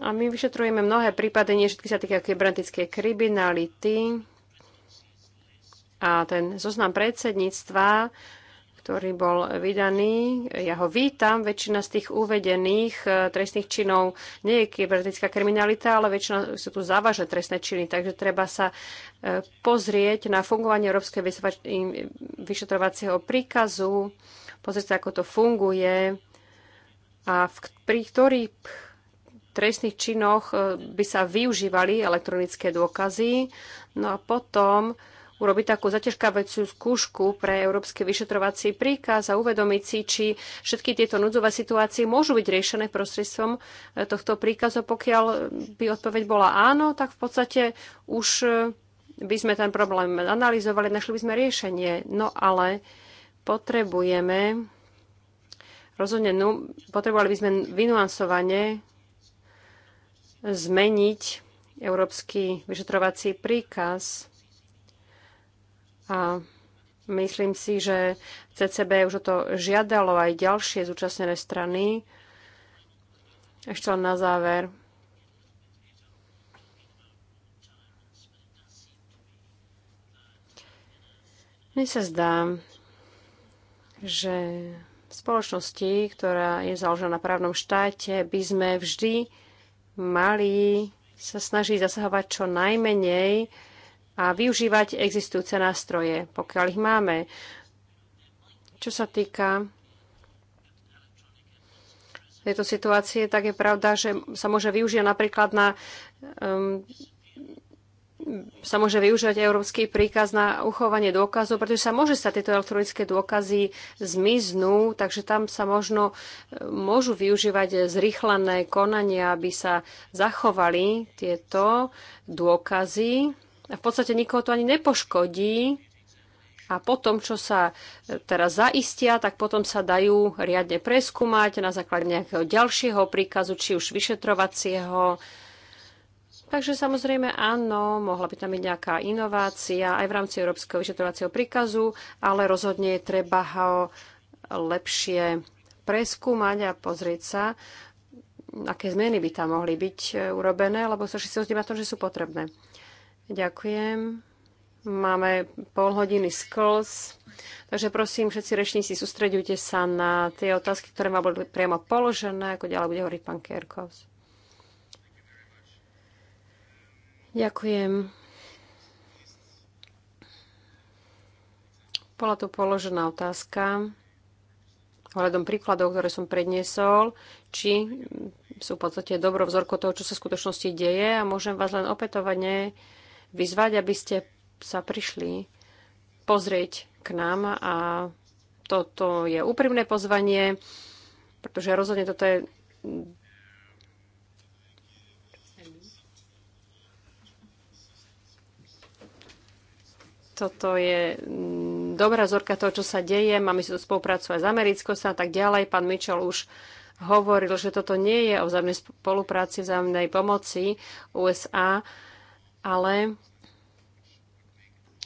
A my vyšetrujeme mnohé prípady, nie všetky sa týkajú kybernetickej kriminality. A ten zoznam predsedníctva ktorý bol vydaný. Ja ho vítam. Väčšina z tých uvedených eh, trestných činov nie je kybernetická kriminalita, ale väčšina sú tu závažné trestné činy, takže treba sa eh, pozrieť na fungovanie Európskej vyšetrovacieho príkazu, pozrieť sa, ako to funguje a v, pri ktorých trestných činoch eh, by sa využívali elektronické dôkazy. No a potom urobiť takú zaťažkávajúcu skúšku pre Európsky vyšetrovací príkaz a uvedomiť si, či všetky tieto núdzové situácie môžu byť riešené prostredstvom e, tohto príkazu. Pokiaľ by odpoveď bola áno, tak v podstate už e, by sme ten problém analyzovali, našli by sme riešenie. No ale potrebujeme rozhodne, no, potrebovali by sme vynuansovanie zmeniť európsky vyšetrovací príkaz a myslím si, že CCB už o to žiadalo aj ďalšie zúčastnené strany. Ešte len na záver. Mne sa zdá, že v spoločnosti, ktorá je založená na právnom štáte, by sme vždy mali sa snažiť zasahovať čo najmenej a využívať existujúce nástroje, pokiaľ ich máme. Čo sa týka tejto situácie, tak je pravda, že sa môže využiť napríklad na um, sa môže využívať európsky príkaz na uchovanie dôkazov, pretože sa môže sa tieto elektronické dôkazy zmiznú, takže tam sa možno um, môžu využívať zrýchlené konania, aby sa zachovali tieto dôkazy a v podstate nikoho to ani nepoškodí. A potom, čo sa e, teraz zaistia, tak potom sa dajú riadne preskúmať na základe nejakého ďalšieho príkazu, či už vyšetrovacieho. Takže samozrejme áno, mohla by tam byť nejaká inovácia aj v rámci Európskeho vyšetrovacieho príkazu, ale rozhodne je treba ho lepšie preskúmať a pozrieť sa, aké zmeny by tam mohli byť e, urobené, lebo sa všetci na to, že sú potrebné. Ďakujem. Máme pol hodiny skls, takže prosím, všetci rečníci, sústredujte sa na tie otázky, ktoré ma boli priamo položené, ako ďalej bude hovoriť pán Kierkovs. Ďakujem. Bola tu položená otázka ohľadom príkladov, ktoré som predniesol, či sú v podstate dobro vzorko toho, čo sa v skutočnosti deje a môžem vás len opätovane vyzvať, aby ste sa prišli pozrieť k nám a toto je úprimné pozvanie, pretože rozhodne toto je toto je mm, dobrá zorka toho, čo sa deje, máme si tu spolupracovať s Americkou a tak ďalej. Pán Mitchell už hovoril, že toto nie je o vzájomnej spolupráci, vzájomnej pomoci USA ale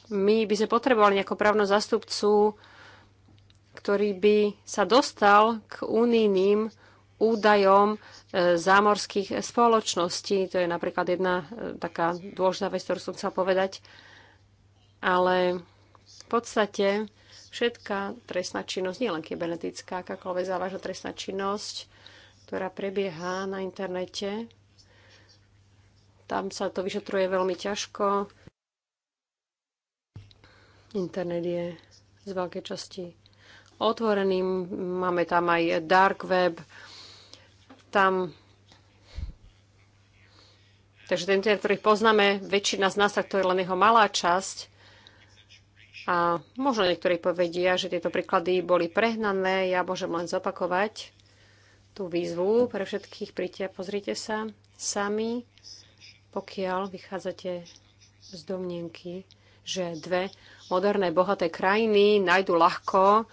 my by sme potrebovali nejakú právno zastupcu, ktorý by sa dostal k unijným údajom e, zámorských spoločností. To je napríklad jedna e, taká dôležitá vec, ktorú som chcel povedať. Ale v podstate všetká trestná činnosť, nielen kybernetická, akákoľvek závažná trestná činnosť, ktorá prebieha na internete, tam sa to vyšetruje veľmi ťažko. Internet je z veľkej časti otvorený. Máme tam aj dark web. Tam Takže ten internet, ktorý poznáme, väčšina z nás, tak to je len jeho malá časť. A možno niektorí povedia, že tieto príklady boli prehnané. Ja môžem len zopakovať tú výzvu pre všetkých. Príďte a pozrite sa sami pokiaľ vychádzate z domnienky, že dve moderné, bohaté krajiny nájdu ľahko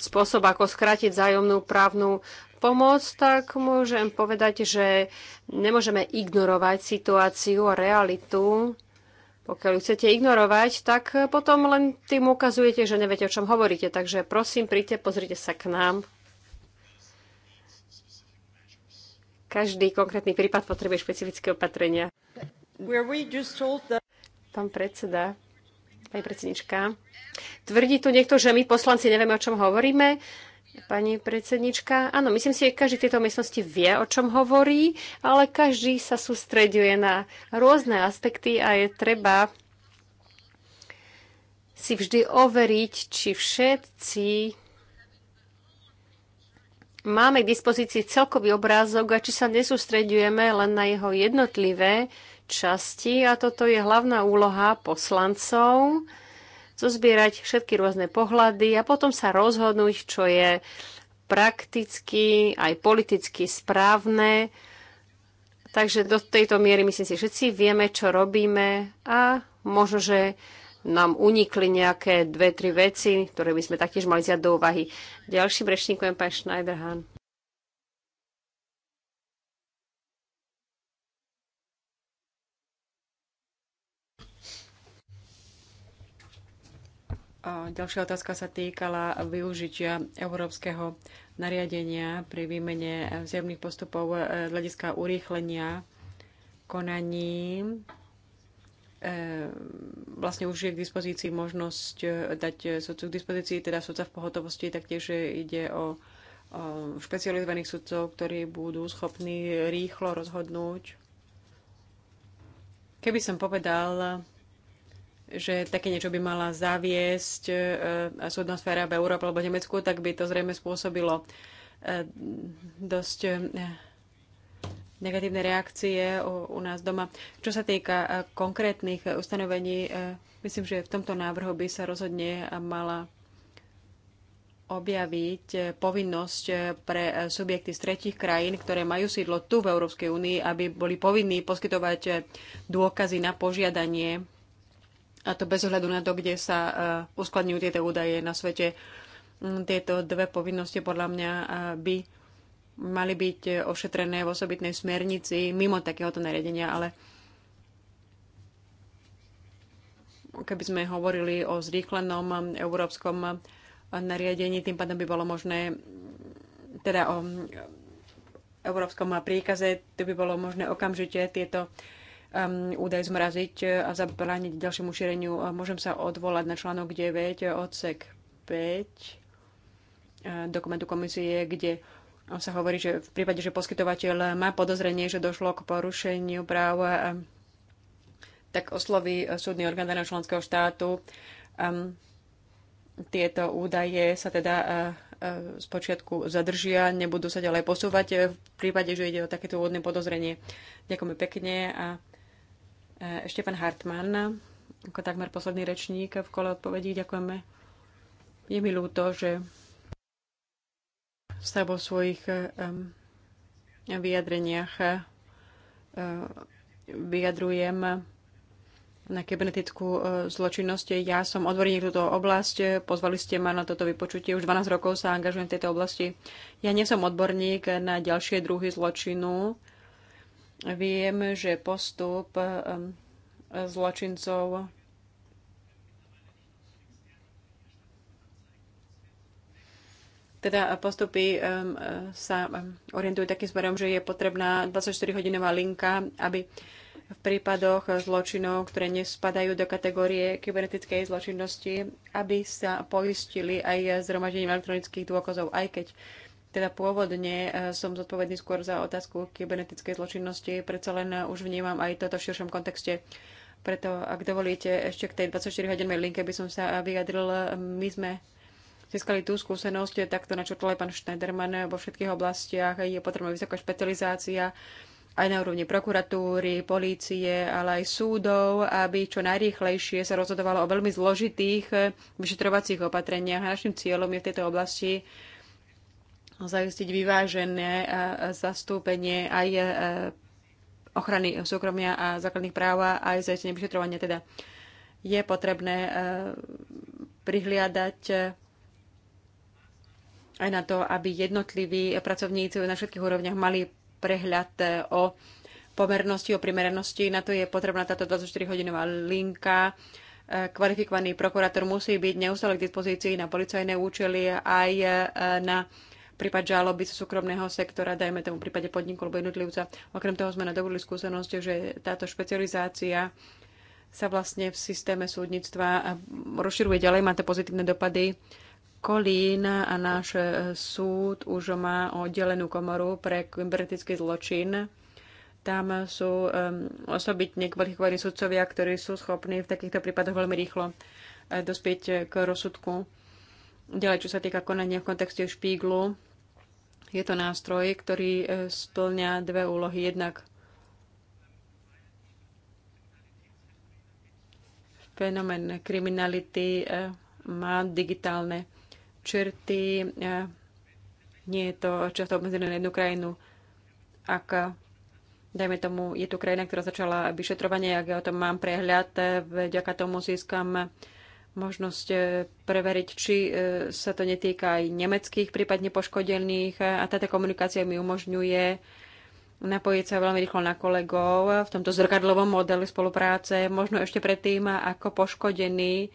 spôsob, ako skrátiť vzájomnú právnu pomoc, tak môžem povedať, že nemôžeme ignorovať situáciu a realitu. Pokiaľ ju chcete ignorovať, tak potom len tým ukazujete, že neviete, o čom hovoríte. Takže prosím, príďte, pozrite sa k nám, každý konkrétny prípad potrebuje špecifické opatrenia. Pán predseda, pani predsednička, tvrdí tu niekto, že my poslanci nevieme, o čom hovoríme. Pani predsednička, áno, myslím si, že každý v tejto miestnosti vie, o čom hovorí, ale každý sa sústreďuje na rôzne aspekty a je treba si vždy overiť, či všetci máme k dispozícii celkový obrázok a či sa nesústredujeme len na jeho jednotlivé časti a toto je hlavná úloha poslancov zozbierať všetky rôzne pohľady a potom sa rozhodnúť, čo je prakticky aj politicky správne. Takže do tejto miery myslím si, všetci vieme, čo robíme a možno, že nám unikli nejaké dve, tri veci, ktoré by sme taktiež mali zjať do úvahy. Ďalším rečníkom je pán Schneiderhan. ďalšia otázka sa týkala využitia európskeho nariadenia pri výmene zjavných postupov eh, hľadiska urýchlenia konaní vlastne už je k dispozícii možnosť eh, dať eh, sudcu k dispozícii, teda sudca v pohotovosti, taktiež eh, ide o, o špecializovaných sudcov, ktorí budú schopní rýchlo rozhodnúť. Keby som povedal, že také niečo by mala zaviesť súdna sféra v Európe alebo Nemecku, tak by to zrejme spôsobilo dosť negatívne reakcie u, u nás doma. Čo sa týka e, konkrétnych e, ustanovení, e, myslím, že v tomto návrhu by sa rozhodne mala objaviť povinnosť pre subjekty z tretich krajín, ktoré majú sídlo tu v Európskej únii, aby boli povinní poskytovať dôkazy na požiadanie, a to bez ohľadu na to, kde sa uskladňujú tieto údaje na svete. Mm, tieto dve povinnosti podľa mňa by mali byť ošetrené v osobitnej smernici mimo takéhoto nariadenia, ale keby sme hovorili o zrýchlenom európskom nariadení, tým pádom by bolo možné, teda o európskom príkaze, to by bolo možné okamžite tieto um, údaje zmraziť a zabrániť ďalšiemu šíreniu. Môžem sa odvolať na článok 9, odsek 5 eh, dokumentu komisie, kde sa hovorí, že v prípade, že poskytovateľ má podozrenie, že došlo k porušeniu práv, tak osloví súdny orgán daného členského štátu. Tieto údaje sa teda spočiatku zadržia, nebudú sa ďalej posúvať v prípade, že ide o takéto úvodné podozrenie. Ďakujem pekne a ešte pán Hartmann, ako takmer posledný rečník v kole odpovedí, ďakujeme. Je mi ľúto, že sa vo svojich vyjadreniach eh, vyjadrujem na kybernetickú eh, zločinnosť. Ja som odborník túto oblasť, pozvali ste ma na toto vypočutie, už 12 rokov sa angažujem v tejto oblasti. Ja nie som odborník na ďalšie druhy zločinu. Viem, že postup zločincov teda postupy e, sa orientujú takým smerom, že je potrebná 24-hodinová linka, aby v prípadoch zločinov, ktoré nespadajú do kategórie kybernetickej zločinnosti, aby sa poistili aj zhromaždením elektronických dôkazov, aj keď teda pôvodne e, som zodpovedný skôr za otázku kybernetickej zločinnosti, predsa len e, už vnímam aj toto v širšom kontexte. Preto, ak dovolíte, ešte k tej 24-hodinovej linke by som sa vyjadril. My sme získali tú skúsenosť, eh, takto to načrtol aj pán Schneiderman, eh, vo všetkých oblastiach je potrebná vysoká špecializácia aj na úrovni prokuratúry, polície, ale aj súdov, aby čo najrýchlejšie sa rozhodovalo o veľmi zložitých eh, vyšetrovacích opatreniach. Našim cieľom je v tejto oblasti zajistiť vyvážené zastúpenie aj ochrany súkromia a základných práv a aj zajistenie vyšetrovania. Teda je potrebné prihliadať aj na to, aby jednotliví pracovníci na všetkých úrovniach mali prehľad eh, o pomernosti, o primeranosti. Na to je potrebná táto 24-hodinová linka. Eh, kvalifikovaný prokurátor musí byť neustále k dispozícii na policajné účely aj eh, na prípad žaloby z súkromného sektora, dajme tomu prípade podniku alebo jednotlivca. Okrem toho sme nadobudli skúsenosť, že táto špecializácia sa vlastne v systéme súdnictva rozširuje ďalej, má to pozitívne dopady Kolín a náš e, súd už má oddelenú komoru pre kybernetický zločin. Tam sú um, osobitne kvalifikovaní sudcovia, ktorí sú schopní v takýchto prípadoch veľmi rýchlo e, dospieť k rozsudku. Ďalej, čo sa týka konania v kontexte špíglu, je to nástroj, ktorý e, splňa dve úlohy. Jednak fenomén kriminality má digitálne črty. Eh, nie je to často obmedzené na jednu krajinu. Ak, eh, dajme tomu, je tu krajina, ktorá začala vyšetrovanie, ak ja o tom mám prehľad, eh, vďaka tomu získam možnosť preveriť, či sa to netýka aj nemeckých, prípadne poškodených. A táto komunikácia mi umožňuje napojiť sa veľmi rýchlo na kolegov v tomto zrkadlovom modeli spolupráce, možno ešte predtým, ako poškodený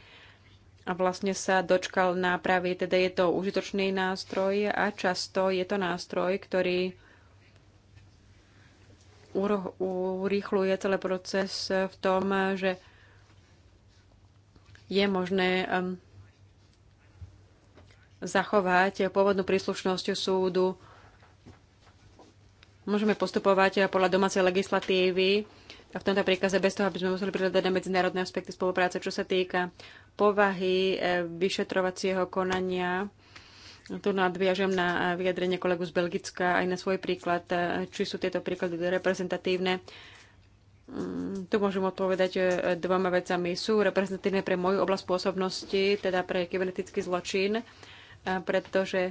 a vlastne sa dočkal nápravy. Teda je to užitočný nástroj a často je to nástroj, ktorý urýchluje celý proces v tom, že je možné um, zachovať pôvodnú príslušnosť súdu. Môžeme postupovať podľa domácej legislatívy v tomto príkaze bez toho, aby sme museli prihľadať na medzinárodné aspekty spolupráce, čo sa týka povahy eh, vyšetrovacieho konania. Tu nadviažem na eh, vyjadrenie kolegu z Belgicka aj na svoj príklad, eh, či sú tieto príklady reprezentatívne. Mm, tu môžem odpovedať dvoma vecami. Sú reprezentatívne pre moju oblasť pôsobnosti, teda pre kybernetický zločin, pretože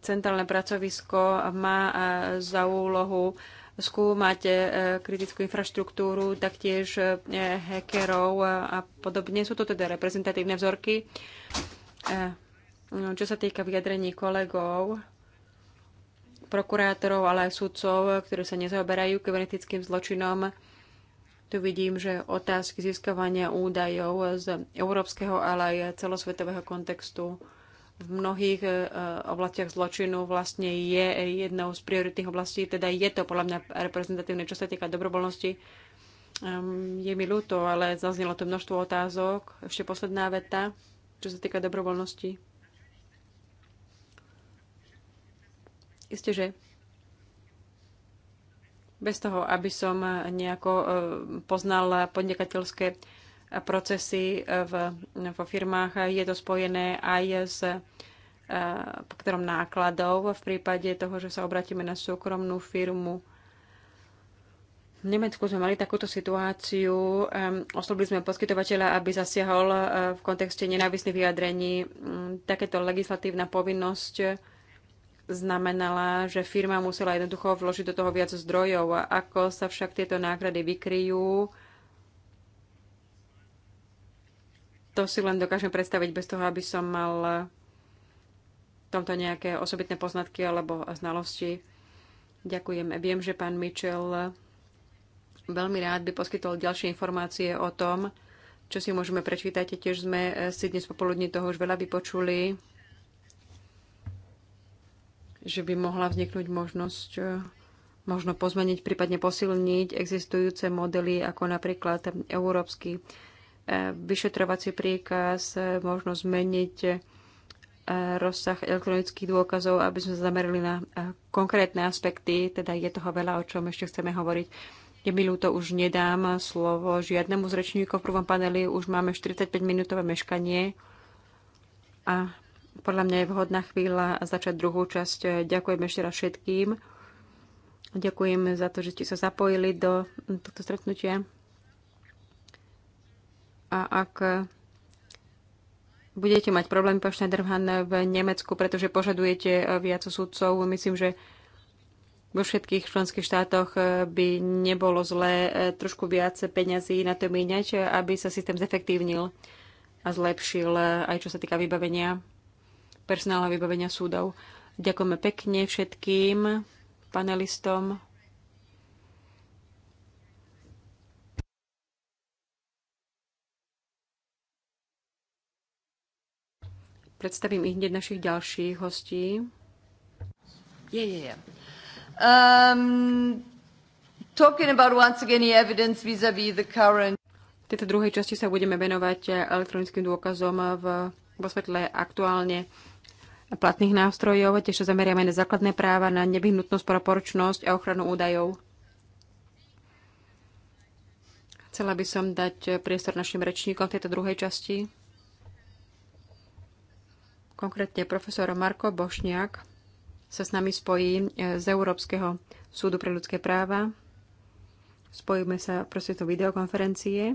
centrálne pracovisko má za úlohu skúmať e, kritickú infraštruktúru, taktiež e, hackerov a podobne. Sú to teda reprezentatívne vzorky. E, no, čo sa týka vyjadrení kolegov, prokurátorov, ale aj sudcov, ktorí sa nezaoberajú kybernetickým zločinom, tu vidím, že otázky získavania údajov z európskeho, ale aj celosvetového kontextu v mnohých e, oblastiach zločinu vlastne je jednou z prioritných oblastí, teda je to podľa mňa reprezentatívne, čo sa týka dobrovoľnosti. Ehm, je mi ľúto, ale zaznelo to množstvo otázok. Ešte posledná veta, čo sa týka dobrovoľnosti. Isté, že bez toho, aby som nejako e, poznal podnikateľské procesy e, v, vo firmách. Je to spojené aj s e, ktorom nákladov v prípade toho, že sa obratíme na súkromnú firmu. V Nemecku sme mali takúto situáciu. E, Oslobili sme poskytovateľa, aby zasiahol v kontexte nenávisných vyjadrení. Mm, takéto legislatívna povinnosť znamenala, že firma musela jednoducho vložiť do toho viac zdrojov. Ako sa však tieto náklady vykryjú, To si len dokážem predstaviť bez toho, aby som mal v tomto nejaké osobitné poznatky alebo znalosti. Ďakujem. Viem, že pán Mitchell veľmi rád by poskytol ďalšie informácie o tom, čo si môžeme prečítať. Tiež sme si dnes popoludní toho už veľa vypočuli, že by mohla vzniknúť možnosť možno pozmeniť, prípadne posilniť existujúce modely, ako napríklad európsky vyšetrovací príkaz, možno zmeniť eh, rozsah elektronických dôkazov, aby sme zamerali na eh, konkrétne aspekty, teda je toho veľa, o čom ešte chceme hovoriť. Je mi ľúto, už nedám slovo žiadnemu z rečníkov v prvom paneli, už máme 45-minútové meškanie a podľa mňa je vhodná chvíľa začať druhú časť. Ďakujem ešte raz všetkým. Ďakujem za to, že ste sa zapojili do tohto stretnutia. A ak budete mať problém, pán Schneiderhan, v Nemecku, pretože požadujete eh, viac sudcov, myslím, že vo všetkých členských štátoch eh, by nebolo zlé eh, trošku viac peňazí na to míňať, aby sa systém zefektívnil a zlepšil aj čo sa týka vybavenia, personálneho vybavenia súdov. Ďakujeme pekne všetkým panelistom. Predstavím ich hneď našich ďalších hostí. Je, je, je. Um, talking about once again the evidence vis-a-vis -vis the current... V tejto druhej časti sa budeme venovať elektronickým dôkazom v, vo svetle aktuálne platných nástrojov, tiež sa zameriame na základné práva, na nevyhnutnosť, proporčnosť a ochranu údajov. Chcela by som dať priestor našim rečníkom v tejto druhej časti. Konkrétne profesor Marko Bošniak sa s nami spojí e, z Európskeho súdu pre ľudské práva. Spojíme sa to videokonferencie.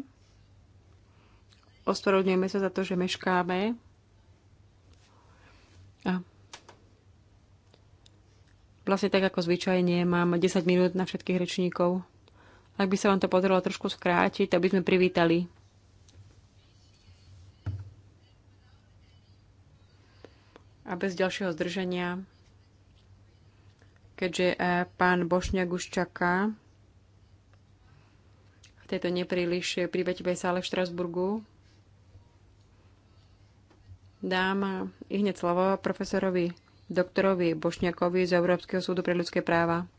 Ospravedlňujeme sa za to, že meškáme. A vlastne tak ako zvyčajne mám 10 minút na všetkých rečníkov. Ak by sa vám to podarilo trošku skrátiť, aby sme privítali a bez ďalšieho zdržania, keďže e, pán Bošňák už čaká v tejto nepríliš privetivej sále v Štrasburgu, dám i hneď slovo profesorovi doktorovi Bošňakovi z Európskeho súdu pre ľudské práva,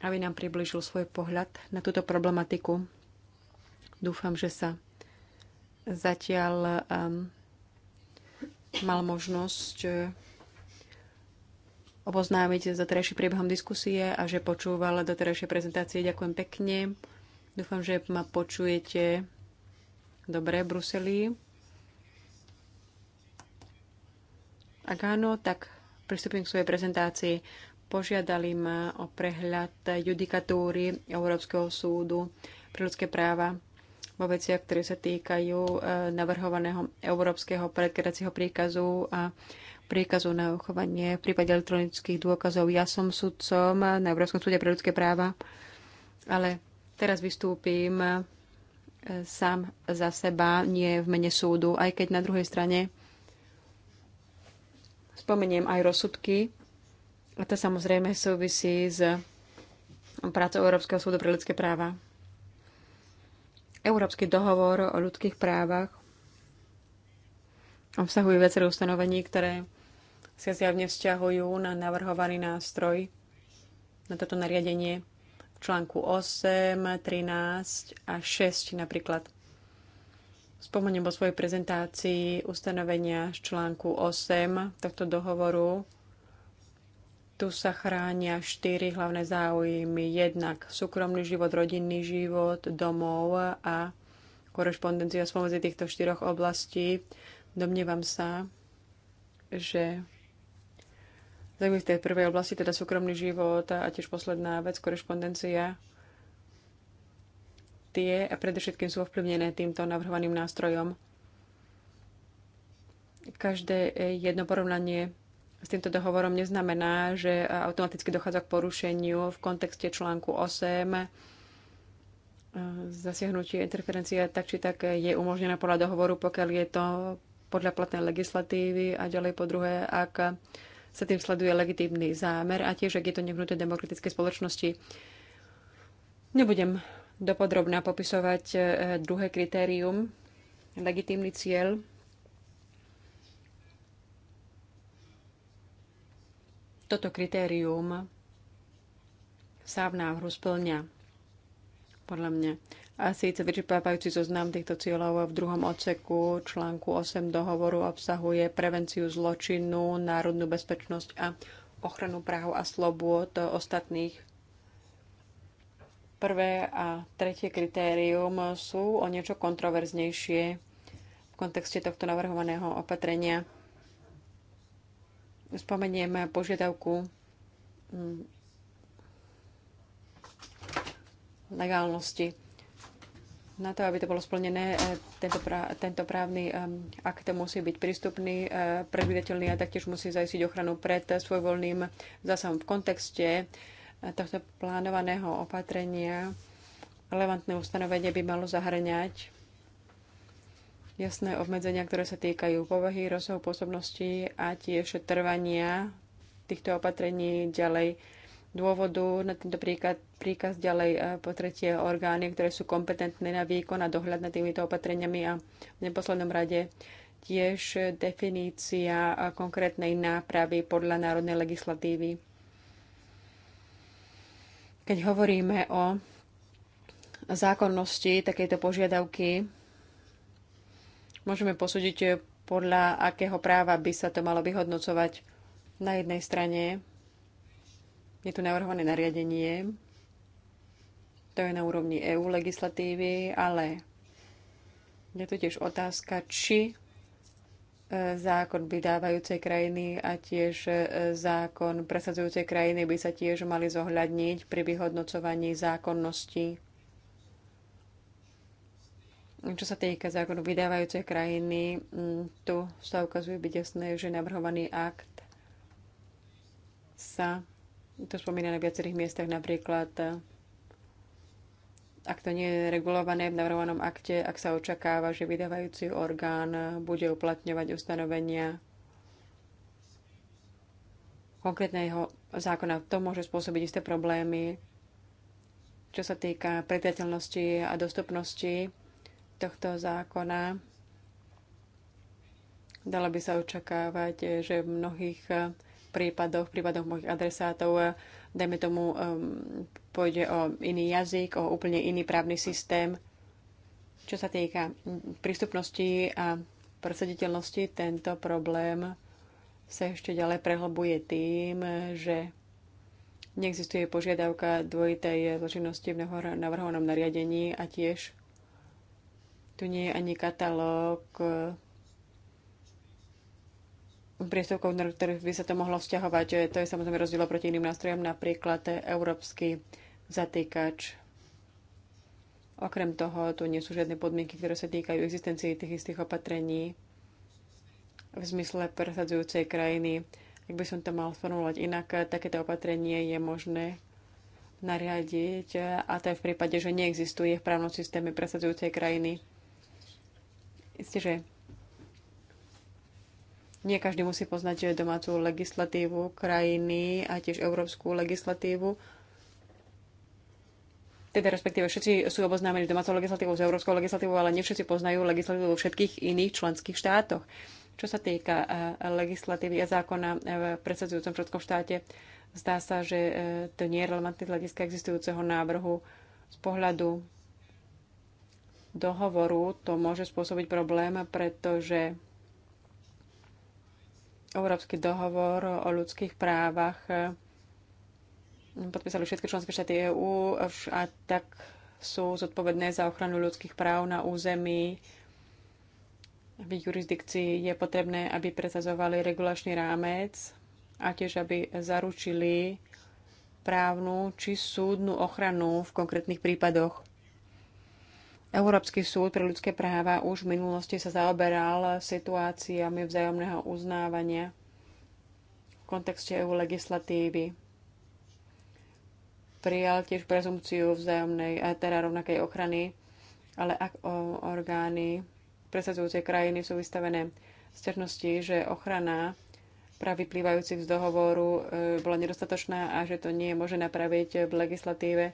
aby nám približil svoj pohľad na túto problematiku. Dúfam, že sa zatiaľ um, mal možnosť e, oboznámiť s doterajším priebehom diskusie a že počúval doterajšie prezentácie. Ďakujem pekne. Dúfam, že ma počujete dobre v Bruseli. Ak áno, tak pristúpim k svojej prezentácii. Požiadali ma o prehľad judikatúry Európskeho súdu pre ľudské práva vo veciach, ktoré sa týkajú e, navrhovaného európskeho predkredacieho príkazu a príkazu na uchovanie v prípade elektronických dôkazov. Ja som sudcom na Európskom súde pre ľudské práva, ale teraz vystúpim e, sám za seba, nie v mene súdu, aj keď na druhej strane spomeniem aj rozsudky. A to samozrejme súvisí s prácou Európskeho súdu pre ľudské práva. Európsky dohovor o ľudských právach obsahuje viacero ustanovení, ktoré sa zjavne vzťahujú na navrhovaný nástroj, na toto nariadenie v článku 8, 13 a 6 napríklad. Spomeniem vo svojej prezentácii ustanovenia z článku 8 tohto dohovoru, tu sa chránia štyri hlavné záujmy. Jednak súkromný život, rodinný život, domov a korešpondencia spomedzi týchto štyroch oblastí. Domnievam sa, že zaujímavé v tej prvej oblasti, teda súkromný život a tiež posledná vec, korešpondencia, tie a predovšetkým sú ovplyvnené týmto navrhovaným nástrojom. Každé jedno porovnanie s týmto dohovorom neznamená, že e, automaticky dochádza k porušeniu v kontexte článku 8. E, zasiahnutie interferencia tak či tak je umožnené podľa dohovoru, pokiaľ je to podľa platnej legislatívy a ďalej po druhé, ak sa tým sleduje legitímny zámer a tiež, ak je to nevnuté demokratické spoločnosti. Nebudem dopodrobná popisovať e, druhé kritérium, legitímny cieľ, Toto kritérium sa v návrhu splňa, podľa mňa. A síce vyčerpávajúci zoznam týchto cieľov v druhom odseku článku 8 dohovoru obsahuje prevenciu zločinu, národnú bezpečnosť a ochranu práv a slobôd ostatných. Prvé a tretie kritérium sú o niečo kontroverznejšie v kontexte tohto navrhovaného opatrenia spomeniem požiadavku mm, legálnosti. Na to, aby to bolo splnené, e, tento, prá- tento právny e, akt musí byť prístupný, e, predvidateľný a taktiež musí zajistiť ochranu pred svojvoľným zásahom v kontexte tohto plánovaného opatrenia. Relevantné ustanovenie by malo zahrňať jasné obmedzenia, ktoré sa týkajú povahy, rozsahu pôsobnosti a tiež trvania týchto opatrení ďalej dôvodu na tento príkaz, príkaz ďalej e, po tretie orgány, ktoré sú kompetentné na výkon a dohľad nad týmito opatreniami a v neposlednom rade tiež definícia e, konkrétnej nápravy podľa národnej legislatívy. Keď hovoríme o zákonnosti takejto požiadavky, môžeme posúdiť, eh, podľa akého práva by sa to malo vyhodnocovať. Na jednej strane je tu navrhované nariadenie, to je na úrovni EU legislatívy, ale je to tiež otázka, či eh, zákon vydávajúcej krajiny a tiež eh, zákon presadzujúcej krajiny by sa tiež mali zohľadniť pri vyhodnocovaní zákonnosti čo sa týka zákonu vydávajúcej krajiny, mm, tu sa ukazuje byť jasné, že navrhovaný akt sa, to spomína na viacerých miestach napríklad, ak to nie je regulované v navrhovanom akte, ak sa očakáva, že vydávajúci orgán bude uplatňovať ustanovenia konkrétneho zákona. To môže spôsobiť isté problémy, čo sa týka predateľnosti a dostupnosti tohto zákona dalo by sa očakávať, že v mnohých eh, prípadoch, v prípadoch mojich adresátov, eh, dajme tomu, eh, pôjde o iný jazyk, o úplne iný právny systém. Čo sa týka prístupnosti a presaditeľnosti, tento problém sa ešte ďalej prehlbuje tým, že neexistuje požiadavka dvojitej zločinnosti v navrhovanom nariadení a tiež tu nie je ani katalóg eh, prístupkov, na ktorých by sa to mohlo vzťahovať. Eh, to je samozrejme rozdiel proti iným nástrojom, napríklad eh, európsky zatýkač. Okrem toho, tu nie sú žiadne podmienky, ktoré sa týkajú existencie tých istých opatrení v zmysle presadzujúcej krajiny. Ak by som to mal sformulovať inak, takéto opatrenie je možné nariadiť a to je v prípade, že neexistuje v právnom systéme presadzujúcej krajiny Isté, že nie každý musí poznať domácu legislatívu krajiny a tiež európsku legislatívu. Teda respektíve všetci sú oboznámení domácou legislatívou, s európskou legislatívou, ale nevšetci poznajú legislatívu vo všetkých iných členských štátoch. Čo sa týka eh, legislatívy a zákona eh, v predsedzujúcom členskom štáte, zdá sa, že eh, to nie je relevantné z hľadiska existujúceho návrhu z pohľadu dohovoru to môže spôsobiť problém, pretože Európsky dohovor o ľudských právach eh, podpísali všetky členské štáty EÚ a tak sú zodpovedné za ochranu ľudských práv na území. V ich jurisdikcii je potrebné, aby presazovali regulačný rámec a tiež, aby zaručili právnu či súdnu ochranu v konkrétnych prípadoch. Európsky súd pre ľudské práva už v minulosti sa zaoberal situáciami vzájomného uznávania v kontexte EU legislatívy. Prijal tiež prezumciu vzájomnej, teda rovnakej ochrany, ale ak orgány presadzujúcej krajiny sú vystavené sťažnosti, že ochrana práv vyplývajúcich z dohovoru e, bola nedostatočná a že to nie je možné napraviť v legislatíve,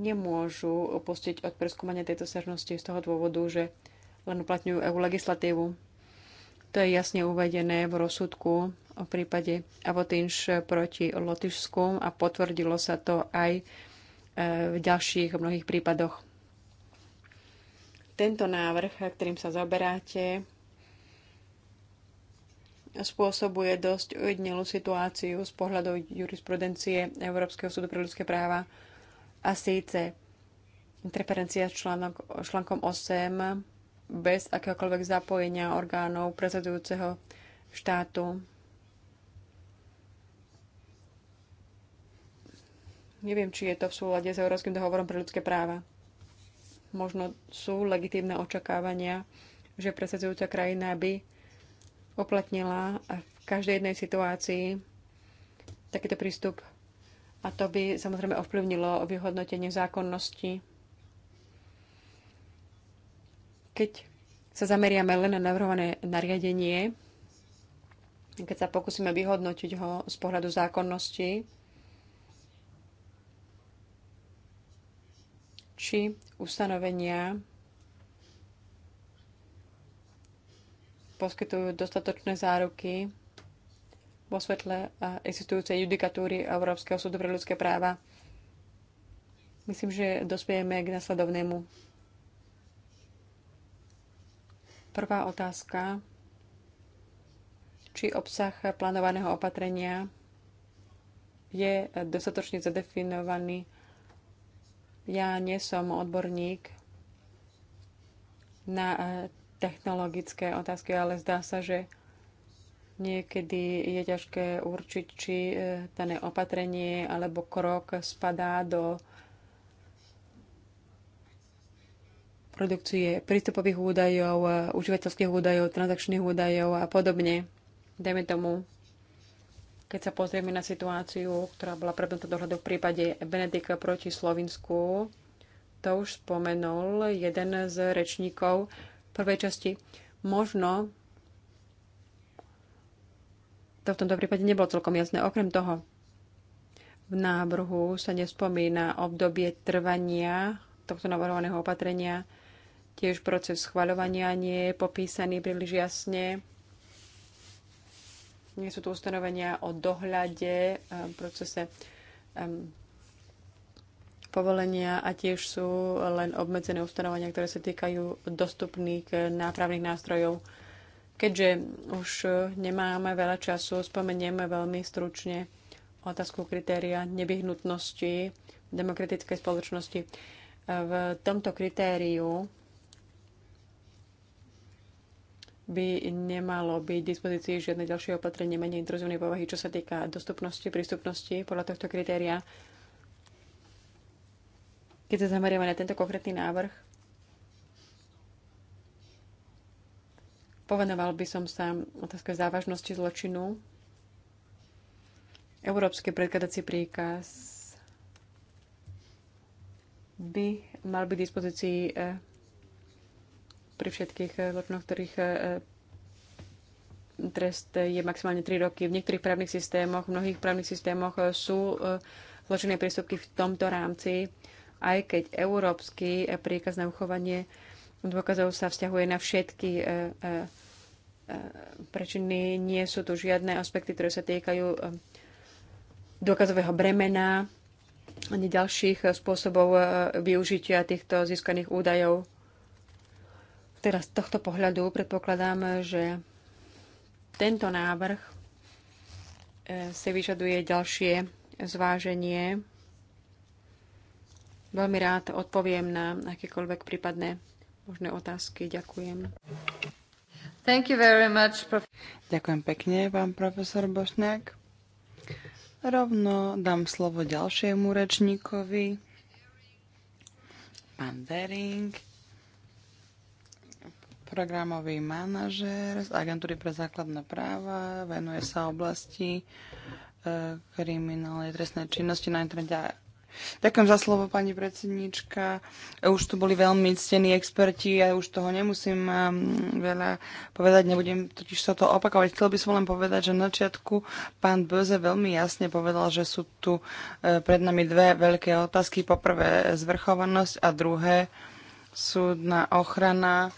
nemôžu opustiť od preskúmania tejto stiažnosti z toho dôvodu, že len uplatňujú EU legislatívu. To je jasne uvedené v rozsudku o prípade Avotinš proti Lotyšsku a potvrdilo sa to aj e, v ďalších mnohých prípadoch. Tento návrh, ktorým sa zaberáte, spôsobuje dosť ujednelú situáciu z pohľadu jurisprudencie Európskeho súdu pre ľudské práva a síce interferencia článok, článkom 8 bez akéhokoľvek zapojenia orgánov predsedujúceho štátu. Neviem, či je to v súlade s Európskym dohovorom pre ľudské práva. Možno sú legitímne očakávania, že presadzujúca krajina by uplatnila v každej jednej situácii takýto prístup a to by samozrejme ovplyvnilo vyhodnotenie zákonnosti. Keď sa zameriame len na navrhované nariadenie, keď sa pokúsime vyhodnotiť ho z pohľadu zákonnosti, či ustanovenia poskytujú dostatočné záruky vo svetle existujúcej judikatúry Európskeho súdu pre ľudské práva. Myslím, že dospiejeme k nasledovnému. Prvá otázka. Či obsah plánovaného opatrenia je dostatočne zadefinovaný. Ja nie som odborník na eh, technologické otázky, ale zdá sa, že Niekedy je ťažké určiť, či e, dané opatrenie alebo krok spadá do produkcie prístupových údajov, e, užívateľských údajov, transakčných údajov a podobne. Dajme tomu, keď sa pozrieme na situáciu, ktorá bola predmetom dohľadu v prípade Benedika proti Slovinsku, to už spomenul jeden z rečníkov prvej časti. Možno to v tomto prípade nebolo celkom jasné. Okrem toho, v návrhu sa nespomína obdobie trvania tohto navrhovaného opatrenia. Tiež proces schvaľovania nie je popísaný príliš jasne. Nie sú tu ustanovenia o dohľade, um, procese um, povolenia a tiež sú len obmedzené ustanovenia, ktoré sa týkajú dostupných eh, nápravných nástrojov. Keďže už e, nemáme veľa času, spomenieme veľmi stručne otázku kritéria nevyhnutnosti demokratickej spoločnosti. E, v tomto kritériu by nemalo byť v dispozícii žiadne ďalšie opatrenie menej intruzívnej povahy, čo sa týka dostupnosti, prístupnosti podľa tohto kritéria. Keď sa zameriame na tento konkrétny návrh, Povenoval by som sa otázke závažnosti zločinu. Európsky predkladací príkaz by mal byť v dispozícii eh, pri všetkých eh, zločinoch, ktorých eh, trest je maximálne 3 roky. V niektorých právnych systémoch, v mnohých právnych systémoch sú zločinné prístupky v tomto rámci, aj keď európsky príkaz na uchovanie dôkazov sa vzťahuje na všetky prečiny, nie sú tu žiadne aspekty, ktoré sa týkajú eh, dôkazového bremena ani ďalších eh, spôsobov eh, využitia týchto získaných údajov. Teraz z tohto pohľadu predpokladám, že tento návrh si vyžaduje ďalšie zváženie. Veľmi rád odpoviem na akékoľvek prípadné možné otázky. Ďakujem. Ďakujem pekne, pán profesor Bošňák. Rovno dám slovo ďalšiemu rečníkovi, pán Dering, programový manažer z Agentúry pre základné práva, venuje sa oblasti eh, kriminálnej trestnej činnosti na internete a Ďakujem za slovo, pani predsednička. Už tu boli veľmi ctení experti, ja už toho nemusím um, veľa povedať, nebudem totiž sa to opakovať. Chcel by som len povedať, že na začiatku pán Böze veľmi jasne povedal, že sú tu e, pred nami dve veľké otázky. Poprvé zvrchovanosť a druhé súdna ochrana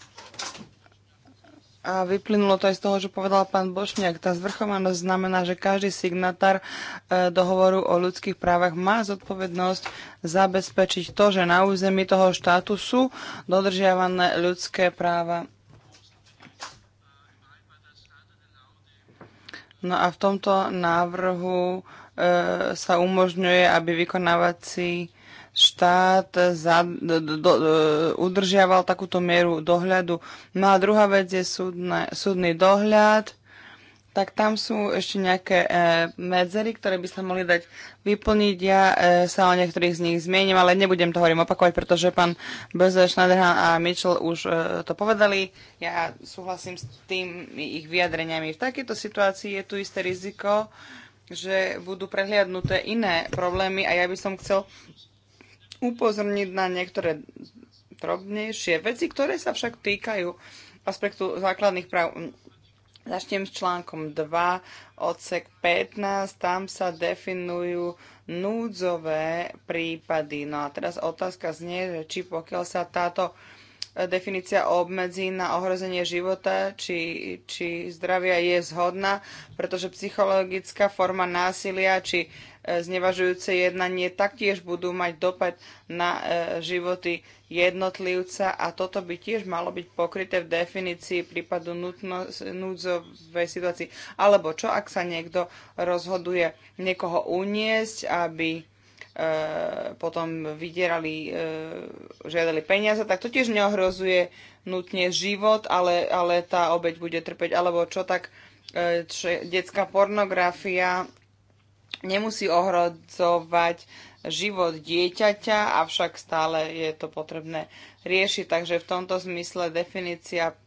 a vyplynulo to aj z toho, čo povedal pán Bošniak, Tá zvrchovanosť znamená, že každý signatár e, dohovoru o ľudských právach má zodpovednosť zabezpečiť to, že na území toho štátu sú dodržiavané ľudské práva. No a v tomto návrhu e, sa umožňuje, aby vykonávací štát za, do, do, udržiaval takúto mieru dohľadu. No a druhá vec je súdne, súdny dohľad, tak tam sú ešte nejaké e, medzery, ktoré by sa mohli dať vyplniť. Ja e, sa o niektorých z nich zmienim, ale nebudem to hovorím opakovať, pretože pán Böze, Schneiderhan a Mitchell už e, to povedali. Ja súhlasím s tým ich vyjadreniami. V takejto situácii je tu isté riziko, že budú prehliadnuté iné problémy a ja by som chcel upozorniť na niektoré drobnejšie veci, ktoré sa však týkajú aspektu základných práv. Začnem s článkom 2, odsek 15, tam sa definujú núdzové prípady. No a teraz otázka znie, že či pokiaľ sa táto definícia obmedzí na ohrozenie života či, či zdravia je zhodná, pretože psychologická forma násilia či znevažujúce jednanie taktiež budú mať dopad na e, životy jednotlivca a toto by tiež malo byť pokryté v definícii prípadu núdzovej situácii. Alebo čo, ak sa niekto rozhoduje niekoho uniesť, aby e, potom vydierali, e, žiadali peniaze, tak to tiež neohrozuje nutne život, ale, ale tá obeď bude trpeť. Alebo čo tak, čo, detská pornografia nemusí ohrozovať život dieťaťa, avšak stále je to potrebné riešiť. Takže v tomto zmysle definícia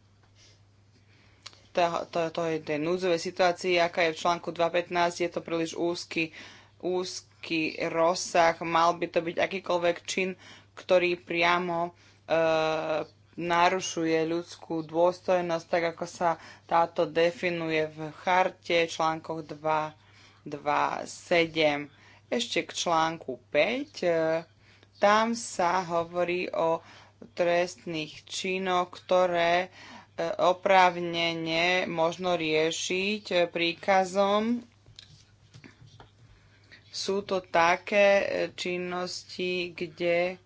tej núdzovej situácii, aká je v článku 2.15, je to príliš úzky, úzky rozsah. Mal by to byť akýkoľvek čin, ktorý priamo e, narušuje ľudskú dôstojnosť, tak ako sa táto definuje v charte článkoch 2 7. Ešte k článku 5. E, tam sa hovorí o trestných činoch, ktoré e, oprávnenie možno riešiť e, príkazom. Sú to také činnosti, kde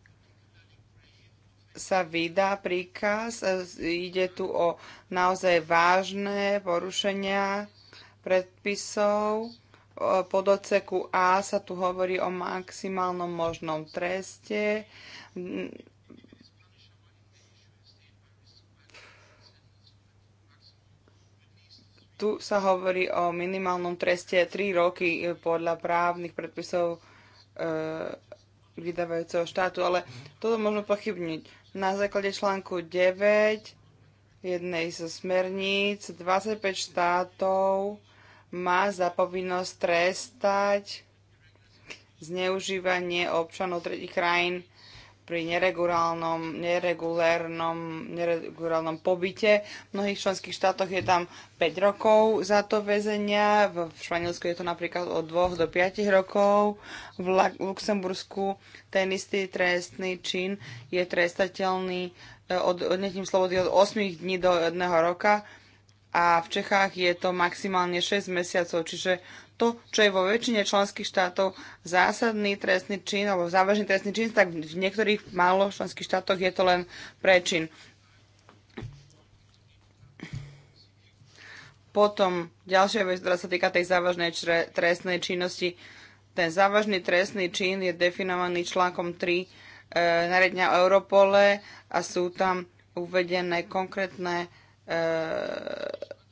sa vydá príkaz. Ide tu o naozaj vážne porušenia predpisov pod odseku A sa tu hovorí o maximálnom možnom treste. Tu sa hovorí o minimálnom treste 3 roky podľa právnych predpisov e, vydávajúceho štátu, ale toto možno pochybniť. Na základe článku 9 jednej zo smerníc 25 štátov má za povinnosť trestať zneužívanie občanov tretich krajín pri neregulárnom, neregulárnom, neregulárnom pobyte. V mnohých členských štátoch je tam 5 rokov za to väzenia, v Španielsku je to napríklad od 2 do 5 rokov, v Luxembursku ten istý trestný čin je trestateľný eh, od odnetím slobody od 8 dní do 1 roka a v Čechách je to maximálne 6 mesiacov, čiže to, čo je vo väčšine členských štátov zásadný trestný čin alebo závažný trestný čin, tak v niektorých málo členských štátoch je to len prečin. Potom ďalšia vec, ktorá sa týka tej závažnej trestnej činnosti. Ten závažný trestný čin je definovaný článkom 3 e, naredňa Europole a sú tam uvedené konkrétne E,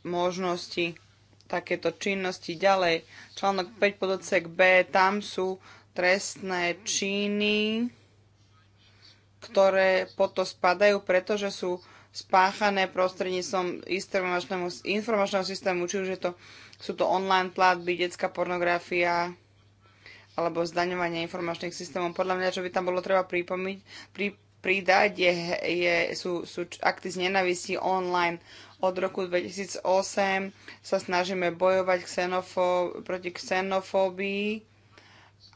možnosti takéto činnosti ďalej. Článok 5 odsek B, tam sú trestné činy, ktoré pod to spadajú, pretože sú spáchané prostredníctvom informačného systému, či už je to, sú to online platby, detská pornografia alebo zdaňovanie informačných systémov. Podľa mňa, čo by tam bolo treba pripomínať, pri, pridať, je, je, sú, sú akty z nenavisti online. Od roku 2008 sa snažíme bojovať ksenofó- proti ksenofóbii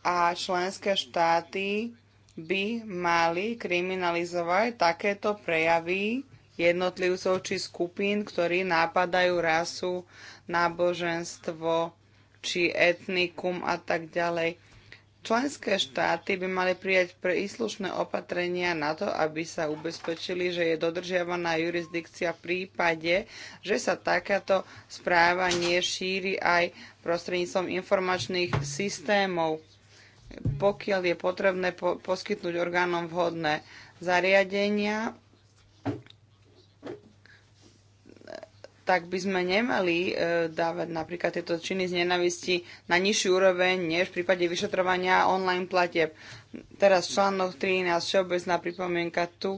a členské štáty by mali kriminalizovať takéto prejavy jednotlivcov či skupín, ktorí napadajú rasu, náboženstvo či etnikum a tak ďalej. Členské štáty by mali prijať príslušné opatrenia na to, aby sa ubezpečili, že je dodržiavaná jurisdikcia v prípade, že sa takáto správa nešíri aj prostredníctvom informačných systémov, pokiaľ je potrebné po poskytnúť orgánom vhodné zariadenia tak by sme nemali e, dávať napríklad tieto činy z nenavisti na nižší úroveň než v prípade vyšetrovania online platieb. Teraz článok 13, všeobecná pripomienka, tu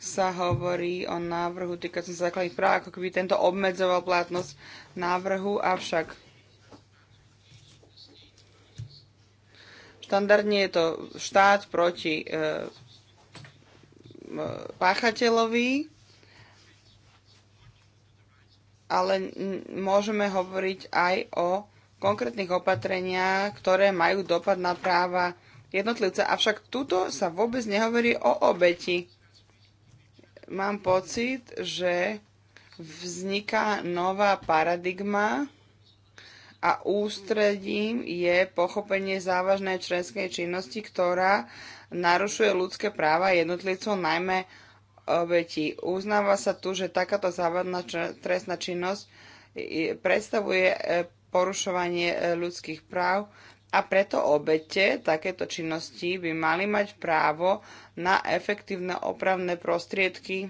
sa hovorí o návrhu týkajúcom sa základných práv, ako keby tento obmedzoval platnosť návrhu, avšak štandardne je to štát proti e, páchateľovi, ale môžeme hovoriť aj o konkrétnych opatreniach, ktoré majú dopad na práva jednotlivca. Avšak tuto sa vôbec nehovorí o obeti. Mám pocit, že vzniká nová paradigma a ústredím je pochopenie závažnej členskej činnosti, ktorá narušuje ľudské práva jednotlivcov, najmä obetí. Uznáva sa tu, že takáto závadná trestná činnosť e, e, predstavuje e, porušovanie ľudských práv a preto obete takéto činnosti by mali mať právo na efektívne opravné prostriedky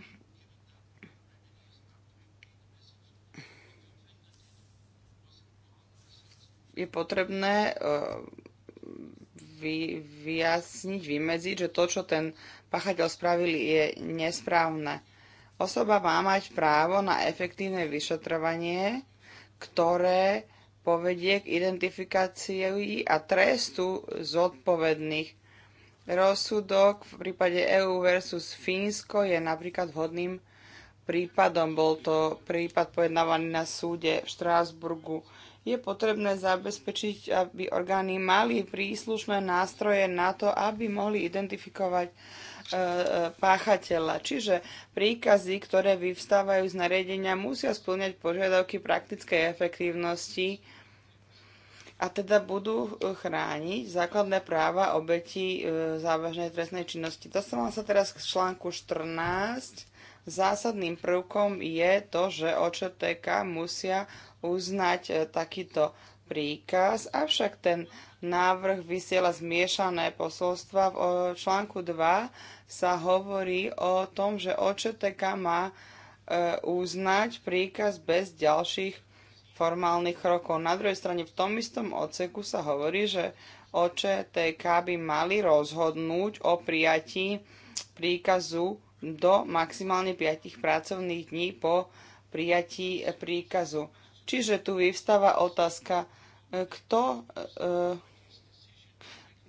je potrebné vy, vyjasniť, vymedziť, že to, čo ten pachateľ spravil, je nesprávne. Osoba má mať právo na efektívne vyšetrovanie, ktoré povedie k identifikácii a trestu zodpovedných. Rozsudok v prípade EU versus Fínsko je napríklad vhodným prípadom. Bol to prípad pojednávaný na súde v Štrásburgu je potrebné zabezpečiť, aby orgány mali príslušné nástroje na to, aby mohli identifikovať e, e, páchateľa. Čiže príkazy, ktoré vyvstávajú z nariadenia, musia splňať požiadavky praktickej efektívnosti a teda budú chrániť základné práva obeti e, závažnej trestnej činnosti. Dostávam sa teraz k článku 14. Zásadným prvkom je to, že OČTK musia uznať e, takýto príkaz, avšak ten návrh vysiela zmiešané posolstva. V e, článku 2 sa hovorí o tom, že OČTK má e, uznať príkaz bez ďalších formálnych krokov. Na druhej strane v tom istom odseku sa hovorí, že OČTK by mali rozhodnúť o prijatí príkazu do maximálne 5 pracovných dní po prijatí príkazu. Čiže tu vyvstáva otázka, e, kto e,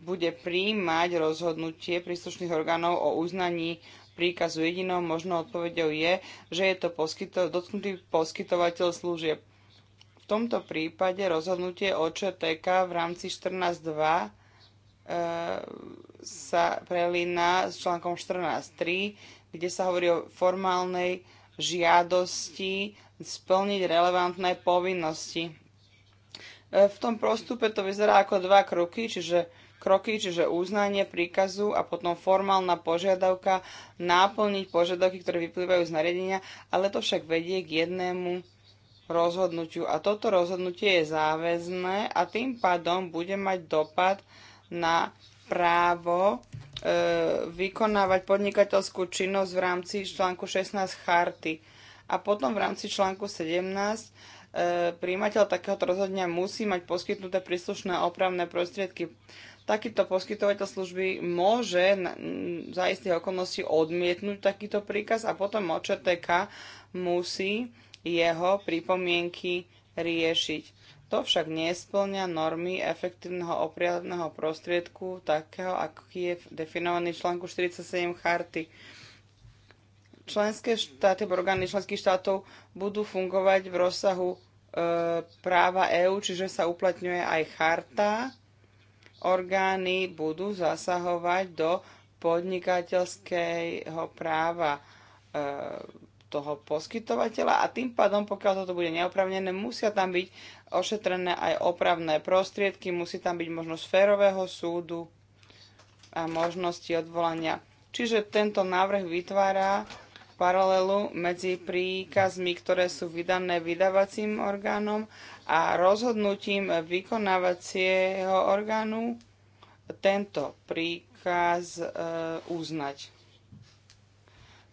bude príjmať rozhodnutie príslušných orgánov o uznaní príkazu. Jedinou možnou odpovedou je, že je to poskyto- dotknutý poskytovateľ služieb. V tomto prípade rozhodnutie OČTK v rámci 14.2 e, sa prelína s článkom 14.3, kde sa hovorí o formálnej žiadosti splniť relevantné povinnosti. E, v tom prostupe to vyzerá ako dva kroky, čiže kroky, čiže uznanie príkazu a potom formálna požiadavka náplniť požiadavky, ktoré vyplývajú z nariadenia, ale to však vedie k jednému rozhodnutiu. A toto rozhodnutie je záväzné a tým pádom bude mať dopad na právo e, vykonávať podnikateľskú činnosť v rámci článku 16 charty a potom v rámci článku 17 e, príjimateľ takéhoto rozhodnia musí mať poskytnuté príslušné opravné prostriedky. Takýto poskytovateľ služby môže za istých okolností odmietnúť takýto príkaz a potom OČTK musí jeho pripomienky riešiť. To však nesplňa normy efektívneho opriadného prostriedku takého, aký je definovaný v článku 47 charty členské štáty, orgány členských štátov budú fungovať v rozsahu e, práva EÚ, čiže sa uplatňuje aj charta. Orgány budú zasahovať do podnikateľského práva e, toho poskytovateľa a tým pádom, pokiaľ toto bude neopravnené, musia tam byť ošetrené aj opravné prostriedky, musí tam byť možnosť férového súdu a možnosti odvolania. Čiže tento návrh vytvára paralelu medzi príkazmi, ktoré sú vydané vydávacím orgánom a rozhodnutím vykonávacieho orgánu tento príkaz e, uznať.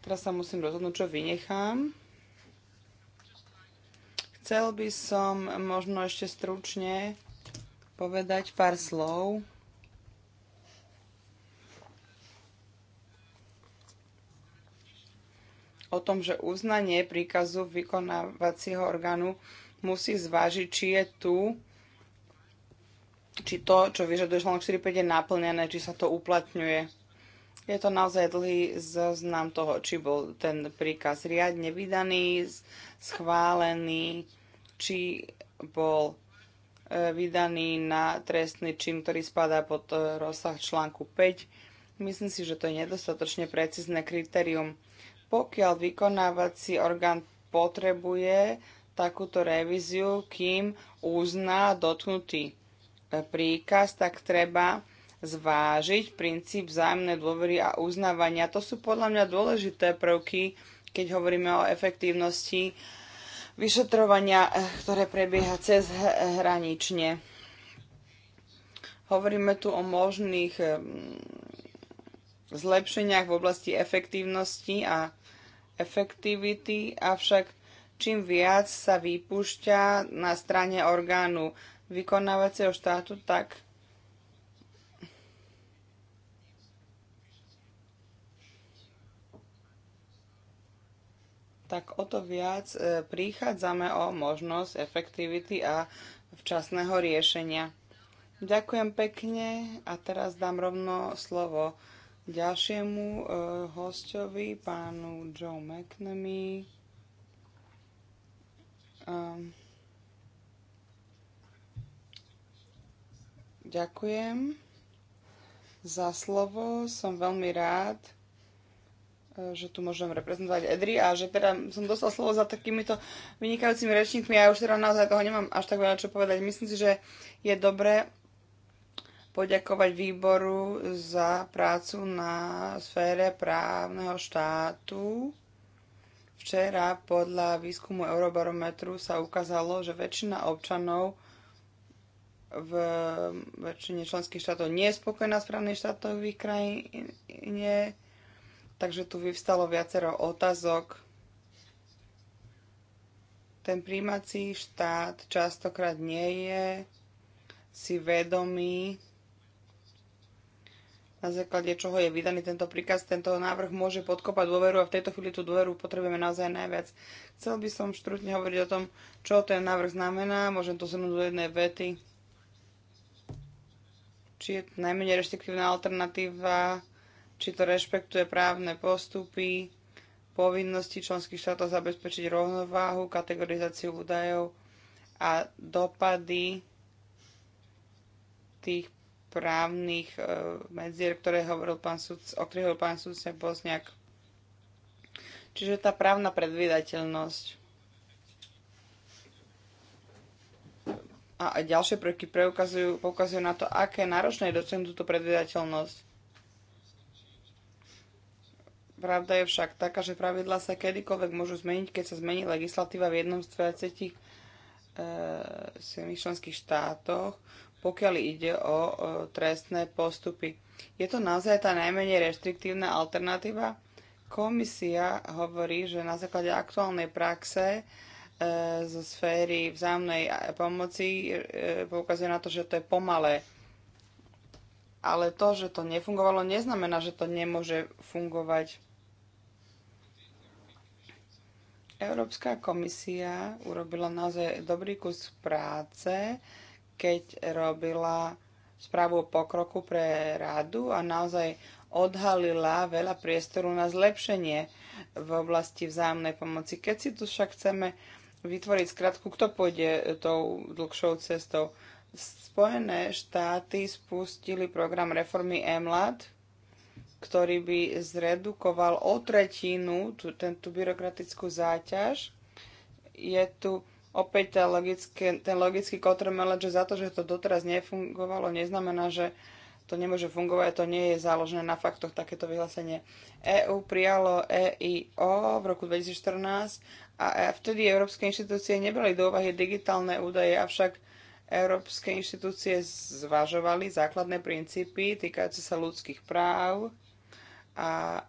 Teraz sa musím rozhodnúť, čo vynechám. Chcel by som možno ešte stručne povedať pár slov o tom, že uznanie príkazu vykonávacieho orgánu musí zvážiť, či je tu či to, čo vyžaduje článok 4.5 je naplnené, či sa to uplatňuje. Je to naozaj dlhý zoznam toho, či bol ten príkaz riadne vydaný, schválený, či bol e, vydaný na trestný čin, ktorý spadá pod e, rozsah článku 5. Myslím si, že to je nedostatočne precízne kritérium pokiaľ vykonávací orgán potrebuje takúto revíziu, kým uzná dotknutý e, príkaz, tak treba zvážiť princíp vzájomnej dôvery a uznávania. To sú podľa mňa dôležité prvky, keď hovoríme o efektívnosti vyšetrovania, e, ktoré prebieha cez hranične. Hovoríme tu o možných e, zlepšeniach v oblasti efektívnosti a efektivity, avšak čím viac sa vypúšťa na strane orgánu vykonávacieho štátu, tak tak o to viac e, prichádzame o možnosť efektivity a včasného riešenia. Ďakujem pekne a teraz dám rovno slovo ďalšiemu uh, hostovi, pánu Joe McNamee. Um, ďakujem za slovo. Som veľmi rád, e, že tu môžem reprezentovať Edry a že teda som dostal slovo za takýmito vynikajúcimi rečníkmi a ja už teda naozaj toho nemám až tak veľa čo povedať. Myslím si, že je dobré poďakovať výboru za prácu na sfére právneho štátu. Včera podľa výskumu Eurobarometru sa ukázalo, že väčšina občanov v väčšine členských štátov nie je spokojná s právnym štátom v ich krajine, takže tu vyvstalo viacero otázok. Ten príjmací štát častokrát nie je si vedomý na základe čoho je vydaný tento príkaz, tento návrh môže podkopať dôveru a v tejto chvíli tú dôveru potrebujeme naozaj najviac. Chcel by som štrutne hovoriť o tom, čo ten návrh znamená, môžem to zhrnúť do jednej vety. Či je najmenej reštriktívna alternatíva, či to rešpektuje právne postupy, povinnosti členských štátov zabezpečiť rovnováhu, kategorizáciu údajov a dopady tých právnych e, medzier, ktoré hovoril pán súd, o ktorých hovoril pán sudca Bosniak. Čiže tá právna predvydateľnosť. A ďalšie prvky preukazujú, poukazujú na to, aké náročné je dosiahnuť túto predvydateľnosť. Pravda je však taká, že pravidla sa kedykoľvek môžu zmeniť, keď sa zmení legislatíva v jednom z 20 e, členských štátoch pokiaľ ide o trestné postupy. Je to naozaj tá najmenej reštriktívna alternatíva? Komisia hovorí, že na základe aktuálnej praxe e, zo sféry vzájomnej pomoci e, poukazuje na to, že to je pomalé. Ale to, že to nefungovalo, neznamená, že to nemôže fungovať. Európska komisia urobila naozaj dobrý kus práce keď robila správu o pokroku pre radu a naozaj odhalila veľa priestoru na zlepšenie v oblasti vzájomnej pomoci. Keď si tu však chceme vytvoriť skratku, kto pôjde tou dlhšou cestou. Spojené štáty spustili program reformy EMLAD, ktorý by zredukoval o tretinu tú, tú byrokratickú záťaž. Je tu Opäť tá logické, ten logický kotrmelec, že za to, že to doteraz nefungovalo, neznamená, že to nemôže fungovať, to nie je založené na faktoch takéto vyhlásenie. EU prijalo EIO v roku 2014 a e, vtedy európske inštitúcie nebrali do úvahy digitálne údaje, avšak európske inštitúcie zvažovali základné princípy týkajúce sa ľudských práv a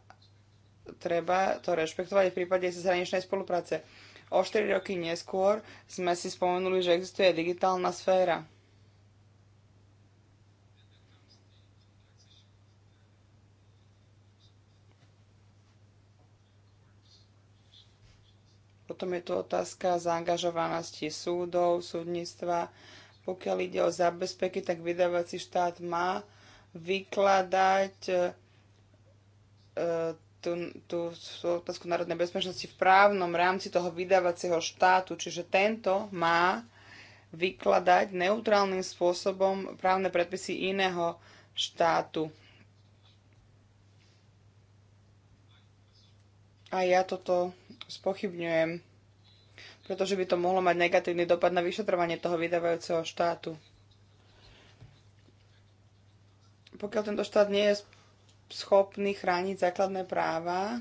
treba to rešpektovať v prípade cezhraničnej spolupráce. O 4 roky neskôr sme si spomenuli, že existuje digitálna sféra. Potom je tu otázka zaangažovanosti súdov, súdnictva. Pokiaľ ide o zabezpeky, tak vydávací štát má vykladať e, e, tú, tú, tú otázku národnej bezpečnosti v právnom rámci toho vydávacieho štátu, čiže tento má vykladať neutrálnym spôsobom právne predpisy iného štátu. A ja toto spochybňujem, pretože by to mohlo mať negatívny dopad na vyšetrovanie toho vydávajúceho štátu. Pokiaľ tento štát nie je schopný chrániť základné práva,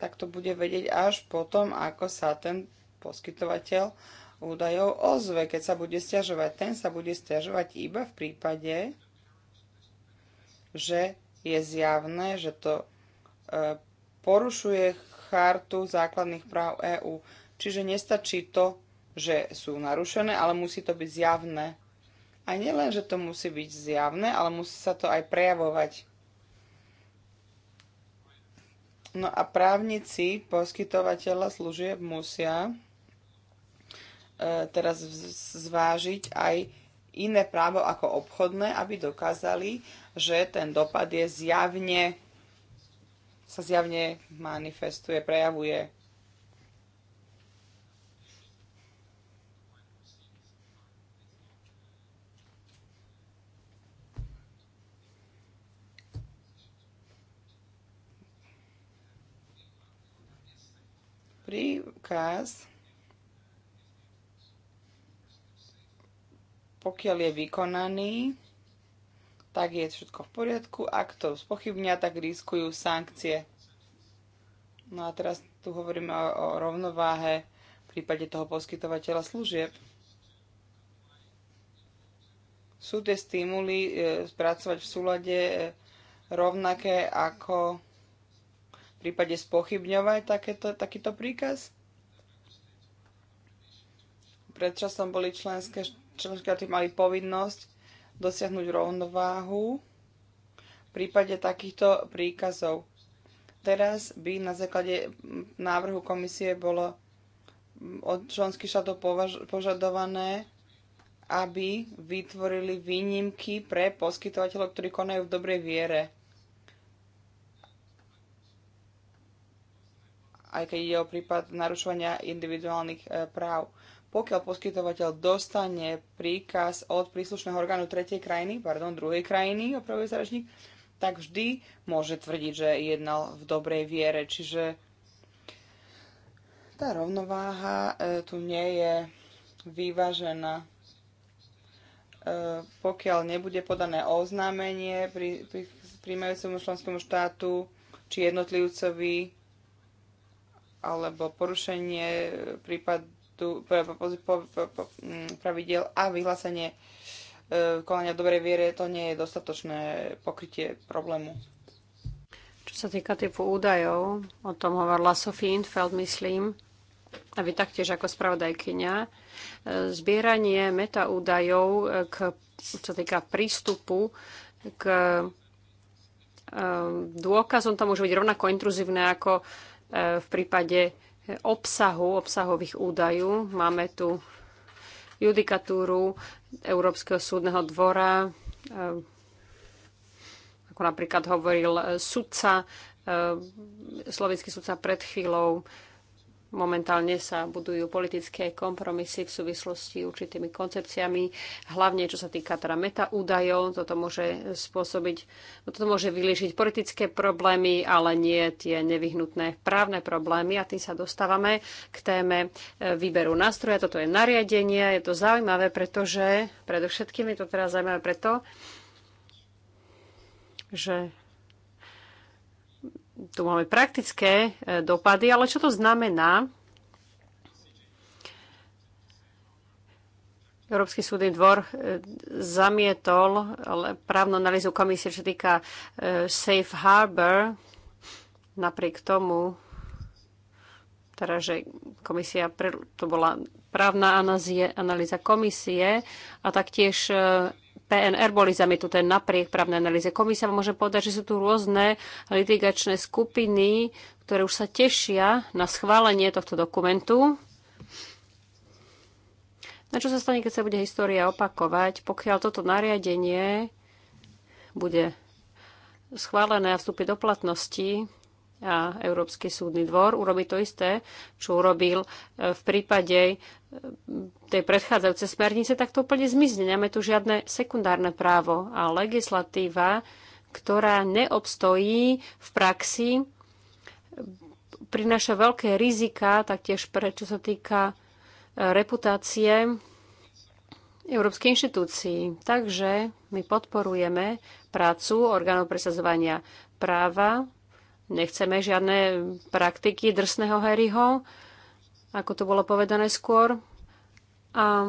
tak to bude vedieť až potom, ako sa ten poskytovateľ údajov ozve. Keď sa bude stiažovať, ten sa bude stiažovať iba v prípade, že je zjavné, že to e, porušuje chartu základných práv EÚ. Čiže nestačí to, že sú narušené, ale musí to byť zjavné. A nielen, že to musí byť zjavné, ale musí sa to aj prejavovať. No a právnici poskytovateľa služieb musia e, teraz zvážiť aj iné právo ako obchodné, aby dokázali, že ten dopad je zjavne, sa zjavne manifestuje, prejavuje. Príkaz, pokiaľ je vykonaný, tak je všetko v poriadku. Ak to spochybnia, tak riskujú sankcie. No a teraz tu hovoríme o, o rovnováhe v prípade toho poskytovateľa služieb. Sú tie stimuly e, spracovať v súlade e, rovnaké ako prípade spochybňovať takéto, takýto príkaz? Predčasom boli členské, členské štáty mali povinnosť dosiahnuť rovnováhu v prípade takýchto príkazov. Teraz by na základe návrhu komisie bolo od členských štátov požadované, aby vytvorili výnimky pre poskytovateľov, ktorí konajú v dobrej viere. aj keď ide o prípad narušovania individuálnych e, práv. Pokiaľ poskytovateľ dostane príkaz od príslušného orgánu tretej krajiny, pardon, druhej krajiny, opravuje sa rečník, tak vždy môže tvrdiť, že jednal v dobrej viere. Čiže tá rovnováha e, tu nie je vyvážená. E, pokiaľ nebude podané oznámenie pri, pri, príjmajúcemu členskému štátu či jednotlivcovi, alebo porušenie prípadu mm, pravidel a vyhlásenie e, konania dobrej viere, to nie je dostatočné pokrytie problému. Čo sa týka typu údajov, o tom hovorila Sophie Infeld, myslím, a vy taktiež ako spravodajkyňa, e, zbieranie metaúdajov, k, čo týka prístupu k e, dôkazom, to môže byť rovnako intruzívne ako E, v prípade e, obsahu, obsahových údajov. Máme tu judikatúru Európskeho súdneho dvora, e, ako napríklad hovoril sudca, slovenský sudca pred chvíľou, Momentálne sa budujú politické kompromisy v súvislosti s určitými koncepciami, hlavne čo sa týka teda metaúdajov. Toto môže spôsobiť, no toto môže vyliešiť politické problémy, ale nie tie nevyhnutné právne problémy. A tým sa dostávame k téme e, výberu nástroja. Toto je nariadenie, je to zaujímavé, pretože predovšetkým je to teraz zaujímavé preto, že tu máme praktické e, dopady, ale čo to znamená? Európsky súdny dvor e, zamietol právnu analýzu komisie, čo týka e, Safe Harbor. Napriek tomu, teda, že komisia, to bola právna analýza komisie a taktiež PNR boli zamietnuté napriek právnej analýze. Komisia môže povedať, že sú tu rôzne litigačné skupiny, ktoré už sa tešia na schválenie tohto dokumentu. Na čo sa stane, keď sa bude história opakovať, pokiaľ toto nariadenie bude schválené a vstúpi do platnosti, a Európsky súdny dvor urobí to isté, čo urobil e, v prípade e, tej predchádzajúcej smernice, tak to úplne zmizne. Nemáme tu žiadne sekundárne právo a legislatíva, ktorá neobstojí v praxi, prináša veľké rizika, taktiež pre, čo sa týka e, reputácie Európskej inštitúcii. Takže my podporujeme prácu orgánov presazovania práva Nechceme žiadne praktiky drsného Harryho, ako to bolo povedané skôr. A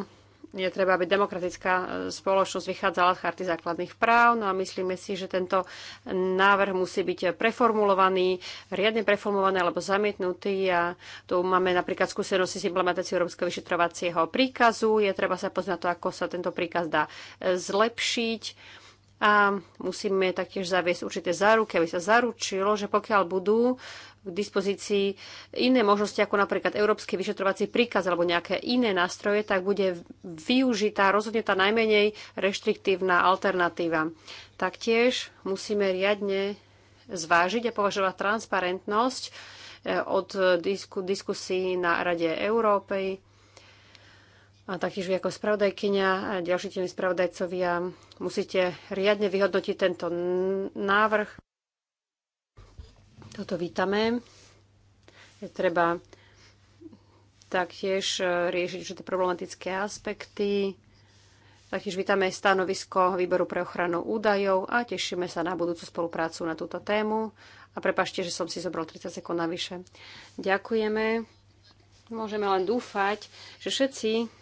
je treba, aby demokratická e, spoločnosť vychádzala z charty základných práv. No a myslíme si, že tento návrh musí byť preformulovaný, riadne preformulovaný alebo zamietnutý. A tu máme napríklad skúsenosti s implementáciou Európskeho vyšetrovacieho príkazu. Je treba sa poznať to, ako sa tento príkaz dá e, zlepšiť a musíme taktiež zaviesť určité záruky, aby sa zaručilo, že pokiaľ budú k dispozícii iné možnosti, ako napríklad Európsky vyšetrovací príkaz alebo nejaké iné nástroje, tak bude využitá rozhodne tá najmenej reštriktívna alternatíva. Taktiež musíme riadne zvážiť a považovať transparentnosť eh, od diskusí na Rade Európy a taktiež vy ako spravodajkyňa a ďalší tými spravodajcovia musíte riadne vyhodnotiť tento návrh. Toto vítame. Je treba taktiež e, riešiť všetky problematické aspekty. Taktiež vítame stanovisko Výboru pre ochranu údajov a tešíme sa na budúcu spoluprácu na túto tému. A prepašte, že som si zobral 30 sekúnd navyše. Ďakujeme. Môžeme len dúfať, že všetci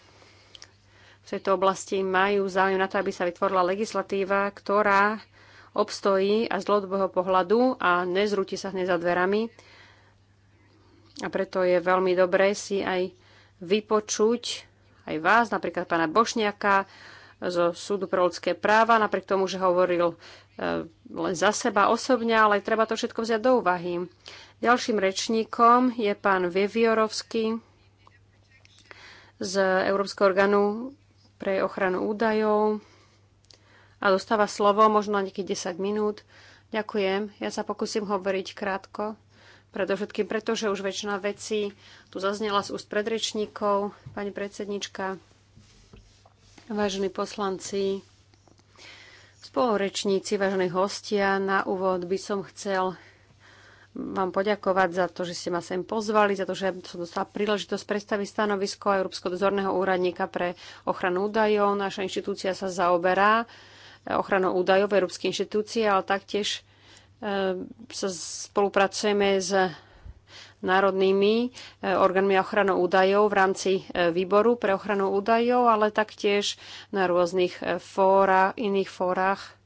v tejto oblasti majú záujem na to, aby sa vytvorila legislatíva, ktorá obstojí a z dlhodobého pohľadu a nezrúti sa hneď za dverami. A preto je veľmi dobré si aj vypočuť aj vás, napríklad pána Bošniaka zo súdu pre ľudské práva, napriek tomu, že hovoril e, len za seba osobne, ale treba to všetko vziať do úvahy. Ďalším rečníkom je pán Veviorovský z Európskeho orgánu pre ochranu údajov a dostáva slovo možno na nejakých 10 minút. Ďakujem, ja sa pokúsim hovoriť krátko, predovšetkým preto, že už väčšina vecí tu zaznela z úst predrečníkov, pani predsednička, vážení poslanci, spolurečníci, vážení hostia, na úvod by som chcel vám poďakovať za to, že ste ma sem pozvali, za to, že som dostala príležitosť predstaviť stanovisko Európskeho dozorného úradníka pre ochranu údajov. Naša inštitúcia sa zaoberá eh, ochranou údajov v Európskej inštitúcii, ale taktiež eh, sa spolupracujeme s národnými eh, orgánmi ochranu údajov v rámci výboru pre ochranu údajov, ale taktiež na rôznych fóra, iných fórach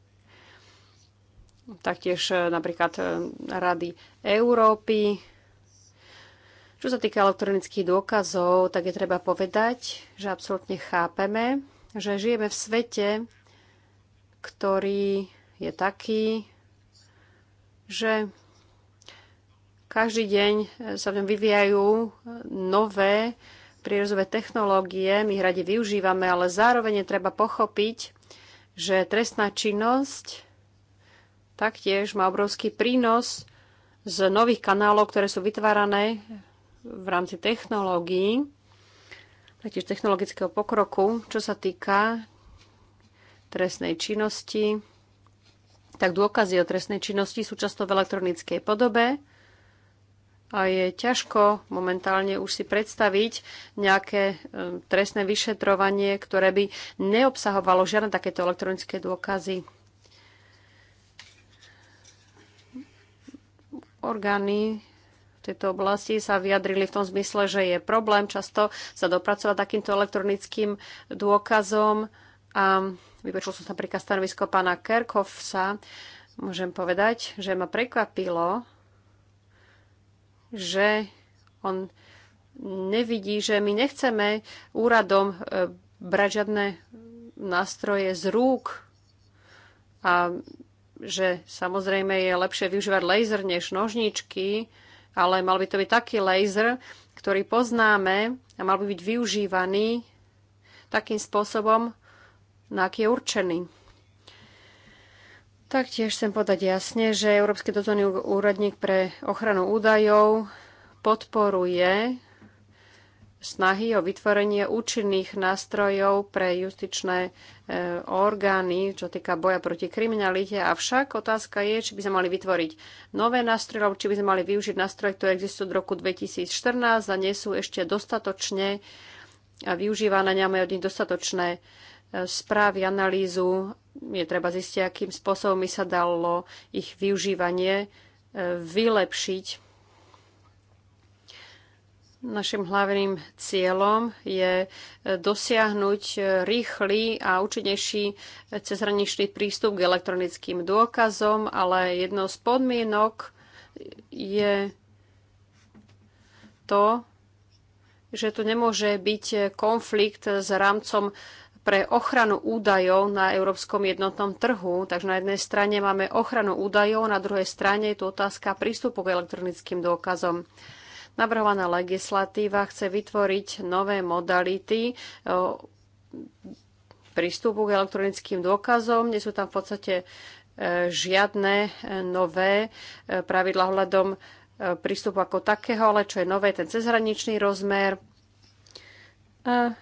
taktiež e, napríklad e, Rady Európy. Čo sa týka elektronických dôkazov, tak je treba povedať, že absolútne chápeme, že žijeme v svete, ktorý je taký, že každý deň e, sa v ňom vyvíjajú nové prírozové technológie, my ich radi využívame, ale zároveň je treba pochopiť, že trestná činnosť taktiež má obrovský prínos z nových kanálov, ktoré sú vytvárané v rámci technológií, taktiež technologického pokroku, čo sa týka trestnej činnosti, tak dôkazy o trestnej činnosti sú často v elektronickej podobe a je ťažko momentálne už si predstaviť nejaké e, trestné vyšetrovanie, ktoré by neobsahovalo žiadne takéto elektronické dôkazy. orgány v tejto oblasti sa vyjadrili v tom zmysle, že je problém často sa dopracovať takýmto elektronickým dôkazom. A vypočul som napríklad stanovisko pána Kerkovsa. Môžem povedať, že ma prekvapilo, že on nevidí, že my nechceme úradom e, brať žiadne nástroje z rúk a že samozrejme je lepšie využívať laser než nožničky, ale mal by to byť taký laser, ktorý poznáme a mal by byť využívaný takým spôsobom, na aký je určený. Taktiež chcem podať jasne, že Európsky dozorný úradník pre ochranu údajov podporuje snahy o vytvorenie účinných nástrojov pre justičné e, orgány, čo týka boja proti kriminalite. Avšak otázka je, či by sme mali vytvoriť nové nástroje, alebo či by sme mali využiť nástroje, ktoré existujú od roku 2014 a nie sú ešte dostatočne využívané, nemáme od nich dostatočné e, správy, analýzu. Je treba zistiť, akým spôsobom by sa dalo ich využívanie e, vylepšiť Našim hlavným cieľom je e, dosiahnuť e, rýchly a účinnejší e, cezhraničný prístup k elektronickým dôkazom, ale jednou z podmienok je to, že tu nemôže byť konflikt s rámcom pre ochranu údajov na európskom jednotnom trhu. Takže na jednej strane máme ochranu údajov, na druhej strane je tu otázka prístupu k elektronickým dôkazom. Navrhovaná legislatíva chce vytvoriť nové modality e, prístupu k elektronickým dôkazom. Nie sú tam v podstate e, žiadne e, nové pravidla hľadom prístupu ako takého, ale čo je nové, ten cezhraničný rozmer. A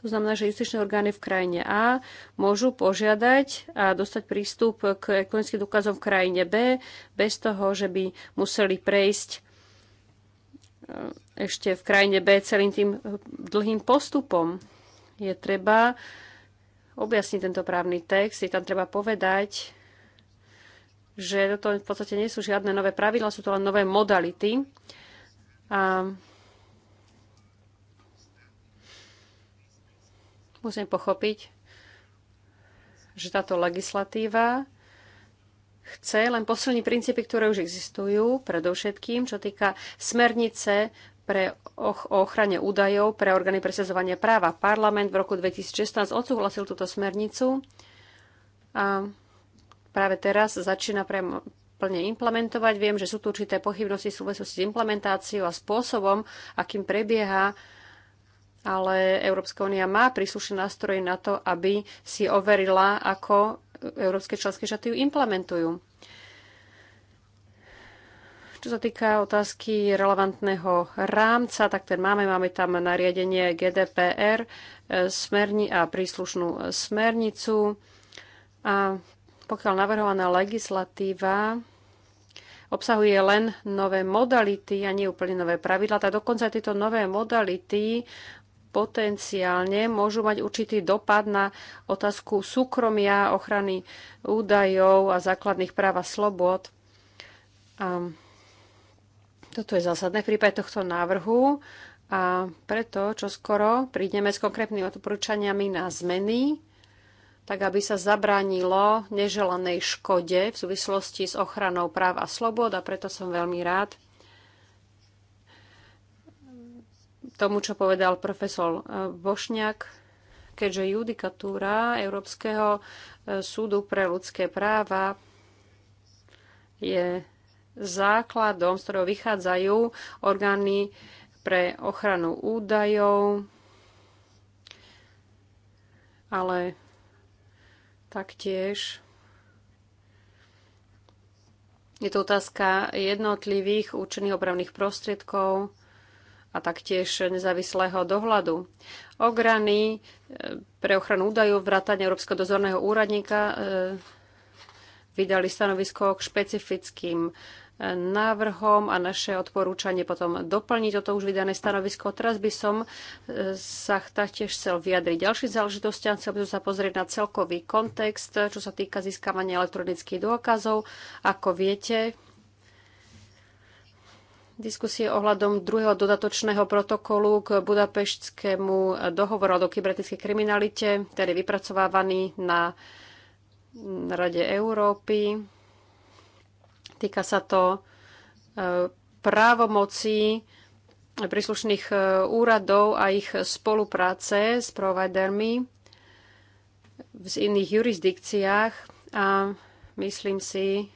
to znamená, že justičné orgány v krajine A môžu požiadať a dostať prístup k elektronickým dôkazom v krajine B bez toho, že by museli prejsť ešte v krajine B celým tým dlhým postupom. Je treba objasniť tento právny text, je tam treba povedať, že toto v podstate nie sú žiadne nové pravidla, sú to len nové modality. A musím pochopiť, že táto legislatíva chce len posilniť princípy, ktoré už existujú, predovšetkým, čo týka smernice pre ochrane údajov pre orgány presadzovania práva. Parlament v roku 2016 odsúhlasil túto smernicu a práve teraz začína pre plne implementovať. Viem, že sú tu určité pochybnosti v súvislosti s implementáciou a spôsobom, akým prebieha ale Európska únia má príslušné nástroje na to, aby si overila, ako európske členské štáty ju implementujú. Čo sa týka otázky relevantného rámca, tak ten máme, máme tam nariadenie GDPR, e, smerni a príslušnú smernicu. A pokiaľ navrhovaná legislatíva obsahuje len nové modality a nie úplne nové pravidla, tak dokonca tieto nové modality potenciálne môžu mať určitý dopad na otázku súkromia, ochrany údajov a základných práv a slobod. A toto je zásadné v prípade tohto návrhu a preto, čo skoro prídeme s konkrétnymi odporúčaniami na zmeny, tak aby sa zabránilo neželanej škode v súvislosti s ochranou práv a slobod a preto som veľmi rád, tomu, čo povedal profesor eh, Bošňák, keďže judikatúra Európskeho eh, súdu pre ľudské práva je základom, z ktorého vychádzajú orgány pre ochranu údajov, ale taktiež je to otázka jednotlivých účinných opravných prostriedkov, a taktiež nezávislého dohľadu. Ograny e, pre ochranu údajov vrátane Európskeho dozorného úradníka e, vydali stanovisko k špecifickým e, návrhom a naše odporúčanie potom doplniť toto už vydané stanovisko. Teraz by som sa taktiež chcel vyjadriť ďalším záležitostiam. Chcel by som sa pozrieť na celkový kontext, čo sa týka získavania elektronických dôkazov. Ako viete, diskusie ohľadom druhého dodatočného protokolu k budapeštskému dohovoru o kybernetickej kriminalite, ktorý je vypracovávaný na Rade Európy. Týka sa to e, právomocí príslušných e, úradov a ich spolupráce s providermi v iných jurisdikciách a myslím si,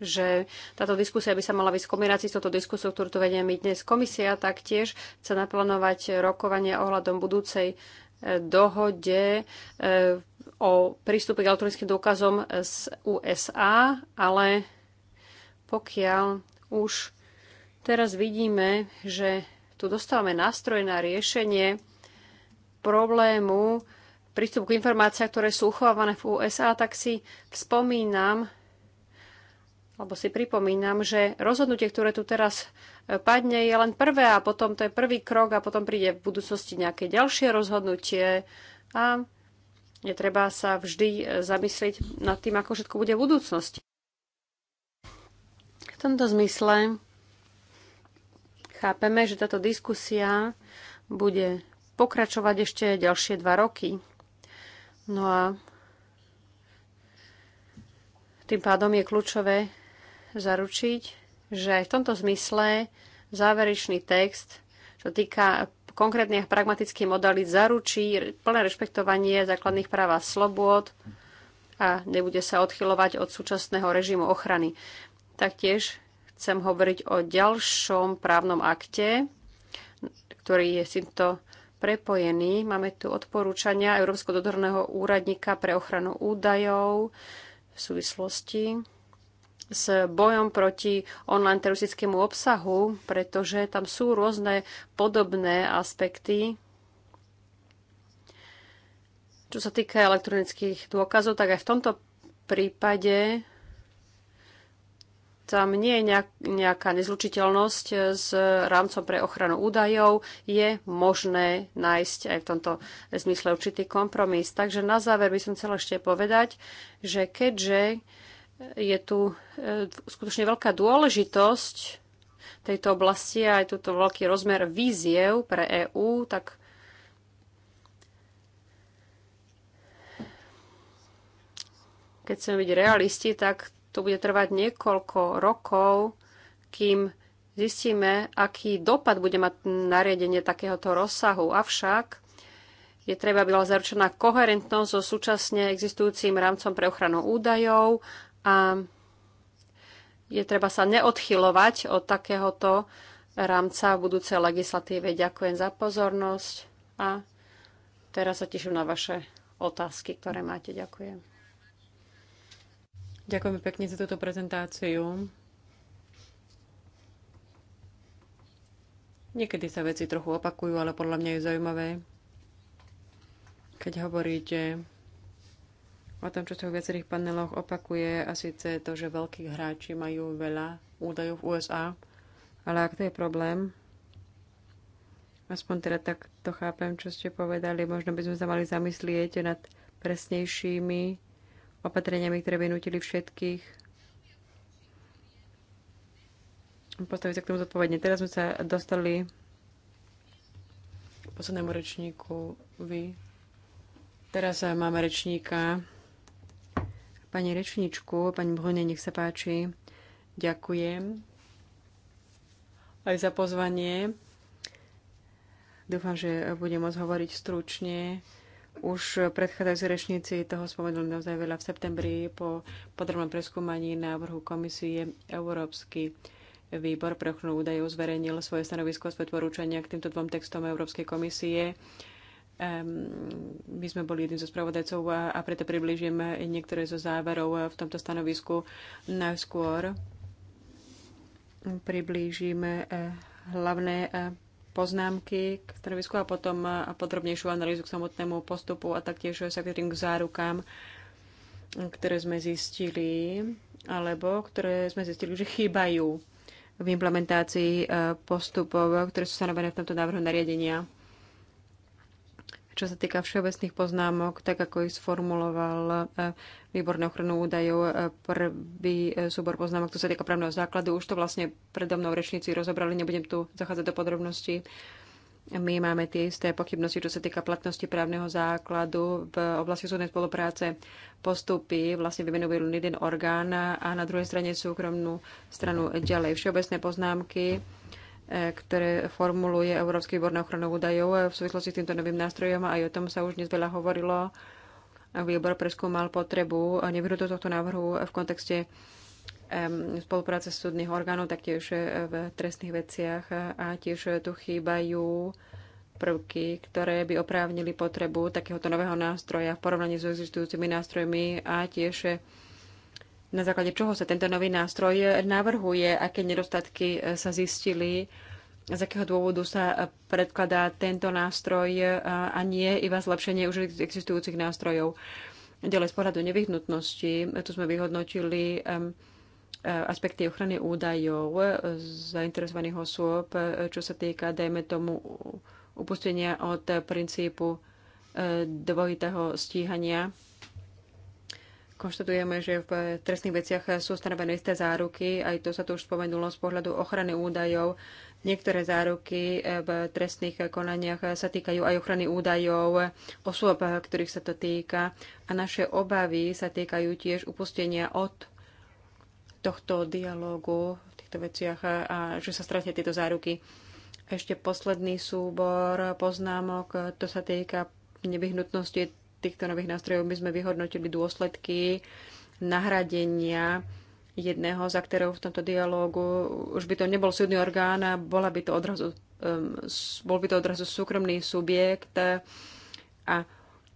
že táto diskusia by sa mala byť v kombinácii s touto diskusiou, ktorú tu vedieme my dnes. Komisia taktiež chce naplánovať rokovanie ohľadom budúcej e, dohode e, o prístupe k elektronickým dôkazom z USA, ale pokiaľ už teraz vidíme, že tu dostávame nástroj na riešenie problému prístupu k informáciám, ktoré sú uchovávané v USA, tak si spomínam lebo si pripomínam, že rozhodnutie, ktoré tu teraz e, padne, je len prvé a potom to je prvý krok a potom príde v budúcnosti nejaké ďalšie rozhodnutie a je treba sa vždy e, zamyslieť nad tým, ako všetko bude v budúcnosti. V tomto zmysle chápeme, že táto diskusia bude pokračovať ešte ďalšie dva roky. No a tým pádom je kľúčové zaručiť, že v tomto zmysle záverečný text, čo týka konkrétnych pragmatických modalít, zaručí plné rešpektovanie základných práv a slobôd a nebude sa odchylovať od súčasného režimu ochrany. Taktiež chcem hovoriť o ďalšom právnom akte, ktorý je s týmto prepojený. Máme tu odporúčania Európsko dodorného úradníka pre ochranu údajov v súvislosti s bojom proti online teroristickému obsahu, pretože tam sú rôzne podobné aspekty. Čo sa týka elektronických dôkazov, tak aj v tomto prípade tam nie je nejaká nezlučiteľnosť s rámcom pre ochranu údajov, je možné nájsť aj v tomto zmysle určitý kompromis. Takže na záver by som chcela ešte povedať, že keďže je tu e, skutočne veľká dôležitosť tejto oblasti a aj túto veľký rozmer víziev pre EÚ, tak keď chceme byť realisti, tak to bude trvať niekoľko rokov, kým zistíme, aký dopad bude mať nariadenie takéhoto rozsahu. Avšak je treba byla zaručená koherentnosť so súčasne existujúcim rámcom pre ochranu údajov a je treba sa neodchylovať od takéhoto rámca v budúcej legislatíve. Ďakujem za pozornosť a teraz sa teším na vaše otázky, ktoré máte. Ďakujem. Ďakujem pekne za túto prezentáciu. Niekedy sa veci trochu opakujú, ale podľa mňa je zaujímavé, keď hovoríte o tom, čo sa v viacerých paneloch opakuje, a síce to, že veľkí hráči majú veľa údajov v USA, ale ak to je problém, aspoň teda tak to chápem, čo ste povedali, možno by sme sa mali zamyslieť nad presnejšími opatreniami, ktoré by nutili všetkých postaviť sa k tomu zodpovedne. Teraz sme sa dostali poslednému rečníku vy. Teraz máme rečníka pani rečničku, pani Brune, nech sa páči. Ďakujem aj za pozvanie. Dúfam, že budem môcť hovoriť stručne. Už predchádzajúci rečníci toho spomenuli naozaj veľa v septembri po podrobnom preskúmaní návrhu komisie Európsky výbor pre ochranu údajov zverejnil svoje stanovisko a svoje k týmto dvom textom Európskej komisie my sme boli jedným zo spravodajcov a preto približím niektoré zo záverov v tomto stanovisku. Najskôr priblížime eh, hlavné eh, poznámky k stanovisku a potom eh, podrobnejšiu analýzu k samotnému postupu a taktiež sa k tým zárukám, ktoré sme zistili alebo ktoré sme zistili, že chýbajú v implementácii postupov, ktoré sú stanovené v tomto návrhu nariadenia čo sa týka všeobecných poznámok, tak ako ich sformuloval e, výborné ochranu údajov, e, prvý e, súbor poznámok, to sa týka právneho základu, už to vlastne predo mnou rečníci rozobrali, nebudem tu zachádzať do podrobností. My máme tie isté pochybnosti, čo sa týka platnosti právneho základu v oblasti súdnej spolupráce. Postupy vlastne vymenujú jeden orgán a na druhej strane súkromnú stranu ďalej. Všeobecné poznámky Eh, ktoré formuluje Európsky výbor na ochranu údajov eh, v súvislosti s týmto novým nástrojom a aj o tom sa už dnes veľa hovorilo. Výbor preskúmal potrebu nevyhnutu tohto návrhu v kontexte spolupráce súdnych orgánov, taktiež eh, v trestných veciach a tiež tu chýbajú prvky, ktoré by oprávnili potrebu takéhoto nového nástroja v porovnaní s existujúcimi nástrojmi a tiež na základe čoho sa tento nový nástroj navrhuje, aké nedostatky e, sa zistili, z akého dôvodu sa e, predkladá tento nástroj e, a nie iba zlepšenie už existujúcich nástrojov. Ďalej z pohľadu nevyhnutnosti, tu sme vyhodnotili aspekty ochrany údajov zainteresovaných osôb, čo sa týka, dajme tomu, upustenia od princípu dvojitého stíhania Konštatujeme, že v trestných veciach sú stanovené isté záruky, aj to sa tu už spomenulo z pohľadu ochrany údajov. Niektoré záruky v trestných konaniach sa týkajú aj ochrany údajov osôb, ktorých sa to týka. A naše obavy sa týkajú tiež upustenia od tohto dialógu v týchto veciach a že sa stratia tieto záruky. Ešte posledný súbor poznámok, to sa týka nevyhnutnosti týchto nových nástrojov by sme vyhodnotili dôsledky nahradenia jedného z aktérov v tomto dialógu. Už by to nebol súdny orgán a bola by to odrazu, um, bol by to odrazu súkromný subjekt a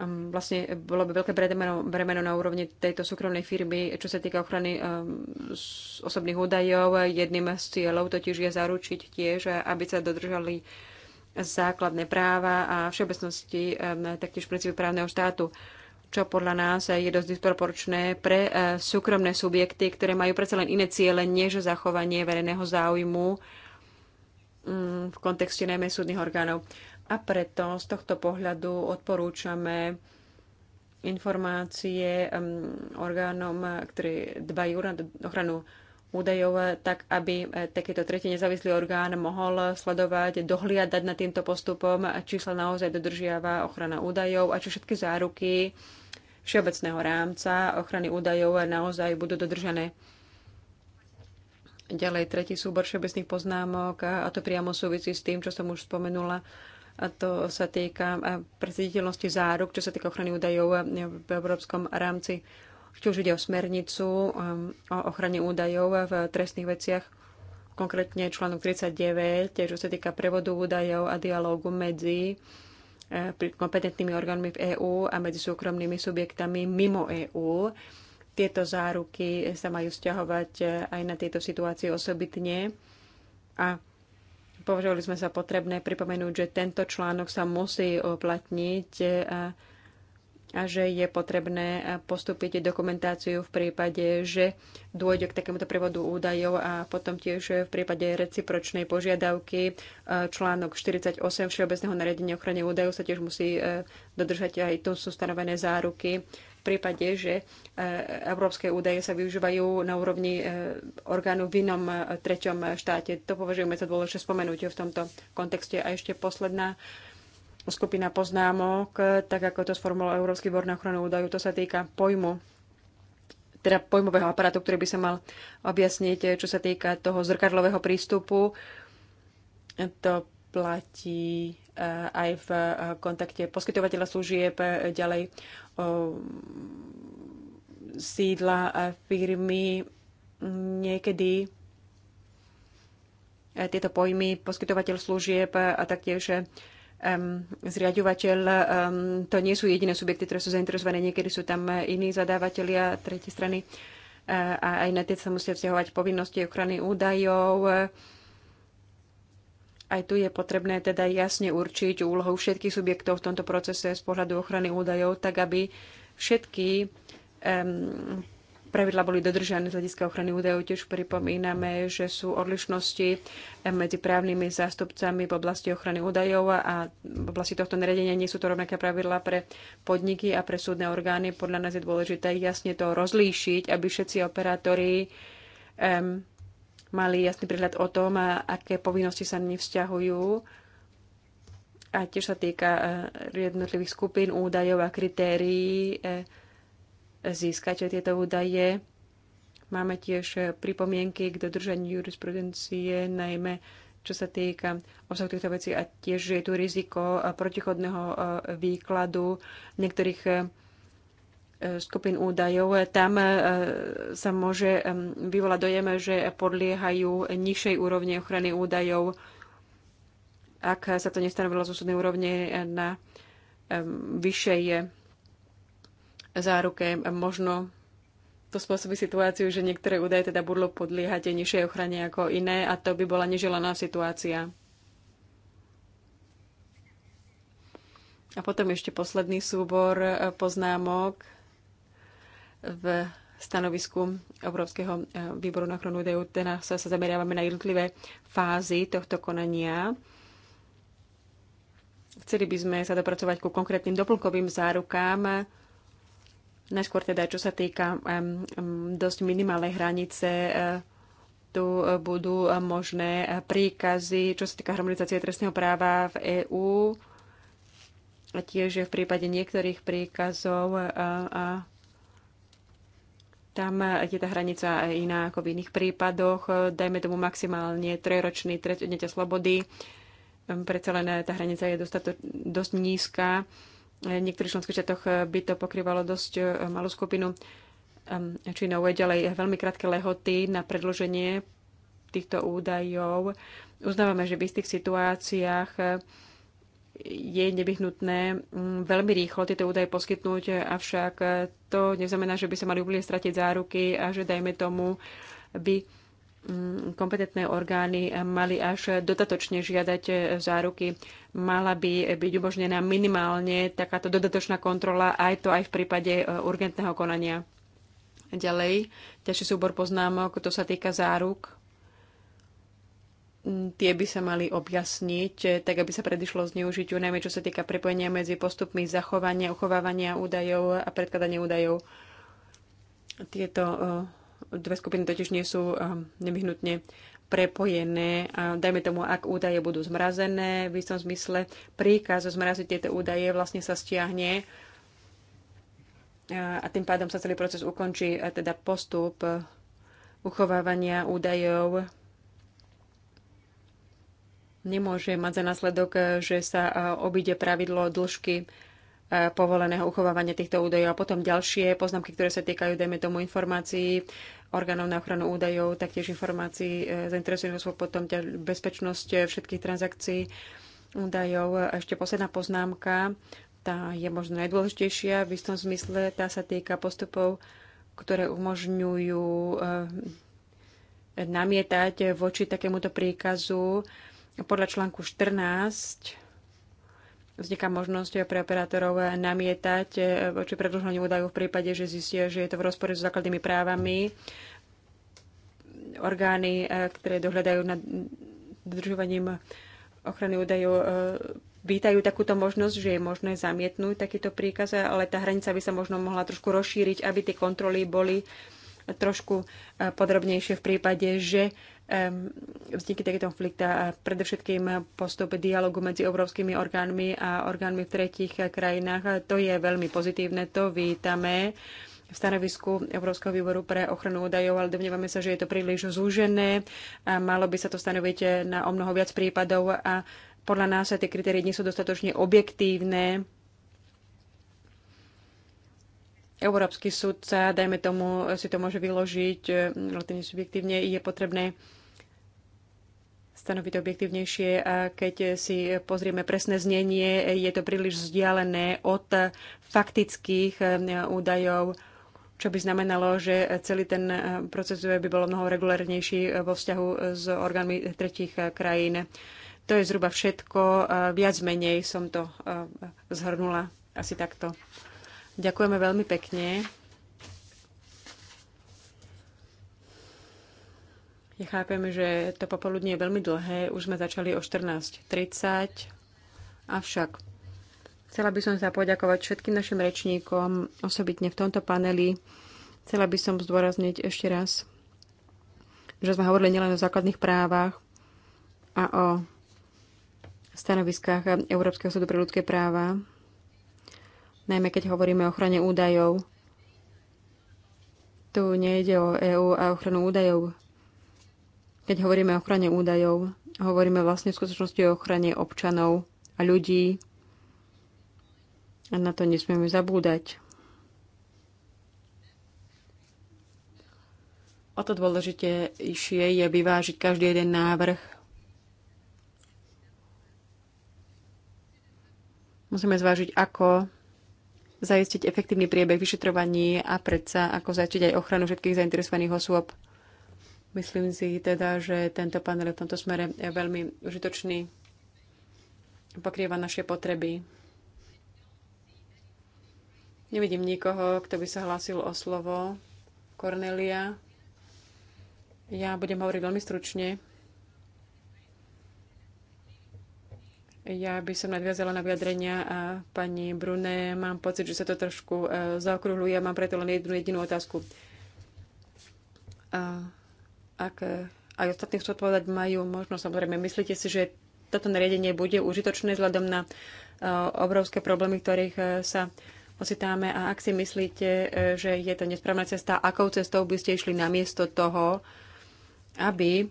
um, vlastne bolo by veľké bremeno, bremeno na úrovni tejto súkromnej firmy, čo sa týka ochrany um, osobných údajov. Jedným z cieľov totiž je zaručiť tiež, aby sa dodržali základné práva a všeobecnosti eh, taktiež princípy právneho štátu, čo podľa nás je dosť disproporčné pre eh, súkromné subjekty, ktoré majú predsa len iné ciele než zachovanie verejného záujmu mm, v kontexte najmä súdnych orgánov. A preto z tohto pohľadu odporúčame informácie mm, orgánom, eh, ktoré dbajú na ochranu údajov, tak aby e, takýto tretí nezávislý orgán mohol sledovať, dohliadať nad týmto postupom, či sa naozaj dodržiava ochrana údajov a či všetky záruky všeobecného rámca ochrany údajov naozaj budú dodržané. Ďalej tretí súbor všeobecných poznámok a to priamo súvisí s tým, čo som už spomenula. A to sa týka e, predsediteľnosti záruk, čo sa týka ochrany údajov v európskom rámci či už ide o smernicu um, o ochrane údajov v trestných veciach, konkrétne článok 39, čo sa týka prevodu údajov a dialógu medzi eh, kompetentnými orgánmi v EÚ a medzi súkromnými subjektami mimo EÚ. Tieto záruky sa majú vzťahovať eh, aj na tieto situácie osobitne a považovali sme sa potrebné pripomenúť, že tento článok sa musí oplatniť eh, a že je potrebné e, postúpiť dokumentáciu v prípade, že dôjde k takémuto prevodu údajov a potom tiež v prípade recipročnej požiadavky e, článok 48 Všeobecného nariadenia ochrany údajov sa tiež musí e, dodržať aj tu sú stanovené záruky v prípade, že európske údaje sa využívajú na úrovni orgánu v inom treťom štáte. To považujeme za dôležité spomenúť v tomto kontexte. A ešte posledná skupina poznámok, tak ako to sformuloval Európsky výbor na ochranu údajov. To sa týka pojmu, teda pojmového aparátu, ktorý by sa mal objasniť, čo sa týka toho zrkadlového prístupu. To platí e, aj v e, kontakte poskytovateľa služieb, e, ďalej sídla firmy. Niekedy tieto pojmy poskytovateľ služieb a taktiež um, zriadovateľ, um, to nie sú jediné subjekty, ktoré sú zainteresované, niekedy sú tam iní zadávateľia, tretie strany uh, a aj na tie sa musia vzťahovať povinnosti ochrany údajov. Aj tu je potrebné teda jasne určiť úlohu všetkých subjektov v tomto procese z pohľadu ochrany údajov, tak aby všetky um, pravidla boli dodržané z hľadiska ochrany údajov. Tiež pripomíname, že sú odlišnosti medzi právnymi zástupcami v oblasti ochrany údajov a v oblasti tohto nariadenia nie sú to rovnaké pravidla pre podniky a pre súdne orgány. Podľa nás je dôležité jasne to rozlíšiť, aby všetci operátori um, mali jasný prehľad o tom, aké povinnosti sa nevzťahujú a tiež sa týka eh, jednotlivých skupín údajov a kritérií, eh, získať tieto údaje. Máme tiež pripomienky k dodržaniu jurisprudencie, najmä čo sa týka obsahu týchto vecí a tiež je tu riziko protichodného e, výkladu niektorých e, skupín údajov. Tam e, sa môže vyvolať dojem, že podliehajú nižšej úrovne ochrany údajov, ak sa to nestanovilo z úrovne na vyššej záruke. Možno to spôsobí situáciu, že niektoré údaje teda budú podliehať nižšej ochrane ako iné a to by bola neželaná situácia. A potom ešte posledný súbor e, poznámok v stanovisku Európskeho e, výboru na ochranu údajov. Teda sa, sa zameriavame na jednotlivé fázy tohto konania. Chceli by sme sa dopracovať ku konkrétnym doplnkovým zárukám, Najskôr teda, čo sa týka dosť minimálnej hranice, e, tu budú možné príkazy, čo sa týka harmonizácie trestného práva v EÚ, a tiež v prípade niektorých príkazov e, a, a tam je tá hranica iná ako v iných prípadoch. Dajme tomu maximálne trojročný trest odňatia slobody. Predsa len e, tá hranica je dostato, dosť nízka niektorých členských štátoch eh, by to pokrývalo dosť eh, malú skupinu eh, činov. Ďalej veľmi krátke lehoty na predloženie týchto údajov. Uznávame, že v istých situáciách je nevyhnutné mm, veľmi rýchlo tieto údaje poskytnúť, avšak to neznamená, že by sa mali úplne stratiť záruky a že dajme tomu by Mm, kompetentné orgány mali až dodatočne žiadať záruky. Mala by byť umožnená minimálne takáto dodatočná kontrola, aj to aj v prípade e, urgentného konania. Ďalej, ťažší súbor poznámok, to sa týka záruk. Mm, tie by sa mali objasniť, e, tak aby sa predišlo zneužitiu, najmä čo sa týka prepojenia medzi postupmi zachovania, uchovávania údajov a predkladania údajov. Tieto e, dve skupiny totiž nie sú eh, nevyhnutne prepojené. A dajme tomu, ak údaje budú zmrazené, v istom zmysle príkaz zmraziť tieto údaje vlastne sa stiahne eh, a tým pádom sa celý proces ukončí, a eh, teda postup uchovávania údajov nemôže mať za následok, že sa obíde pravidlo dĺžky povoleného uchovávania týchto údajov a potom ďalšie poznámky, ktoré sa týkajú, dajme tomu, informácií orgánov na ochranu údajov, taktiež informácií e, zainteresovaných osôb, potom bezpečnosť e, všetkých transakcií údajov. A ešte posledná poznámka, tá je možno najdôležitejšia v istom zmysle, tá sa týka postupov, ktoré umožňujú e, namietať voči takémuto príkazu podľa článku 14 vzniká možnosť pre operátorov namietať eh, voči predĺženiu údajov v prípade, že zistia, že je to v rozpore s základnými právami. Orgány, eh, ktoré dohľadajú nad dodržovaním ochrany údajov, eh, vítajú takúto možnosť, že je možné zamietnúť takýto príkaz, ale tá hranica by sa možno mohla trošku rozšíriť, aby tie kontroly boli trošku e, podrobnejšie v prípade, že vzniky takéto konflikta a predovšetkým postup dialogu medzi európskymi orgánmi a orgánmi v tretích krajinách. To je veľmi pozitívne, to vítame v stanovisku Európskeho výboru pre ochranu údajov, ale domnievame sa, že je to príliš zúžené. A malo by sa to stanoviť na o mnoho viac prípadov a podľa nás tie kritérie nie sú dostatočne objektívne európsky sudca, dajme tomu, si to môže vyložiť e, relatívne subjektívne, je potrebné stanoviť objektívnejšie a keď si pozrieme presné znenie, je to príliš vzdialené od faktických e, údajov, čo by znamenalo, že celý ten e, proces by bol mnoho regulárnejší vo vzťahu s orgánmi tretich krajín. To je zhruba všetko. Viac menej som to zhrnula asi takto. Ďakujeme veľmi pekne. Ja chápem, že to popoludnie je veľmi dlhé. Už sme začali o 14.30. Avšak chcela by som sa poďakovať všetkým našim rečníkom, osobitne v tomto paneli. Chcela by som zdôrazniť ešte raz, že sme hovorili nielen o základných právach a o stanoviskách Európskeho súdu pre ľudské práva, najmä keď hovoríme o ochrane údajov. Tu nejde o EÚ a ochranu údajov. Keď hovoríme o ochrane údajov, hovoríme vlastne v skutočnosti o ochrane občanov a ľudí. A na to nesmieme zabúdať. O to dôležitejšie je vyvážiť každý jeden návrh. Musíme zvážiť, ako zaistiť efektívny priebeh vyšetrovaní a predsa ako zaistiť aj ochranu všetkých zainteresovaných osôb. Myslím si teda, že tento panel v tomto smere je veľmi užitočný, a pokrýva naše potreby. Nevidím nikoho, kto by sa hlásil o slovo. Cornelia. Ja budem hovoriť veľmi stručne. Ja by som nadviazala na vyjadrenia a pani Brune. Mám pocit, že sa to trošku e, zaokrúhľuje. Mám preto len jednu jedinú otázku. A, ak e, aj ostatní chcú odpovedať, majú možno Samozrejme, myslíte si, že toto nariadenie bude užitočné vzhľadom na e, obrovské problémy, ktorých sa ocitáme a ak si myslíte, že je to nesprávna cesta, akou cestou by ste išli namiesto toho, aby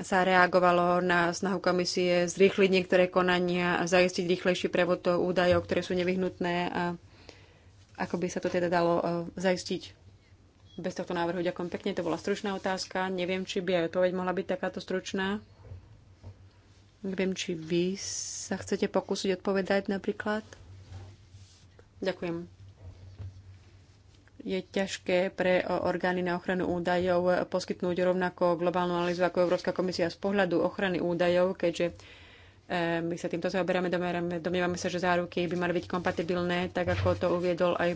sa reagovalo na snahu komisie zrýchliť niektoré konania a zajistiť rýchlejší prevod údajov, ktoré sú nevyhnutné a ako by sa to teda dalo e, zaistiť bez tohto návrhu. Ďakujem pekne, to bola stručná otázka. Neviem, či by aj odpoveď mohla byť takáto stručná. Neviem, či vy sa chcete pokúsiť odpovedať napríklad. Ďakujem je ťažké pre orgány na ochranu údajov poskytnúť rovnako globálnu analýzu ako Európska komisia z pohľadu ochrany údajov, keďže eh, my sa týmto zaoberáme, domnievame sa, že záruky by mali byť kompatibilné, tak ako to uviedol aj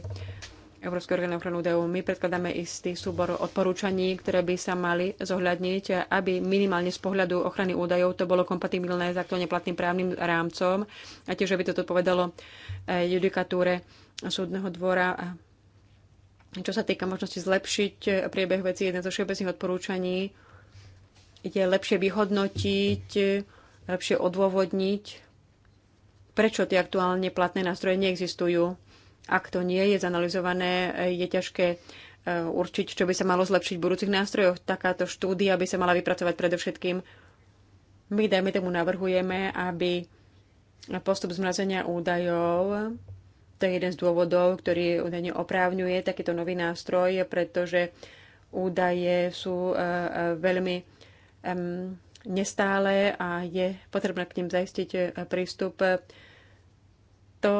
Európsky orgán na ochranu údajov. My predkladáme istý súbor odporúčaní, ktoré by sa mali zohľadniť, aby minimálne z pohľadu ochrany údajov to bolo kompatibilné s aktuálne platným právnym rámcom a tiež, aby to odpovedalo eh, judikatúre súdneho dvora čo sa týka možnosti zlepšiť eh, priebeh veci, jedna zo všeobecných odporúčaní je lepšie vyhodnotiť, eh, lepšie odôvodniť, prečo tie aktuálne platné nástroje neexistujú. Ak to nie je zanalizované, eh, je ťažké určiť, čo by sa malo zlepšiť v budúcich nástrojoch. Takáto štúdia by sa mala vypracovať predovšetkým. My, dajme tomu, navrhujeme, aby postup zmrazenia údajov to je jeden z dôvodov, ktorý údajne oprávňuje takýto nový nástroj, pretože údaje sú e, e, veľmi nestále a je potrebné k ním zaistiť e, prístup. To,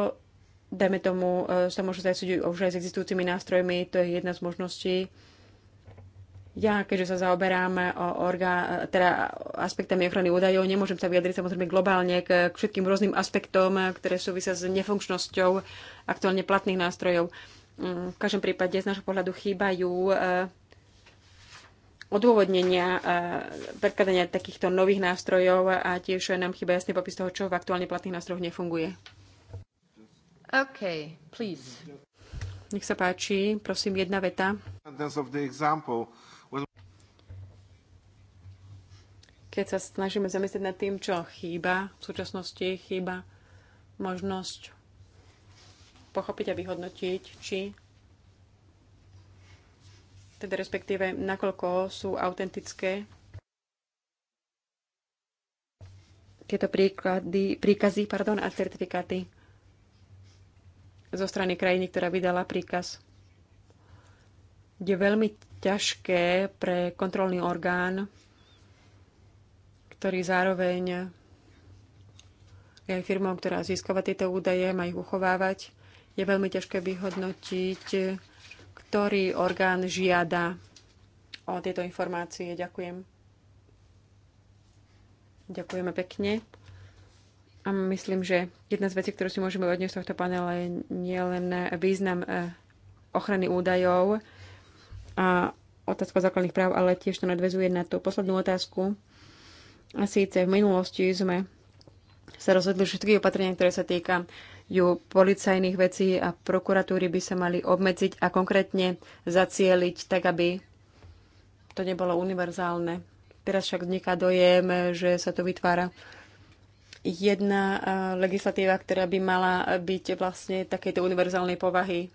dajme tomu, sa môže zaistiť už aj s existujúcimi nástrojmi, to je jedna z možností. Ja, keďže sa zaoberám o orga, teda aspektami ochrany údajov, nemôžem sa vyjadriť samozrejme globálne k, k všetkým rôznym aspektom, ktoré súvisia s nefunkčnosťou aktuálne platných nástrojov. Mm, v každom prípade z nášho pohľadu chýbajú eh, odôvodnenia eh, predkladania takýchto nových nástrojov a tiež nám chýba jasný popis toho, čo v aktuálne platných nástrojoch nefunguje. OK, please. Nech sa páči, prosím, jedna veta. keď sa snažíme zamyslieť nad tým, čo chýba, v súčasnosti chýba možnosť pochopiť a vyhodnotiť, či teda respektíve nakoľko sú autentické tieto príklady, príkazy pardon, a certifikáty zo strany krajiny, ktorá vydala príkaz. Je veľmi ťažké pre kontrolný orgán ktorý zároveň je aj firmou, ktorá získava tieto údaje, má ich uchovávať. Je veľmi ťažké vyhodnotiť, ktorý orgán žiada o tieto informácie. Ďakujem. Ďakujeme pekne. A myslím, že jedna z vecí, ktorú si môžeme odniesť z tohto panela, je nielen význam eh, ochrany údajov a otázka základných práv, ale tiež to nadvezuje na tú poslednú otázku, Síce v minulosti sme sa rozhodli, že všetky opatrenia, ktoré sa týka ju policajných vecí a prokuratúry by sa mali obmedziť a konkrétne zacieliť, tak aby to nebolo univerzálne. Teraz však vzniká dojem, že sa tu vytvára jedna e, legislatíva, ktorá by mala byť vlastne takejto univerzálnej povahy.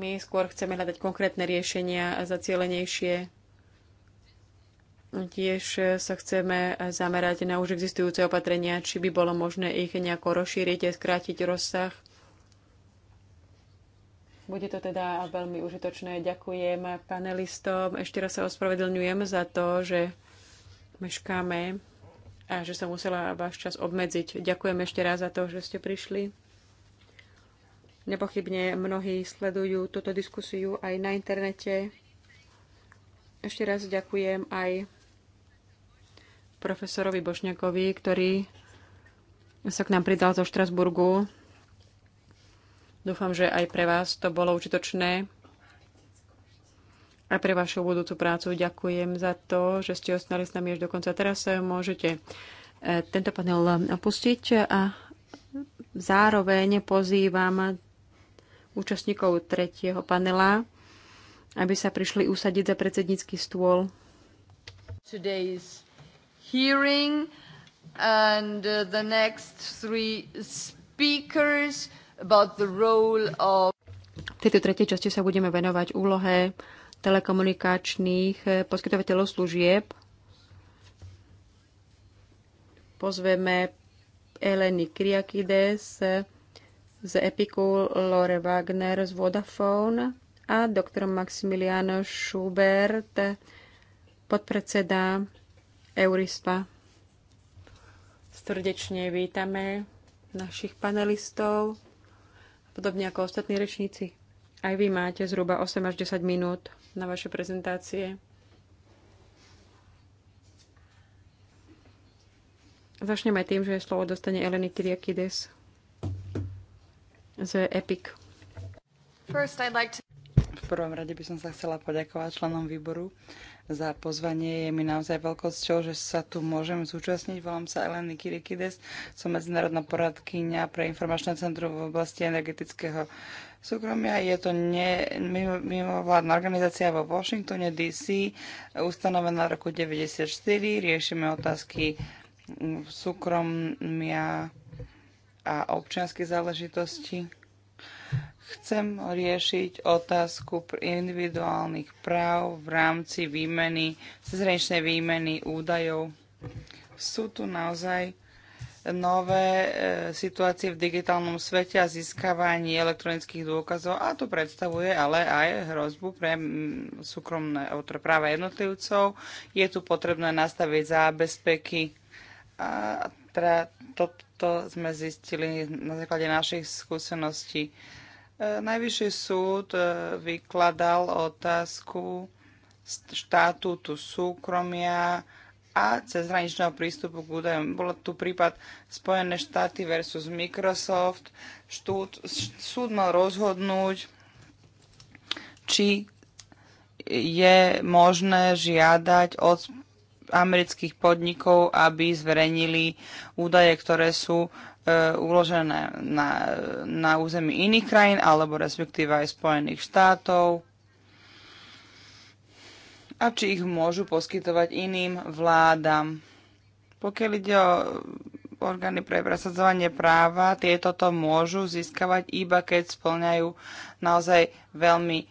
My skôr chceme hľadať konkrétne riešenia a zacielenejšie Tiež sa chceme zamerať na už existujúce opatrenia, či by bolo možné ich nejako rozšíriť a skrátiť rozsah. Bude to teda veľmi užitočné. Ďakujem panelistom. Ešte raz sa ospravedlňujem za to, že meškáme a že som musela váš čas obmedziť. Ďakujem ešte raz za to, že ste prišli. Nepochybne mnohí sledujú túto diskusiu aj na internete. Ešte raz ďakujem aj profesorovi Bošňakovi, ktorý sa k nám pridal zo Štrasburgu. Dúfam, že aj pre vás to bolo užitočné. A pre vašu budúcu prácu ďakujem za to, že ste ostali s nami až dokonca konca. Teraz môžete e, tento panel opustiť a zároveň pozývam účastníkov tretieho panela, aby sa prišli usadiť za predsednícky stôl. Today's hearing and uh, the next three speakers about the role of v tejto tretej časti sa budeme venovať úlohe telekomunikačných eh, poskytovateľov služieb. Pozveme Eleny Kriakides z Epiku, Lore Wagner z Vodafone a doktor Maximiliano Schubert, podpredseda Eurispa. Srdečne vítame našich panelistov, podobne ako ostatní rečníci. Aj vy máte zhruba 8 až 10 minút na vaše prezentácie. Začneme tým, že slovo dostane Eleny Kyriakides z EPIC. First, I'd like to prvom rade by som sa chcela poďakovať členom výboru za pozvanie. Je mi naozaj veľkosťou, že sa tu môžem zúčastniť. Volám sa Eleny Kirikides, som medzinárodná poradkyňa pre informačné centrum v oblasti energetického súkromia. Je to ne, mimo, mimovládna organizácia vo Washingtone DC, ustanovená v roku 1994. Riešime otázky súkromia a občianskej záležitosti. Chcem riešiť otázku individuálnych práv v rámci výmeny, cezhraničnej výmeny údajov. Sú tu naozaj nové e, situácie v digitálnom svete a získavanie elektronických dôkazov a to predstavuje ale aj hrozbu pre súkromné e, práva jednotlivcov. Je tu potrebné nastaviť zábezpeky a teda toto sme zistili na základe našich skúseností. E, Najvyšší súd e, vykladal otázku štatútu súkromia a cezhraničného prístupu k údajom. Bolo tu prípad Spojené štáty versus Microsoft. Štúd, súd mal rozhodnúť, či je možné žiadať od amerických podnikov, aby zverejnili údaje, ktoré sú E, uložené na, na území iných krajín alebo respektíve aj Spojených štátov a či ich môžu poskytovať iným vládam. Pokiaľ ide o orgány pre presadzovanie práva, tieto to môžu získavať iba keď splňajú naozaj veľmi e,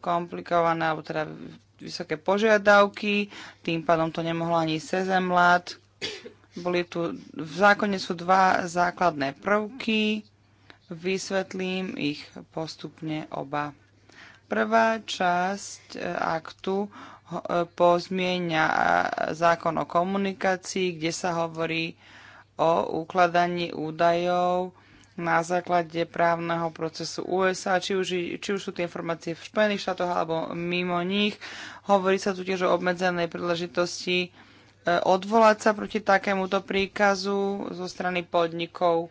komplikované alebo teda vysoké požiadavky, tým pádom to nemohlo ani sezemlať. Boli tu, v zákone sú dva základné prvky, vysvetlím ich postupne oba. Prvá časť e, aktu e, pozmienia e, zákon o komunikácii, kde sa hovorí o ukladaní údajov na základe právneho procesu USA, či už, či už sú tie informácie v Spojených štátoch alebo mimo nich. Hovorí sa tu tiež o obmedzenej príležitosti E, odvolať sa proti takémuto príkazu zo strany podnikov.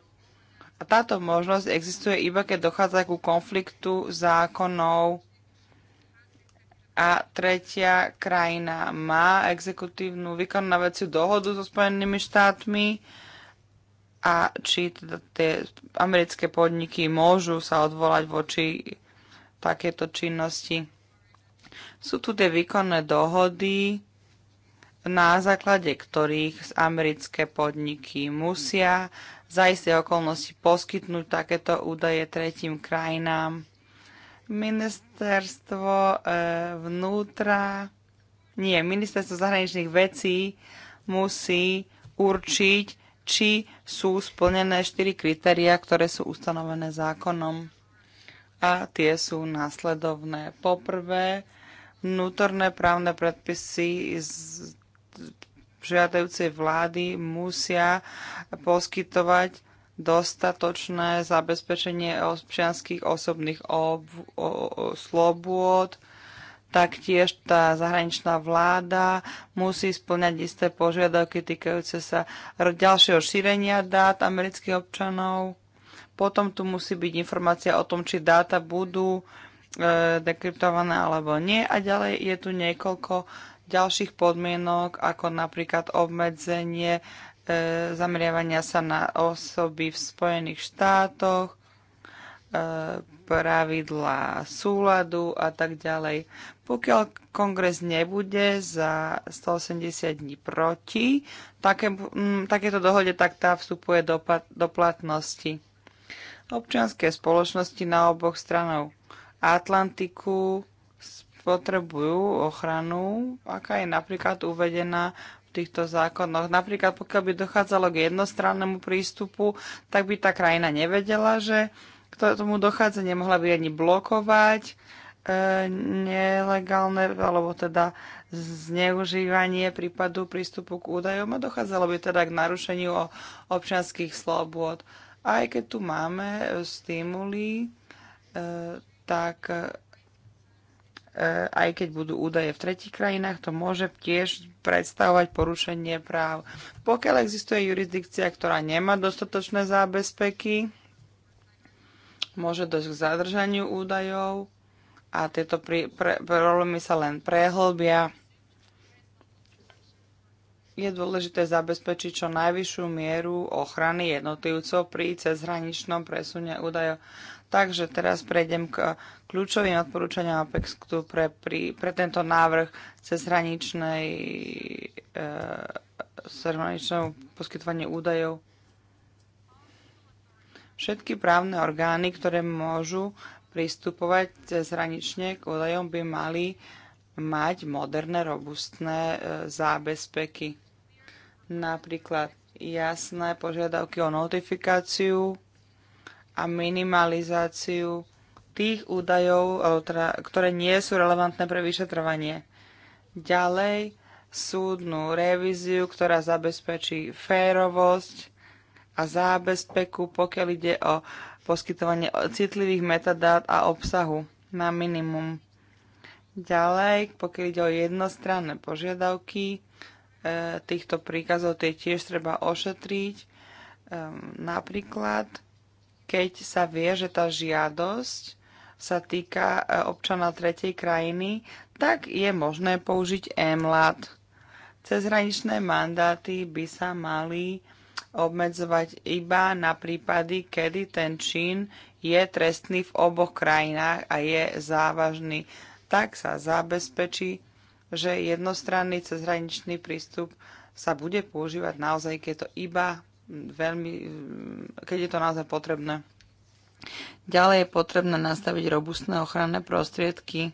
A táto možnosť existuje iba, keď dochádza ku konfliktu zákonov a tretia krajina má exekutívnu vykonávaciu dohodu so Spojenými štátmi a či teda tie americké podniky môžu sa odvolať voči takéto činnosti. Sú tu tie výkonné dohody, na základe ktorých americké podniky musia za isté okolnosti poskytnúť takéto údaje tretím krajinám. Ministerstvo e, vnútra, nie, ministerstvo zahraničných vecí musí určiť, či sú splnené štyri kritéria, ktoré sú ustanovené zákonom. A tie sú následovné. Poprvé, vnútorné právne predpisy žiadajúcej vlády musia poskytovať dostatočné zabezpečenie občianských osobných ob, o, o, slobôd, taktiež tá zahraničná vláda musí splňať isté požiadavky týkajúce sa ďalšieho šírenia dát amerických občanov. Potom tu musí byť informácia o tom, či dáta budú e, dekryptované alebo nie. A ďalej je tu niekoľko ďalších podmienok, ako napríklad obmedzenie e, zameriavania sa na osoby v Spojených štátoch, e, pravidlá súladu a tak ďalej. Pokiaľ kongres nebude za 180 dní proti také, m, mm, takéto dohode, tak tá vstupuje do, do platnosti. Občianské spoločnosti na oboch stranách Atlantiku potrebujú ochranu, aká je napríklad uvedená v týchto zákonoch. Napríklad pokiaľ by dochádzalo k jednostrannému prístupu, tak by tá krajina nevedela, že k tomu dochádza, nemohla by ani blokovať e, nelegálne alebo teda zneužívanie prípadu prístupu k údajom a dochádzalo by teda k narušeniu občanských slobôd. Aj keď tu máme stimuly, e, tak E, aj keď budú údaje v tretich krajinách, to môže tiež predstavovať porušenie práv. Pokiaľ existuje jurisdikcia, ktorá nemá dostatočné zábezpeky, môže dosť k zadržaniu údajov a tieto pri, pre, problémy sa len prehlbia. Je dôležité zabezpečiť čo najvyššiu mieru ochrany jednotlivcov pri cezhraničnom presune údajov. Takže teraz prejdem k kľúčovým odporúčaniam Apex pre, pri, pre tento návrh cezhraničnej e, cezhraničného poskytovania údajov. Všetky právne orgány, ktoré môžu pristupovať cezhranične k údajom, by mali mať moderné, robustné e, zábezpeky. Napríklad jasné požiadavky o notifikáciu, a minimalizáciu tých údajov, e, teda, ktoré nie sú relevantné pre vyšetrovanie. Ďalej súdnu revíziu, ktorá zabezpečí férovosť a zábezpeku, pokiaľ ide o poskytovanie citlivých metadát a obsahu na minimum. Ďalej, pokiaľ ide o jednostranné požiadavky e, týchto príkazov, tie tiež treba ošetriť. E, napríklad keď sa vie, že tá žiadosť sa týka e, občana tretej krajiny, tak je možné použiť MLAT. Cezhraničné mandáty by sa mali obmedzovať iba na prípady, kedy ten čin je trestný v oboch krajinách a je závažný. Tak sa zabezpečí, že jednostranný cezhraničný prístup sa bude používať naozaj, keď je to iba veľmi, mm, keď je to naozaj potrebné. Ďalej je potrebné nastaviť robustné ochranné prostriedky.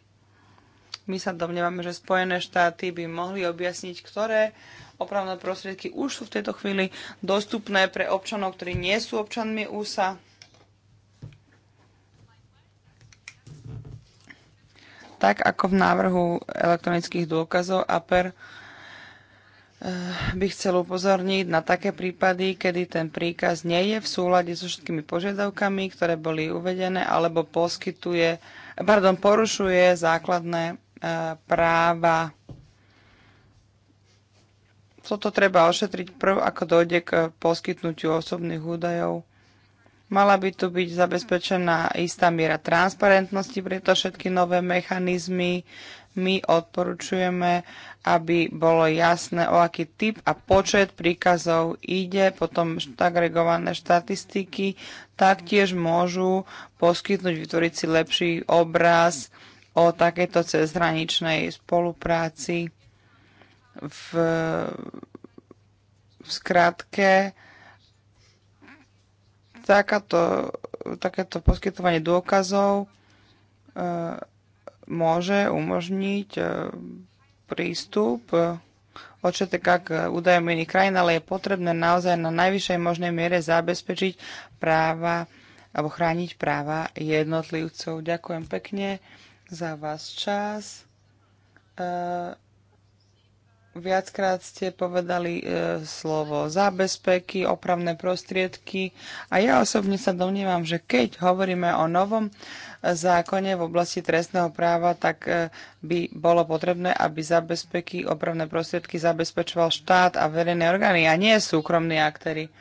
My sa domnievame, že Spojené štáty by mohli objasniť, ktoré opravné prostriedky už sú v tejto chvíli dostupné pre občanov, ktorí nie sú občanmi USA. Tak ako v návrhu elektronických dôkazov APER Eh, by chcel upozorniť na také prípady, kedy ten príkaz nie je v súlade so všetkými požiadavkami, ktoré boli uvedené, alebo poskytuje, pardon, porušuje základné eh, práva. Toto treba ošetriť prv, ako dojde k poskytnutiu osobných údajov. Mala by tu byť zabezpečená istá miera transparentnosti, preto všetky nové mechanizmy my odporúčujeme, aby bolo jasné, o aký typ a počet príkazov ide, potom agregované štatistiky taktiež môžu poskytnúť, vytvoriť si lepší obraz o takejto cezhraničnej spolupráci. V, v skratke, takáto, takéto poskytovanie dôkazov e, môže umožniť e, prístup e, OČTK k údajom iných krajín, ale je potrebné naozaj na najvyššej možnej miere zabezpečiť práva alebo chrániť práva jednotlivcov. Ďakujem pekne za vás čas. E, Viackrát ste povedali e, slovo zábezpeky, opravné prostriedky a ja osobne sa domnievam, že keď hovoríme o novom e, zákone v oblasti trestného práva, tak e, by bolo potrebné, aby zábezpeky, opravné prostriedky zabezpečoval štát a verejné orgány a nie súkromní aktéry.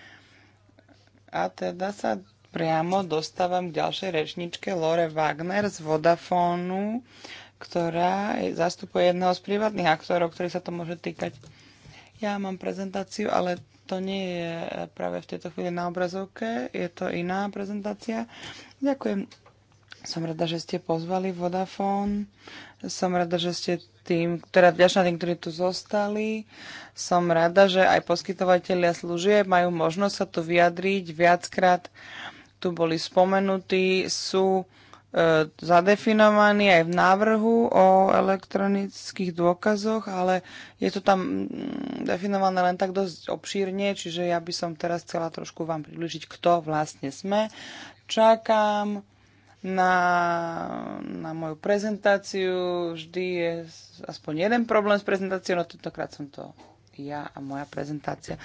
A teda sa priamo dostávam k ďalšej rečničke Lore Wagner z Vodafónu ktorá zastupuje jedného z privátnych aktorov, ktorý sa to môže týkať. Ja mám prezentáciu, ale to nie je práve v tejto chvíli na obrazovke, je to iná prezentácia. Ďakujem. Som rada, že ste pozvali Vodafone. Som rada, že ste tým, teda vďačná tým, ktorí tu zostali. Som rada, že aj poskytovateľia služieb majú možnosť sa tu vyjadriť viackrát. Tu boli spomenutí, sú E, zadefinovaný aj v návrhu o elektronických dôkazoch, ale je to tam mm, definované len tak dosť obšírne, čiže ja by som teraz chcela trošku vám približiť, kto vlastne sme. Čakám na, na moju prezentáciu. Vždy je aspoň jeden problém s prezentáciou, no tentokrát som to ja a moja prezentácia.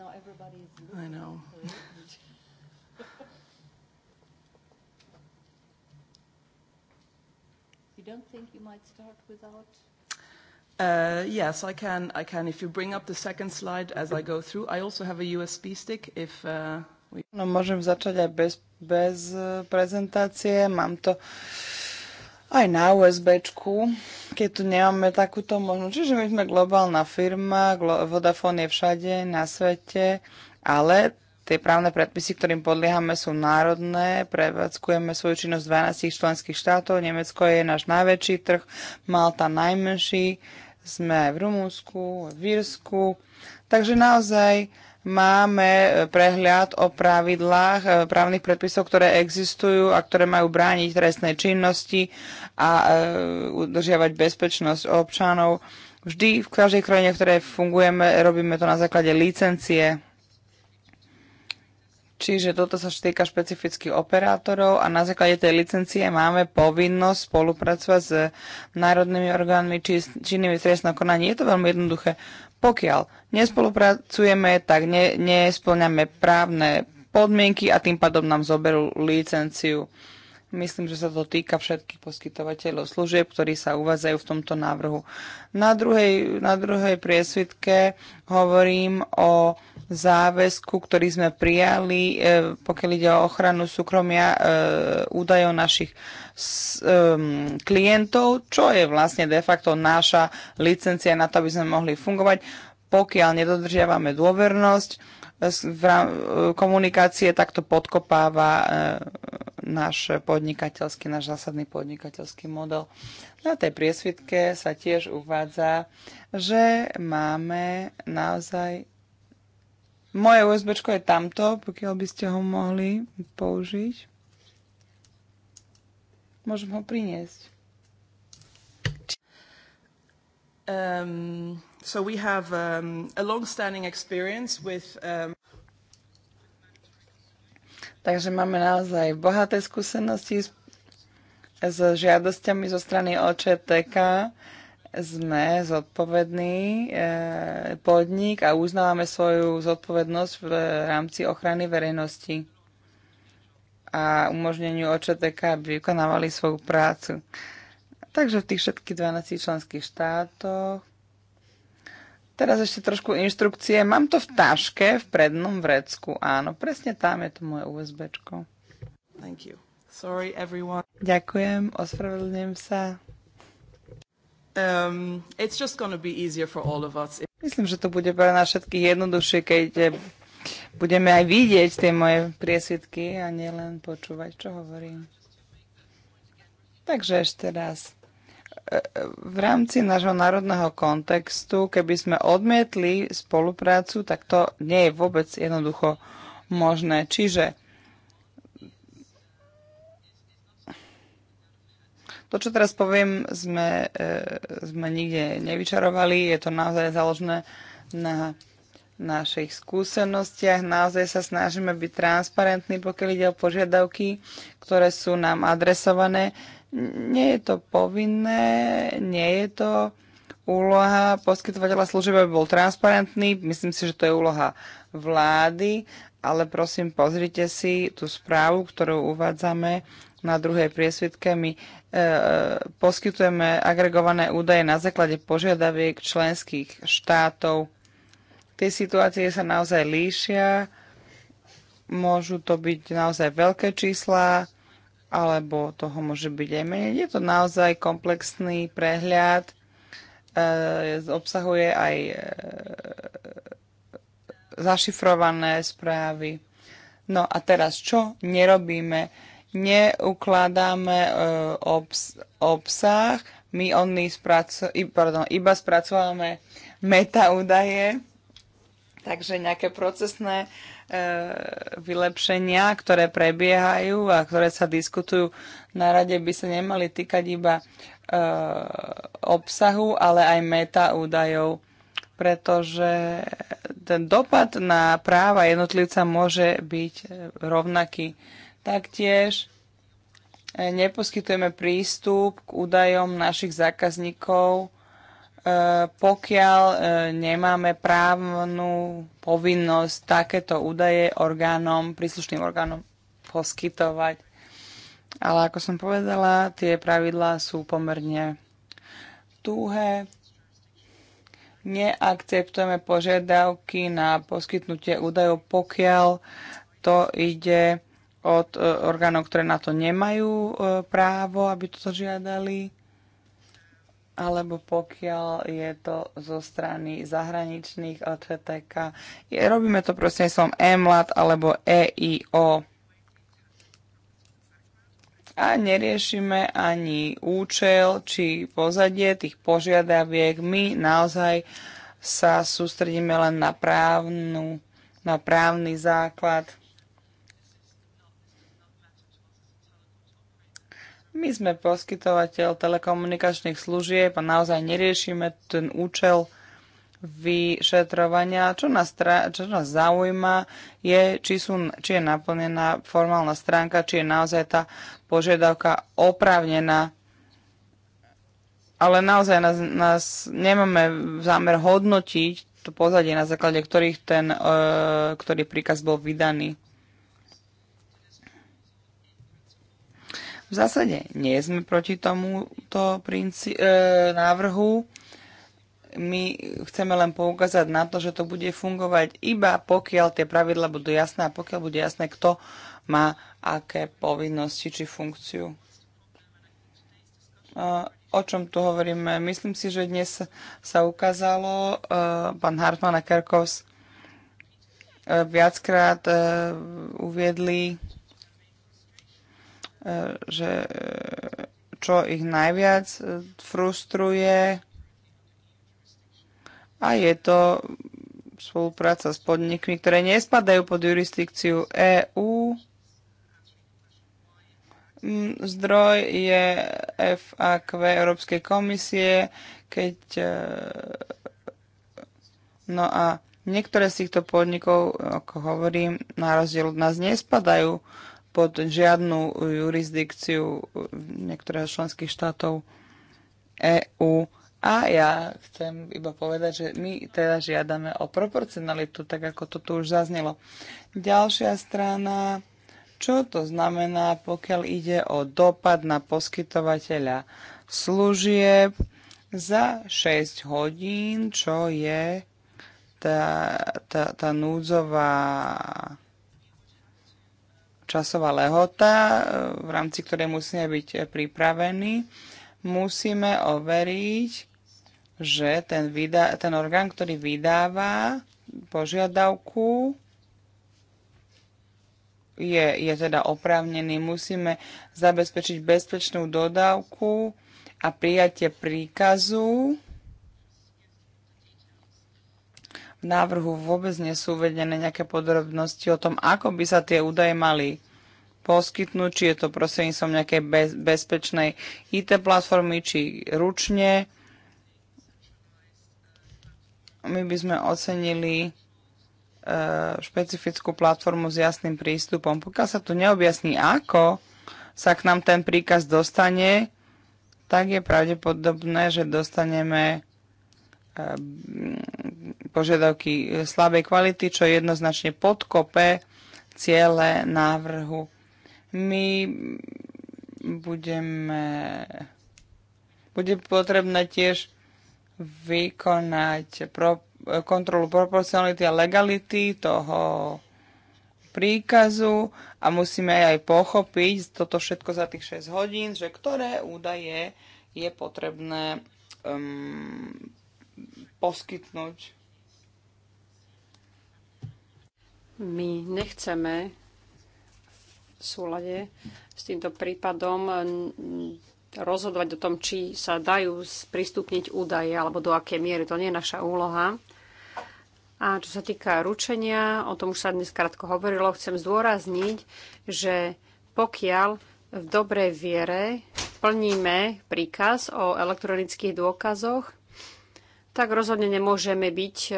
Now everybody's. I know. you don't think you might start without? Uh, yes, I can. I can. If you bring up the second slide as I go through, I also have a USB stick. If uh, we. No, môžem začať aj bez, bez uh, prezentácie. Mám to. Uh, aj na USB, keď tu nemáme takúto možnosť. Čiže my sme globálna firma, Vodafone je všade na svete, ale tie právne predpisy, ktorým podliehame, sú národné. Prevádzkujeme svoju činnosť v 12 členských štátov. Nemecko je náš najväčší trh, Malta najmenší. Sme aj v Rumúnsku, v Írsku. Takže naozaj máme eh, prehľad o pravidlách, eh, právnych predpisov, ktoré existujú a ktoré majú brániť trestnej činnosti a eh, udržiavať bezpečnosť občanov. Vždy v každej krajine, v ktorej fungujeme, robíme to na základe licencie. Čiže toto sa týka špecificky operátorov a na základe tej licencie máme povinnosť spolupracovať s národnými orgánmi či činnými v konaní. Je to veľmi jednoduché. Pokiaľ nespolupracujeme, tak ne, nesplňame právne podmienky a tým pádom nám zoberú licenciu. Myslím, že sa to týka všetkých poskytovateľov služieb, ktorí sa uvádzajú v tomto návrhu. Na druhej, na druhej priesvitke hovorím o záväzku, ktorý sme prijali, eh, pokiaľ ide o ochranu súkromia eh, údajov našich ehm, klientov, čo je vlastne de facto naša licencia na to, aby sme mohli fungovať pokiaľ nedodržiavame dôvernosť v komunikácie, tak to podkopáva e, náš podnikateľský, náš zásadný podnikateľský model. Na tej priesvitke sa tiež uvádza, že máme naozaj... Moje USB je tamto, pokiaľ by ste ho mohli použiť. Môžem ho priniesť. Um... So we have um, a long-standing experience with... Um... Takže máme naozaj bohaté skúsenosti s, s žiadosťami zo strany OČTK. Sme zodpovedný e, podnik a uznávame svoju zodpovednosť v rámci ochrany verejnosti a umožneniu OČTK, aby vykonávali svoju prácu. Takže v tých všetkých 12 členských štátoch Teraz ešte trošku inštrukcie. Mám to v taške, v prednom vrecku. Áno, presne tam je to moje USBčko. Thank you. Sorry, everyone. Ďakujem, ospravedlňujem sa. Um, it's just gonna be easier for all of us. Myslím, že to bude pre nás všetkých jednoduchšie, keď eh, budeme aj vidieť tie moje priesvitky a nielen počúvať, čo hovorím. Takže ešte raz v rámci nášho národného kontextu, keby sme odmietli spoluprácu, tak to nie je vôbec jednoducho možné. Čiže to, čo teraz poviem, sme, e, sme nikde nevyčarovali. Je to naozaj založené na našich skúsenostiach. Naozaj sa snažíme byť transparentní, pokiaľ ide o požiadavky, ktoré sú nám adresované. Nie je to povinné, nie je to úloha poskytovateľa služieb, aby bol transparentný. Myslím si, že to je úloha vlády, ale prosím, pozrite si tú správu, ktorú uvádzame na druhej priesvitke. My e, e poskytujeme agregované údaje na základe požiadaviek členských štátov. Tie situácie sa naozaj líšia, môžu to byť naozaj veľké čísla, alebo toho môže byť aj menej. Je to naozaj komplexný prehľad, e, obsahuje aj e, zašifrované správy. No a teraz, čo nerobíme? Neukladáme e, obs, obsah, my only spraco- pardon, iba spracovávame metaúdaje, takže nejaké procesné e, E, vylepšenia, ktoré prebiehajú a ktoré sa diskutujú na rade, by sa nemali týkať iba e, obsahu, ale aj meta údajov, pretože ten dopad na práva jednotlivca môže byť e, rovnaký. Taktiež neposkytujeme prístup k údajom našich zákazníkov, E, pokiaľ e, nemáme právnu povinnosť takéto údaje orgánom, príslušným orgánom poskytovať. Ale ako som povedala, tie pravidlá sú pomerne tuhé. Neakceptujeme požiadavky na poskytnutie údajov, pokiaľ to ide od e, orgánov, ktoré na to nemajú právo, aby toto žiadali alebo pokiaľ je to zo strany zahraničných LČTK. Je, robíme to som EMLAT alebo EIO. A neriešime ani účel či pozadie tých požiadaviek. My naozaj sa sústredíme len na, právnu, na právny základ My sme poskytovateľ telekomunikačných služieb a naozaj neriešime ten účel vyšetrovania. Čo nás, čo nás zaujíma je, či, sú, či je naplnená formálna stránka, či je naozaj tá požiadavka oprávnená. Ale naozaj nás, nás nemáme zámer hodnotiť to pozadie, na základe ktorých ten, e, ktorý príkaz bol vydaný. V zásade nie sme proti tomuto princí- e, návrhu. My chceme len poukázať na to, že to bude fungovať iba pokiaľ tie pravidla budú jasné a pokiaľ bude jasné, kto má aké povinnosti či funkciu. E o čom tu hovoríme. Myslím si, že dnes sa ukázalo, e, pán Hartmann a Kerkovs e, viackrát e, uviedli E, že e, čo ich najviac e, frustruje a je to spolupráca s podnikmi, ktoré nespadajú pod jurisdikciu EÚ. Mm, zdroj je FAQ Európskej komisie, keď... No a niektoré z týchto podnikov, ako hovorím, na rozdiel od nás nespadajú pod žiadnu jurisdikciu niektorého členských štátov EÚ. A ja chcem iba povedať, že my teda žiadame o proporcionalitu, tak ako to tu už zaznelo. Ďalšia strana, čo to znamená, pokiaľ ide o dopad na poskytovateľa služieb za 6 hodín, čo je tá, tá, tá núdzová časová lehota, e, v rámci ktorej musíme byť pripravení. Musíme overiť, že ten, vydá, ten orgán, ktorý vydáva požiadavku, je, je teda oprávnený. Musíme zabezpečiť bezpečnú dodávku a prijatie príkazu návrhu vôbec nie sú uvedené nejaké podrobnosti o tom, ako by sa tie údaje mali poskytnúť, či je to prostredníctvom nejakej bez, bezpečnej IT platformy, či ručne. My by sme ocenili e, špecifickú platformu s jasným prístupom. Pokiaľ sa tu neobjasní, ako sa k nám ten príkaz dostane, tak je pravdepodobné, že dostaneme Eh, požiadavky slabej kvality, čo jednoznačne podkope ciele návrhu. My budeme, bude potrebné tiež vykonať pro, kontrolu proporcionality a legality toho príkazu a musíme aj pochopiť toto všetko za tých 6 hodín, že ktoré údaje je potrebné um, poskytnúť. My nechceme v súlade s týmto prípadom rozhodovať o tom, či sa dajú sprístupniť údaje alebo do aké miery. To nie je naša úloha. A čo sa týka ručenia, o tom už sa dnes krátko hovorilo, chcem zdôrazniť, že pokiaľ v dobrej viere plníme príkaz o elektronických dôkazoch, tak rozhodne nemôžeme byť, e,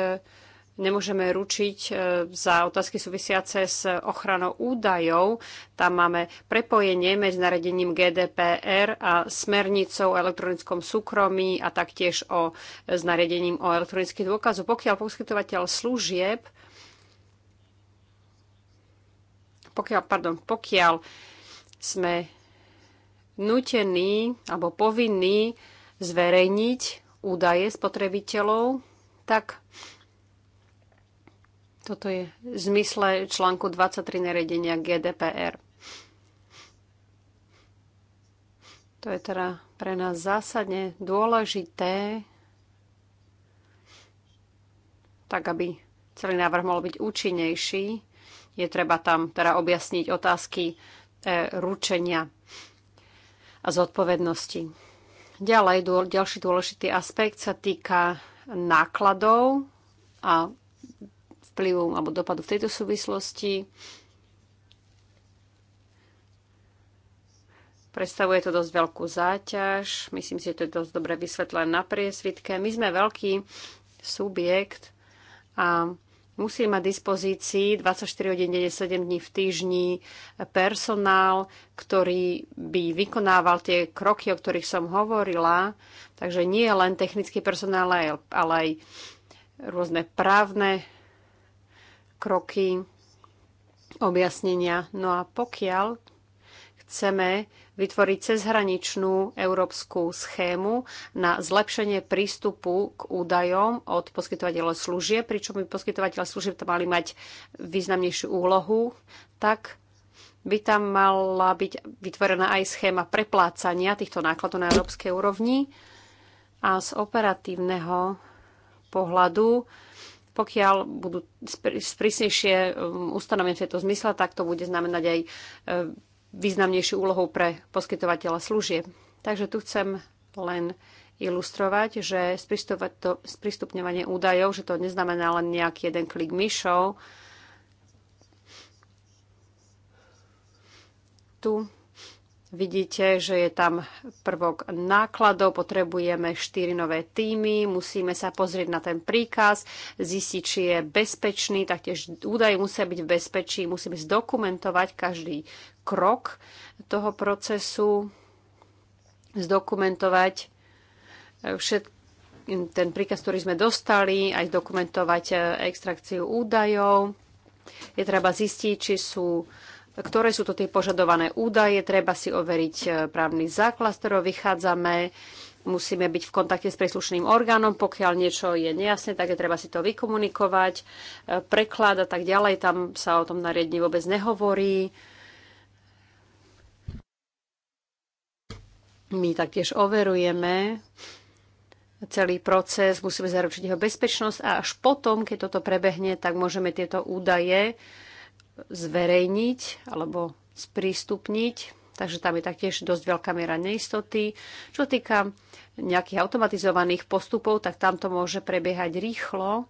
nemôžeme ručiť e, za otázky súvisiace s ochranou údajov. Tam máme prepojenie medzi naredením GDPR a smernicou o elektronickom súkromí a taktiež o, e, s naredením o elektronických dôkazov. Pokiaľ poskytovateľ služieb, pokiaľ, pardon, pokiaľ sme nutení alebo povinní zverejniť údaje spotrebiteľov, tak toto je v zmysle článku 23 nariadenia GDPR. To je teda pre nás zásadne dôležité, tak aby celý návrh mohol byť účinnejší. Je treba tam teda objasniť otázky e, ručenia a zodpovednosti. Ďalej, ďalší dôležitý aspekt sa týka nákladov a vplyvu alebo dopadu v tejto súvislosti. Predstavuje to dosť veľkú záťaž. Myslím si, že to je dosť dobre vysvetlené na priesvitke. My sme veľký subjekt a musí mať dispozícii 24 hodín 7 dní v týždni personál, ktorý by vykonával tie kroky, o ktorých som hovorila. Takže nie len technický personál, ale aj rôzne právne kroky, objasnenia. No a pokiaľ chceme vytvoriť cezhraničnú európsku schému na zlepšenie prístupu k údajom od poskytovateľov služieb, pričom by poskytovateľ služieb tam mali mať významnejšiu úlohu, tak by tam mala byť vytvorená aj schéma preplácania týchto nákladov na európskej úrovni a z operatívneho pohľadu pokiaľ budú sprísnejšie um, ustanovenie v tejto zmysle, tak to bude znamenať aj významnejšiu úlohou pre poskytovateľa služieb. Takže tu chcem len ilustrovať, že to, sprístupňovanie údajov, že to neznamená len nejaký jeden klik myšou. Tu vidíte, že je tam prvok nákladov, potrebujeme štyri nové týmy, musíme sa pozrieť na ten príkaz, zistiť, či je bezpečný, taktiež údaje musia byť v bezpečí, musíme zdokumentovať každý krok toho procesu, zdokumentovať eh, všet, ten príkaz, ktorý sme dostali, aj zdokumentovať eh, extrakciu údajov. Je treba zistiť, či sú ktoré sú to tie požadované údaje, treba si overiť eh, právny základ, z ktorého vychádzame, musíme byť v kontakte s príslušným orgánom, pokiaľ niečo je nejasné, tak je treba si to vykomunikovať, preklad a tak ďalej, tam sa o tom nariadne vôbec nehovorí. My taktiež overujeme celý proces, musíme zaručiť jeho bezpečnosť a až potom, keď toto prebehne, tak môžeme tieto údaje zverejniť alebo sprístupniť. Takže tam je taktiež dosť veľká miera neistoty. Čo týka nejakých automatizovaných postupov, tak tam to môže prebiehať rýchlo,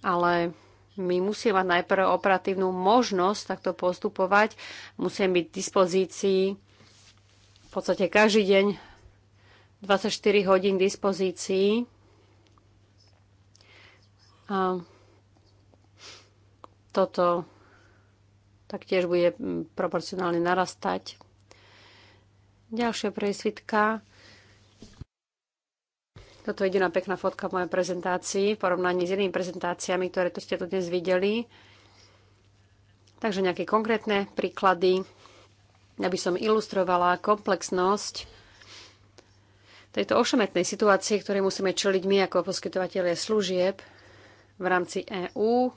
ale my musíme mať najprv operatívnu možnosť takto postupovať, musíme byť v dispozícii v podstate každý deň 24 hodín k dispozícii. A toto taktiež bude proporcionálne narastať. Ďalšia presvitka. Toto je jediná pekná fotka v mojej prezentácii v porovnaní s inými prezentáciami, ktoré tu ste tu dnes videli. Takže nejaké konkrétne príklady aby som ilustrovala komplexnosť tejto ošemetnej situácie, ktorej musíme čeliť my ako poskytovateľe služieb v rámci EÚ,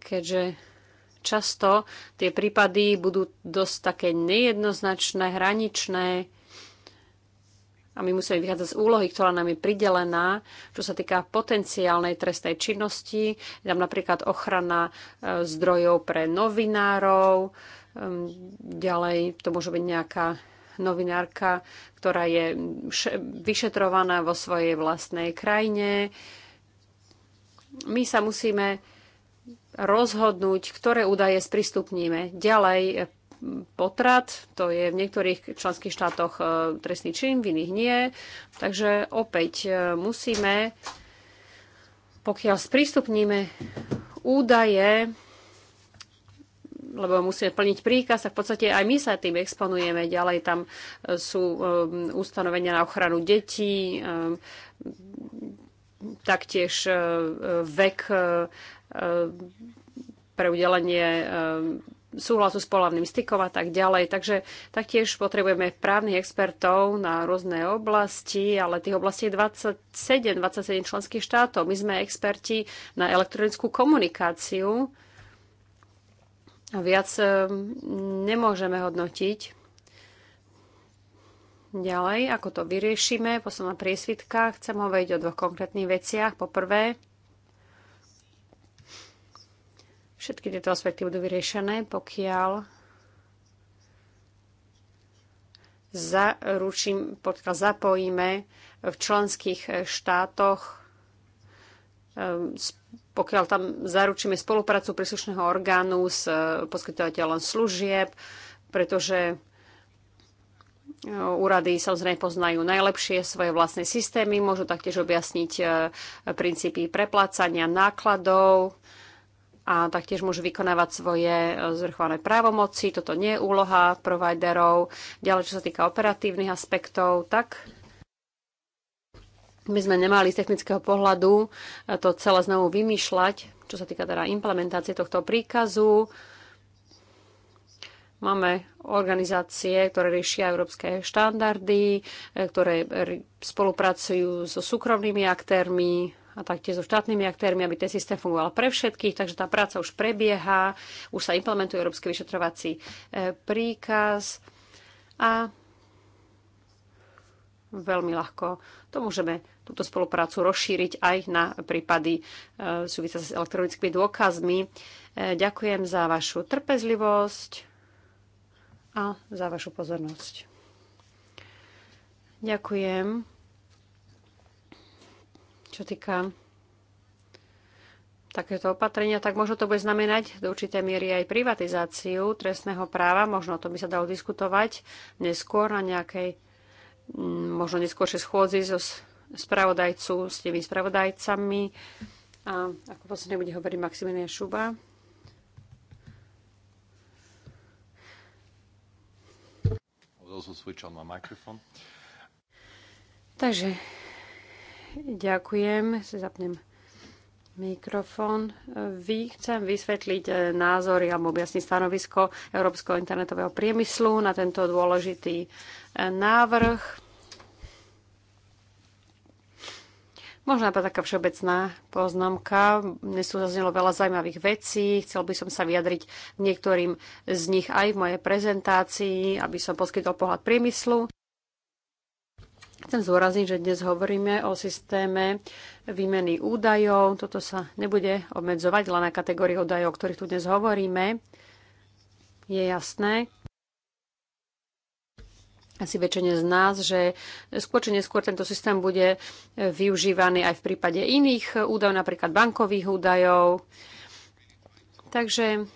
keďže často tie prípady budú dosť také nejednoznačné, hraničné, a my musíme vychádzať z úlohy, ktorá nám je pridelená, čo sa týka potenciálnej trestnej činnosti. tam napríklad ochrana e, zdrojov pre novinárov, ďalej to môže byť nejaká novinárka, ktorá je vyšetrovaná vo svojej vlastnej krajine. My sa musíme rozhodnúť, ktoré údaje sprístupníme. Ďalej potrat, to je v niektorých členských štátoch e, trestný čin, v iných nie. Takže opäť e, musíme, pokiaľ sprístupníme údaje, lebo musíme plniť príkaz, tak v podstate aj my sa tým exponujeme. Ďalej tam e, sú ustanovenia na ochranu detí, taktiež vek pre udelenie súhlasu s polavným stykom a tak ďalej. Takže taktiež potrebujeme právnych expertov na rôzne oblasti, ale tých oblastí je 27, 27 členských štátov. My sme experti na elektronickú komunikáciu a viac eh, nemôžeme hodnotiť. Ďalej, ako to vyriešime, posledná priesvitka, chcem hovoriť o dvoch konkrétnych veciach. Poprvé, Všetky tieto aspekty budú vyriešené, pokiaľ zaručím, pokiaľ zapojíme v členských štátoch, ehm, pokiaľ tam zaručíme spoluprácu príslušného orgánu s e, poskytovateľom služieb, pretože e, Úrady samozrejme poznajú najlepšie svoje vlastné systémy, môžu taktiež objasniť e, princípy preplácania nákladov, a taktiež môžu vykonávať svoje e, zvrchované právomoci. Toto nie je úloha providerov. Ďalej, čo sa týka operatívnych aspektov, tak my sme nemali z technického pohľadu e, to celé znovu vymýšľať, čo sa týka teda implementácie tohto príkazu. Máme organizácie, ktoré riešia európske štandardy, e, ktoré spolupracujú so súkromnými aktérmi, a taktiež so štátnymi aktérmi, aby ten systém fungoval pre všetkých, takže tá práca už prebieha, už sa implementuje Európsky vyšetrovací e, príkaz a veľmi ľahko to môžeme túto spoluprácu rozšíriť aj na prípady e, súvisia s elektronickými dôkazmi. E, ďakujem za vašu trpezlivosť a za vašu pozornosť. Ďakujem čo týka takéto opatrenia, tak možno to bude znamenať do určitej miery aj privatizáciu trestného práva. Možno to by sa dalo diskutovať neskôr na nejakej, mm, možno neskôršie schôdzi so spravodajcu, s tými spravodajcami. A ako posledne bude hovoriť Maximilian Šuba. Takže Ďakujem, si zapnem mikrofón. Vy chcem vysvetliť eh, názory alebo objasniť stanovisko Európskeho internetového priemyslu na tento dôležitý eh, návrh. Možno iba taká všeobecná poznámka. Dnes tu zaznelo veľa zaujímavých vecí. Chcel by som sa vyjadriť niektorým z nich aj v mojej prezentácii, aby som poskytol pohľad priemyslu. Chcem zúraziť, že dnes hovoríme o systéme výmeny údajov. Toto sa nebude obmedzovať len na kategórii údajov, o ktorých tu dnes hovoríme. Je jasné, asi väčšine z nás, že skôr či neskôr tento systém bude využívaný aj v prípade iných údajov, napríklad bankových údajov. Takže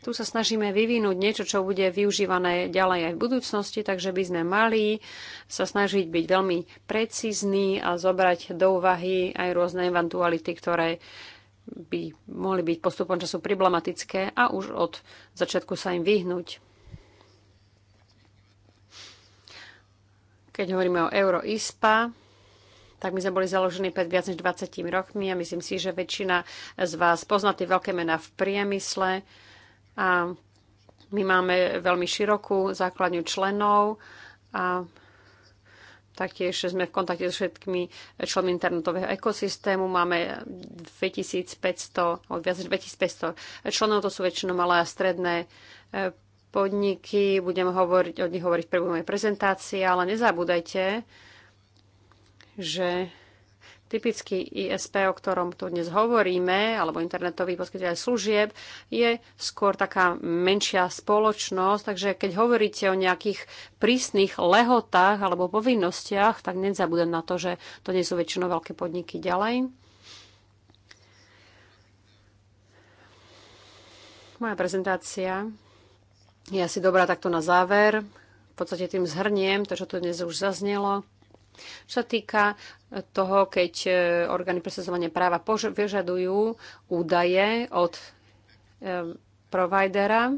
tu sa snažíme vyvinúť niečo, čo bude využívané ďalej aj v budúcnosti, takže by sme mali sa snažiť byť veľmi precízny a zobrať do úvahy aj rôzne eventuality, ktoré by mohli byť postupom času problematické a už od začiatku sa im vyhnúť. Keď hovoríme o Euro-ISPA, tak my sme boli založení pred viac než 20 rokmi a myslím si, že väčšina z vás pozná tie veľké mená v priemysle. A my máme veľmi širokú základňu členov a Taktiež sme v kontakte so všetkými členmi internetového ekosystému. Máme 2500, no, viac než 2500 členov, to sú väčšinou malé a stredné e, podniky. Budem hovoriť, o nich hovoriť v prvom mojej prezentácii, ale nezabúdajte, že Typický ISP, o ktorom tu dnes hovoríme, alebo internetový poskytovateľ služieb, je skôr taká menšia spoločnosť, takže keď hovoríte o nejakých prísnych lehotách alebo povinnostiach, tak nezabudem na to, že to nie sú väčšinou veľké podniky ďalej. Moja prezentácia je asi dobrá takto na záver. V podstate tým zhrniem to, čo tu dnes už zaznelo. Čo sa týka eh, toho, keď eh, orgány presadzovania práva vyžadujú údaje od eh, providera,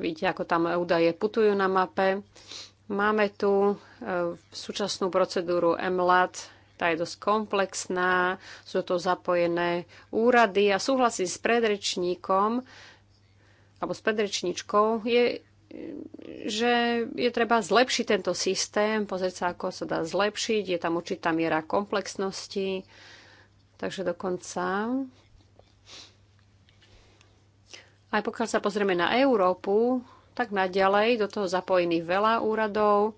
vidíte, ako tam údaje putujú na mape, Máme tu súčasnú procedúru MLAT, tá je dosť komplexná, sú to zapojené úrady a súhlasí s predrečníkom alebo s predrečníčkou je že je treba zlepšiť tento systém, pozrieť sa, ako sa dá zlepšiť, je tam určitá miera komplexnosti, takže dokonca aj pokiaľ sa pozrieme na Európu, tak naďalej do toho zapojených veľa úradov,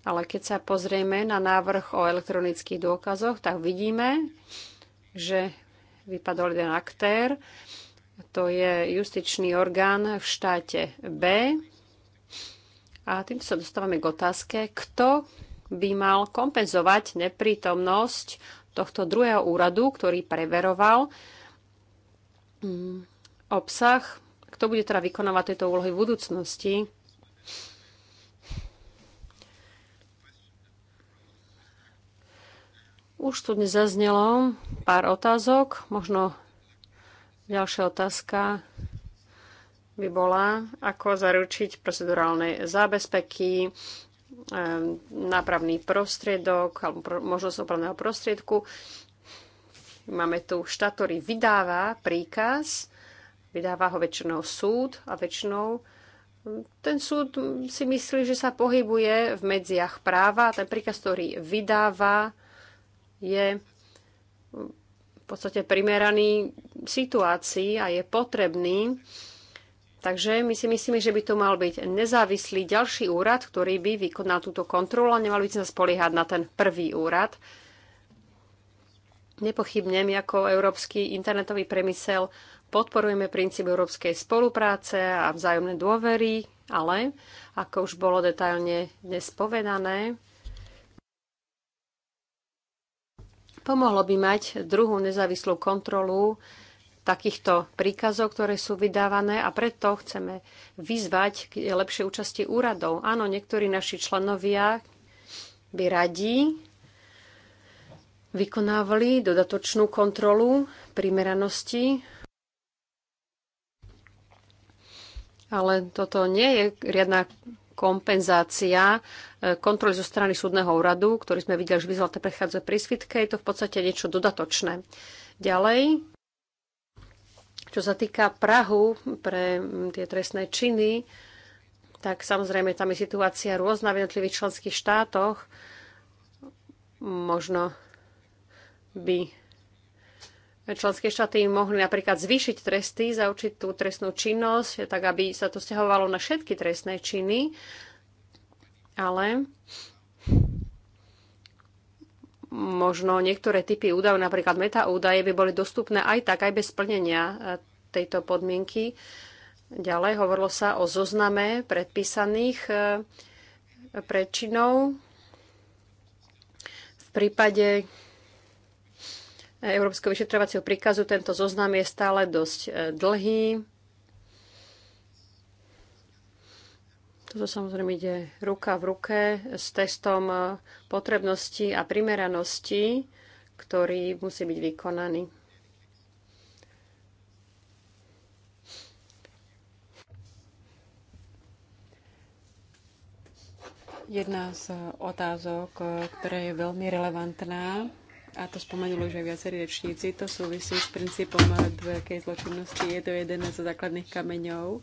ale keď sa pozrieme na návrh o elektronických dôkazoch, tak vidíme, že vypadol jeden aktér, to je justičný orgán v štáte B. A týmto sa dostávame k otázke, kto by mal kompenzovať neprítomnosť tohto druhého úradu, ktorý preveroval mm, obsah. Kto bude teda vykonávať tieto úlohy v budúcnosti? Už tu dnes zaznelo pár otázok, možno Ďalšia otázka by bola, ako zaručiť procedurálne zábezpeky, ehm, nápravný prostriedok alebo možnosť opravného prostriedku. Máme tu štát, ktorý vydáva príkaz, vydáva ho väčšinou súd a väčšinou ehm, ten súd si myslí, že sa pohybuje v medziach práva. Ten príkaz, ktorý vydáva, je podstate primeraný situácii a je potrebný. Takže my si myslíme, že by to mal byť nezávislý ďalší úrad, ktorý by vykonal túto kontrolu a nemal by sa spoliehať na ten prvý úrad. Nepochybne my ako európsky internetový premysel podporujeme princíp európskej spolupráce a vzájomné dôvery, ale ako už bolo detailne dnes povedané, Pomohlo by mať druhú nezávislú kontrolu takýchto príkazov, ktoré sú vydávané a preto chceme vyzvať k lepšej účasti úradov. Áno, niektorí naši členovia by radi vykonávali dodatočnú kontrolu primeranosti, ale toto nie je riadna kompenzácia e, kontroly zo strany súdneho úradu, ktorý sme videli, že vyzval tie prechádza prísvitke. Je to v podstate niečo dodatočné. Ďalej, čo sa týka Prahu pre tie trestné činy, tak samozrejme tam je situácia rôzna v jednotlivých členských štátoch. Možno by členské štáty mohli napríklad zvýšiť tresty za určitú trestnú činnosť, tak aby sa to stiahovalo na všetky trestné činy, ale možno niektoré typy údajov, napríklad metaúdaje, by boli dostupné aj tak, aj bez splnenia e, tejto podmienky. Ďalej hovorilo sa o zozname predpísaných e, prečinov. V prípade Európskeho vyšetrovacieho príkazu. Tento zoznam je stále dosť e, dlhý. Toto samozrejme ide ruka v ruke s testom e, potrebnosti a primeranosti, ktorý musí byť vykonaný. Jedna z otázok, e, ktorá je veľmi relevantná, a to spomenuli už aj viacerí rečníci, to súvisí s princípom dvojakej zločinnosti. Je to jeden zo základných kameňov.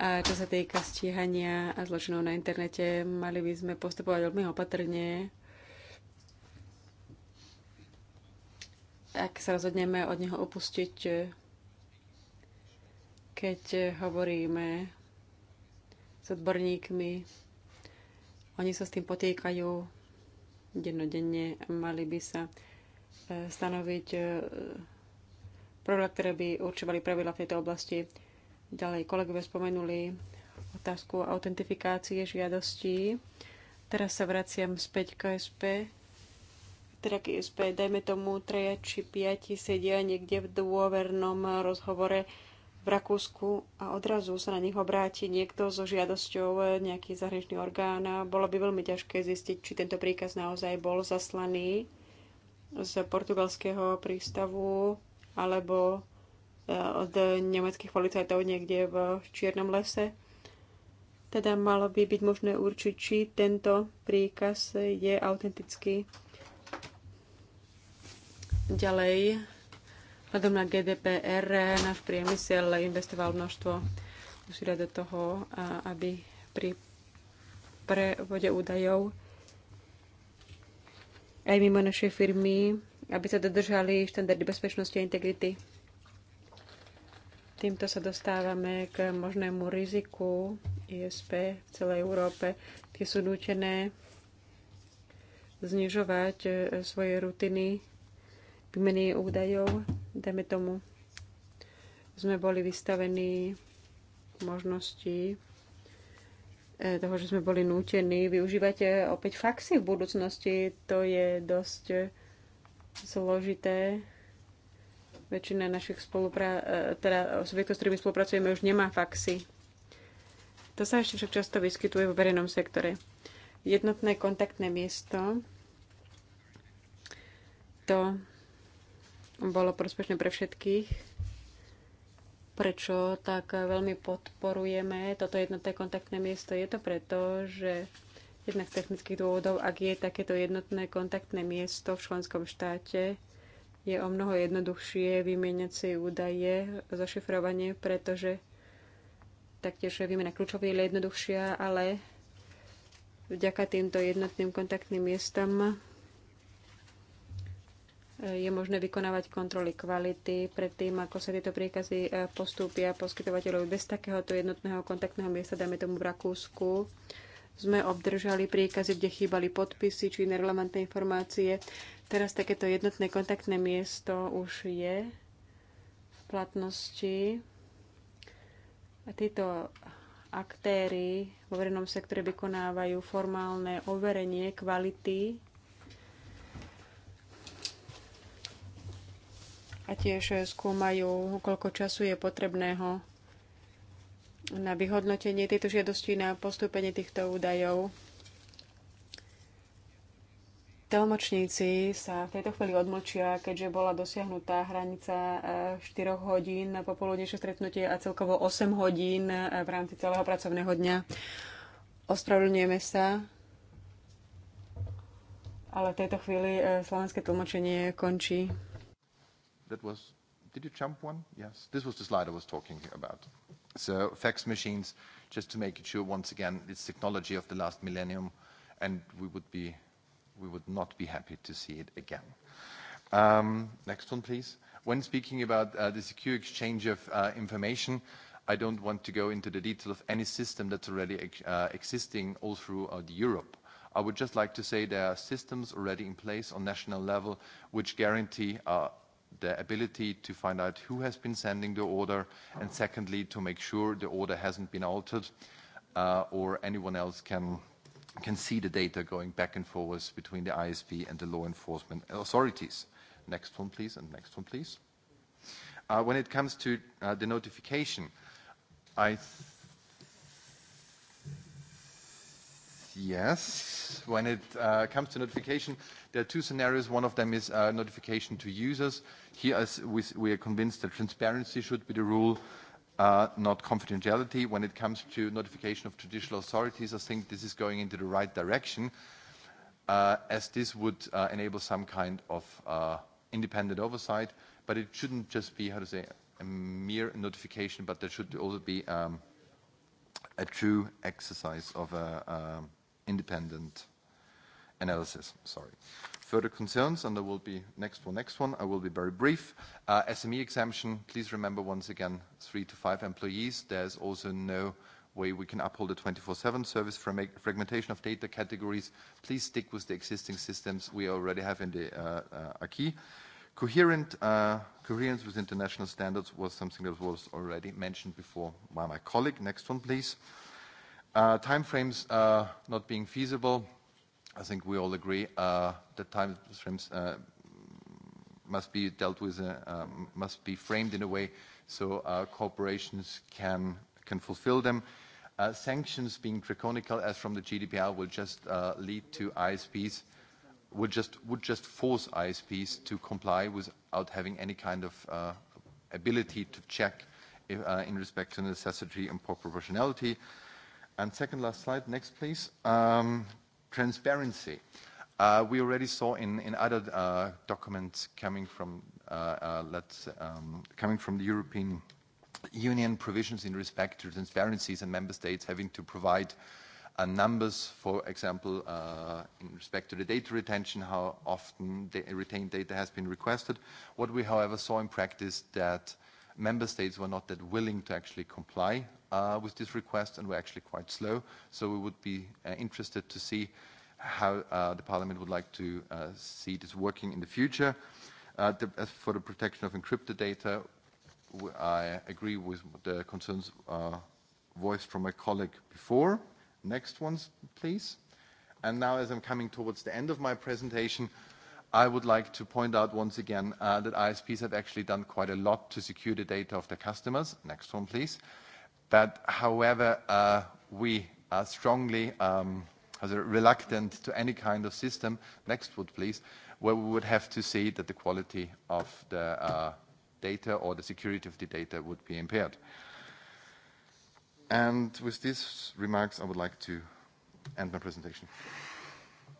A čo sa týka stíhania a zločinov na internete, mali by sme postupovať veľmi opatrne. Ak sa rozhodneme od neho opustiť, keď hovoríme s odborníkmi, oni sa s tým potýkajú dennodenne. Mali by sa e, stanoviť e, pravidla, ktoré by určovali pravidla v tejto oblasti. Ďalej kolegovia spomenuli otázku autentifikácie žiadostí. Teraz sa vraciam späť k SP. Teda k SP, dajme tomu, traja či piati sedia niekde v dôvernom rozhovore v Rakúsku a odrazu sa na nich obráti niekto so žiadosťou e, nejaký zahraničný orgán bolo by veľmi ťažké zistiť, či tento príkaz naozaj bol zaslaný z portugalského prístavu alebo e, od nemeckých policajtov niekde v Čiernom lese. Teda malo by byť možné určiť, či tento príkaz je autentický. Ďalej Vzhľadom na GDPR náš priemysel investoval množstvo úsilia do toho, aby pri prevode údajov aj mimo našej firmy, aby sa dodržali štandardy bezpečnosti a integrity. Týmto sa dostávame k možnému riziku ISP v celej Európe. Tie sú nútené znižovať e, svoje rutiny výmeny údajov dajme tomu, sme boli vystavení možnosti eh, toho, že sme boli nútení Využívate eh, opäť faxy v budúcnosti. To je dosť eh, zložité. Väčšina našich spolupra- teda subjektov, s ktorými spolupracujeme, už nemá faxy. To sa ešte však často vyskytuje v verejnom sektore. Jednotné kontaktné miesto to bolo prospešné pre všetkých. Prečo tak veľmi podporujeme toto jednotné kontaktné miesto? Je to preto, že jednak z technických dôvodov, ak je takéto jednotné kontaktné miesto v členskom štáte, je o mnoho jednoduchšie vymieňať si údaje, zašifrovanie, pretože taktiež výmena kľúčov je jednoduchšia, ale vďaka týmto jednotným kontaktným miestam je možné vykonávať kontroly kvality pred tým, ako sa tieto príkazy e, postúpia poskytovateľov. Bez takéhoto jednotného kontaktného miesta, dajme tomu v Rakúsku, sme obdržali príkazy, kde chýbali podpisy či nerelevantné informácie. Teraz takéto jednotné kontaktné miesto už je v platnosti. A títo aktéry vo verejnom sektore vykonávajú formálne overenie kvality a tiež eh, skúmajú, koľko času je potrebného na vyhodnotenie tejto žiadosti, na postúpenie týchto údajov. Telmočníci sa v tejto chvíli odmlčia, keďže bola dosiahnutá hranica 4 eh, hodín na popoludnejšie stretnutie a celkovo 8 hodín eh, v rámci celého pracovného dňa. Ospravedlňujeme sa, ale v tejto chvíli slovenské tlmočenie končí. That was, did you jump one? Yes. This was the slide I was talking about. So fax machines, just to make it sure, once again, it's technology of the last millennium, and we would be, we would not be happy to see it again. Um, next one, please. When speaking about uh, the secure exchange of uh, information, I don't want to go into the detail of any system that's already ex uh, existing all throughout Europe. I would just like to say there are systems already in place on national level which guarantee uh, the ability to find out who has been sending the order, and secondly, to make sure the order hasn't been altered uh, or anyone else can can see the data going back and forth between the ISP and the law enforcement authorities. Next one, please, and next one, please. Uh, when it comes to uh, the notification, I yes. When it uh, comes to notification, there are two scenarios. One of them is uh, notification to users. Here, as we, we are convinced that transparency should be the rule, uh, not confidentiality. When it comes to notification of judicial authorities, I think this is going into the right direction, uh, as this would uh, enable some kind of uh, independent oversight. But it shouldn't just be, how to say, a mere notification, but there should also be um, a true exercise of a, uh, um, independent analysis. Sorry. Further concerns, and there will be next one, next one. I will be very brief. Uh, SME exemption, please remember once again, three to five employees. There's also no way we can uphold a 24/7 service from fragmentation of data categories. Please stick with the existing systems we already have in the uh, uh, acquis. Coherent, uh, coherence with international standards was something that was already mentioned before by my colleague. Next one, please. Uh, frames uh, not being feasible, I think we all agree uh, that frames uh, must be dealt with, uh, um, must be framed in a way so uh, corporations can, can fulfill them. Uh, sanctions being draconical as from the GDPR will just uh, lead to ISPs, would just, would just force ISPs to comply without having any kind of uh, ability to check if, uh, in respect to necessity and proportionality. And second last slide, next please. Um, transparency. Uh, we already saw in, in other uh, documents coming from, uh, uh, let's, um, coming from the European Union provisions in respect to transparencies and member states having to provide uh, numbers, for example, uh, in respect to the data retention, how often the retained data has been requested. What we, however, saw in practice that member states were not that willing to actually comply uh, with this request and were actually quite slow. So we would be uh, interested to see how uh, the Parliament would like to uh, see this working in the future. Uh, the, as for the protection of encrypted data, I agree with the concerns uh, voiced from my colleague before. Next ones, please. And now as I'm coming towards the end of my presentation, i would like to point out once again uh, that ISPs have actually done quite a lot to secure the data of their customers. Next one, please. But however, uh, we are strongly um, reluctant to any kind of system, next one, please, where we would have to see that the quality of the uh, data or the security of the data would be impaired. And with these remarks, I would like to end my presentation.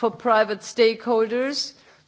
for private stakeholders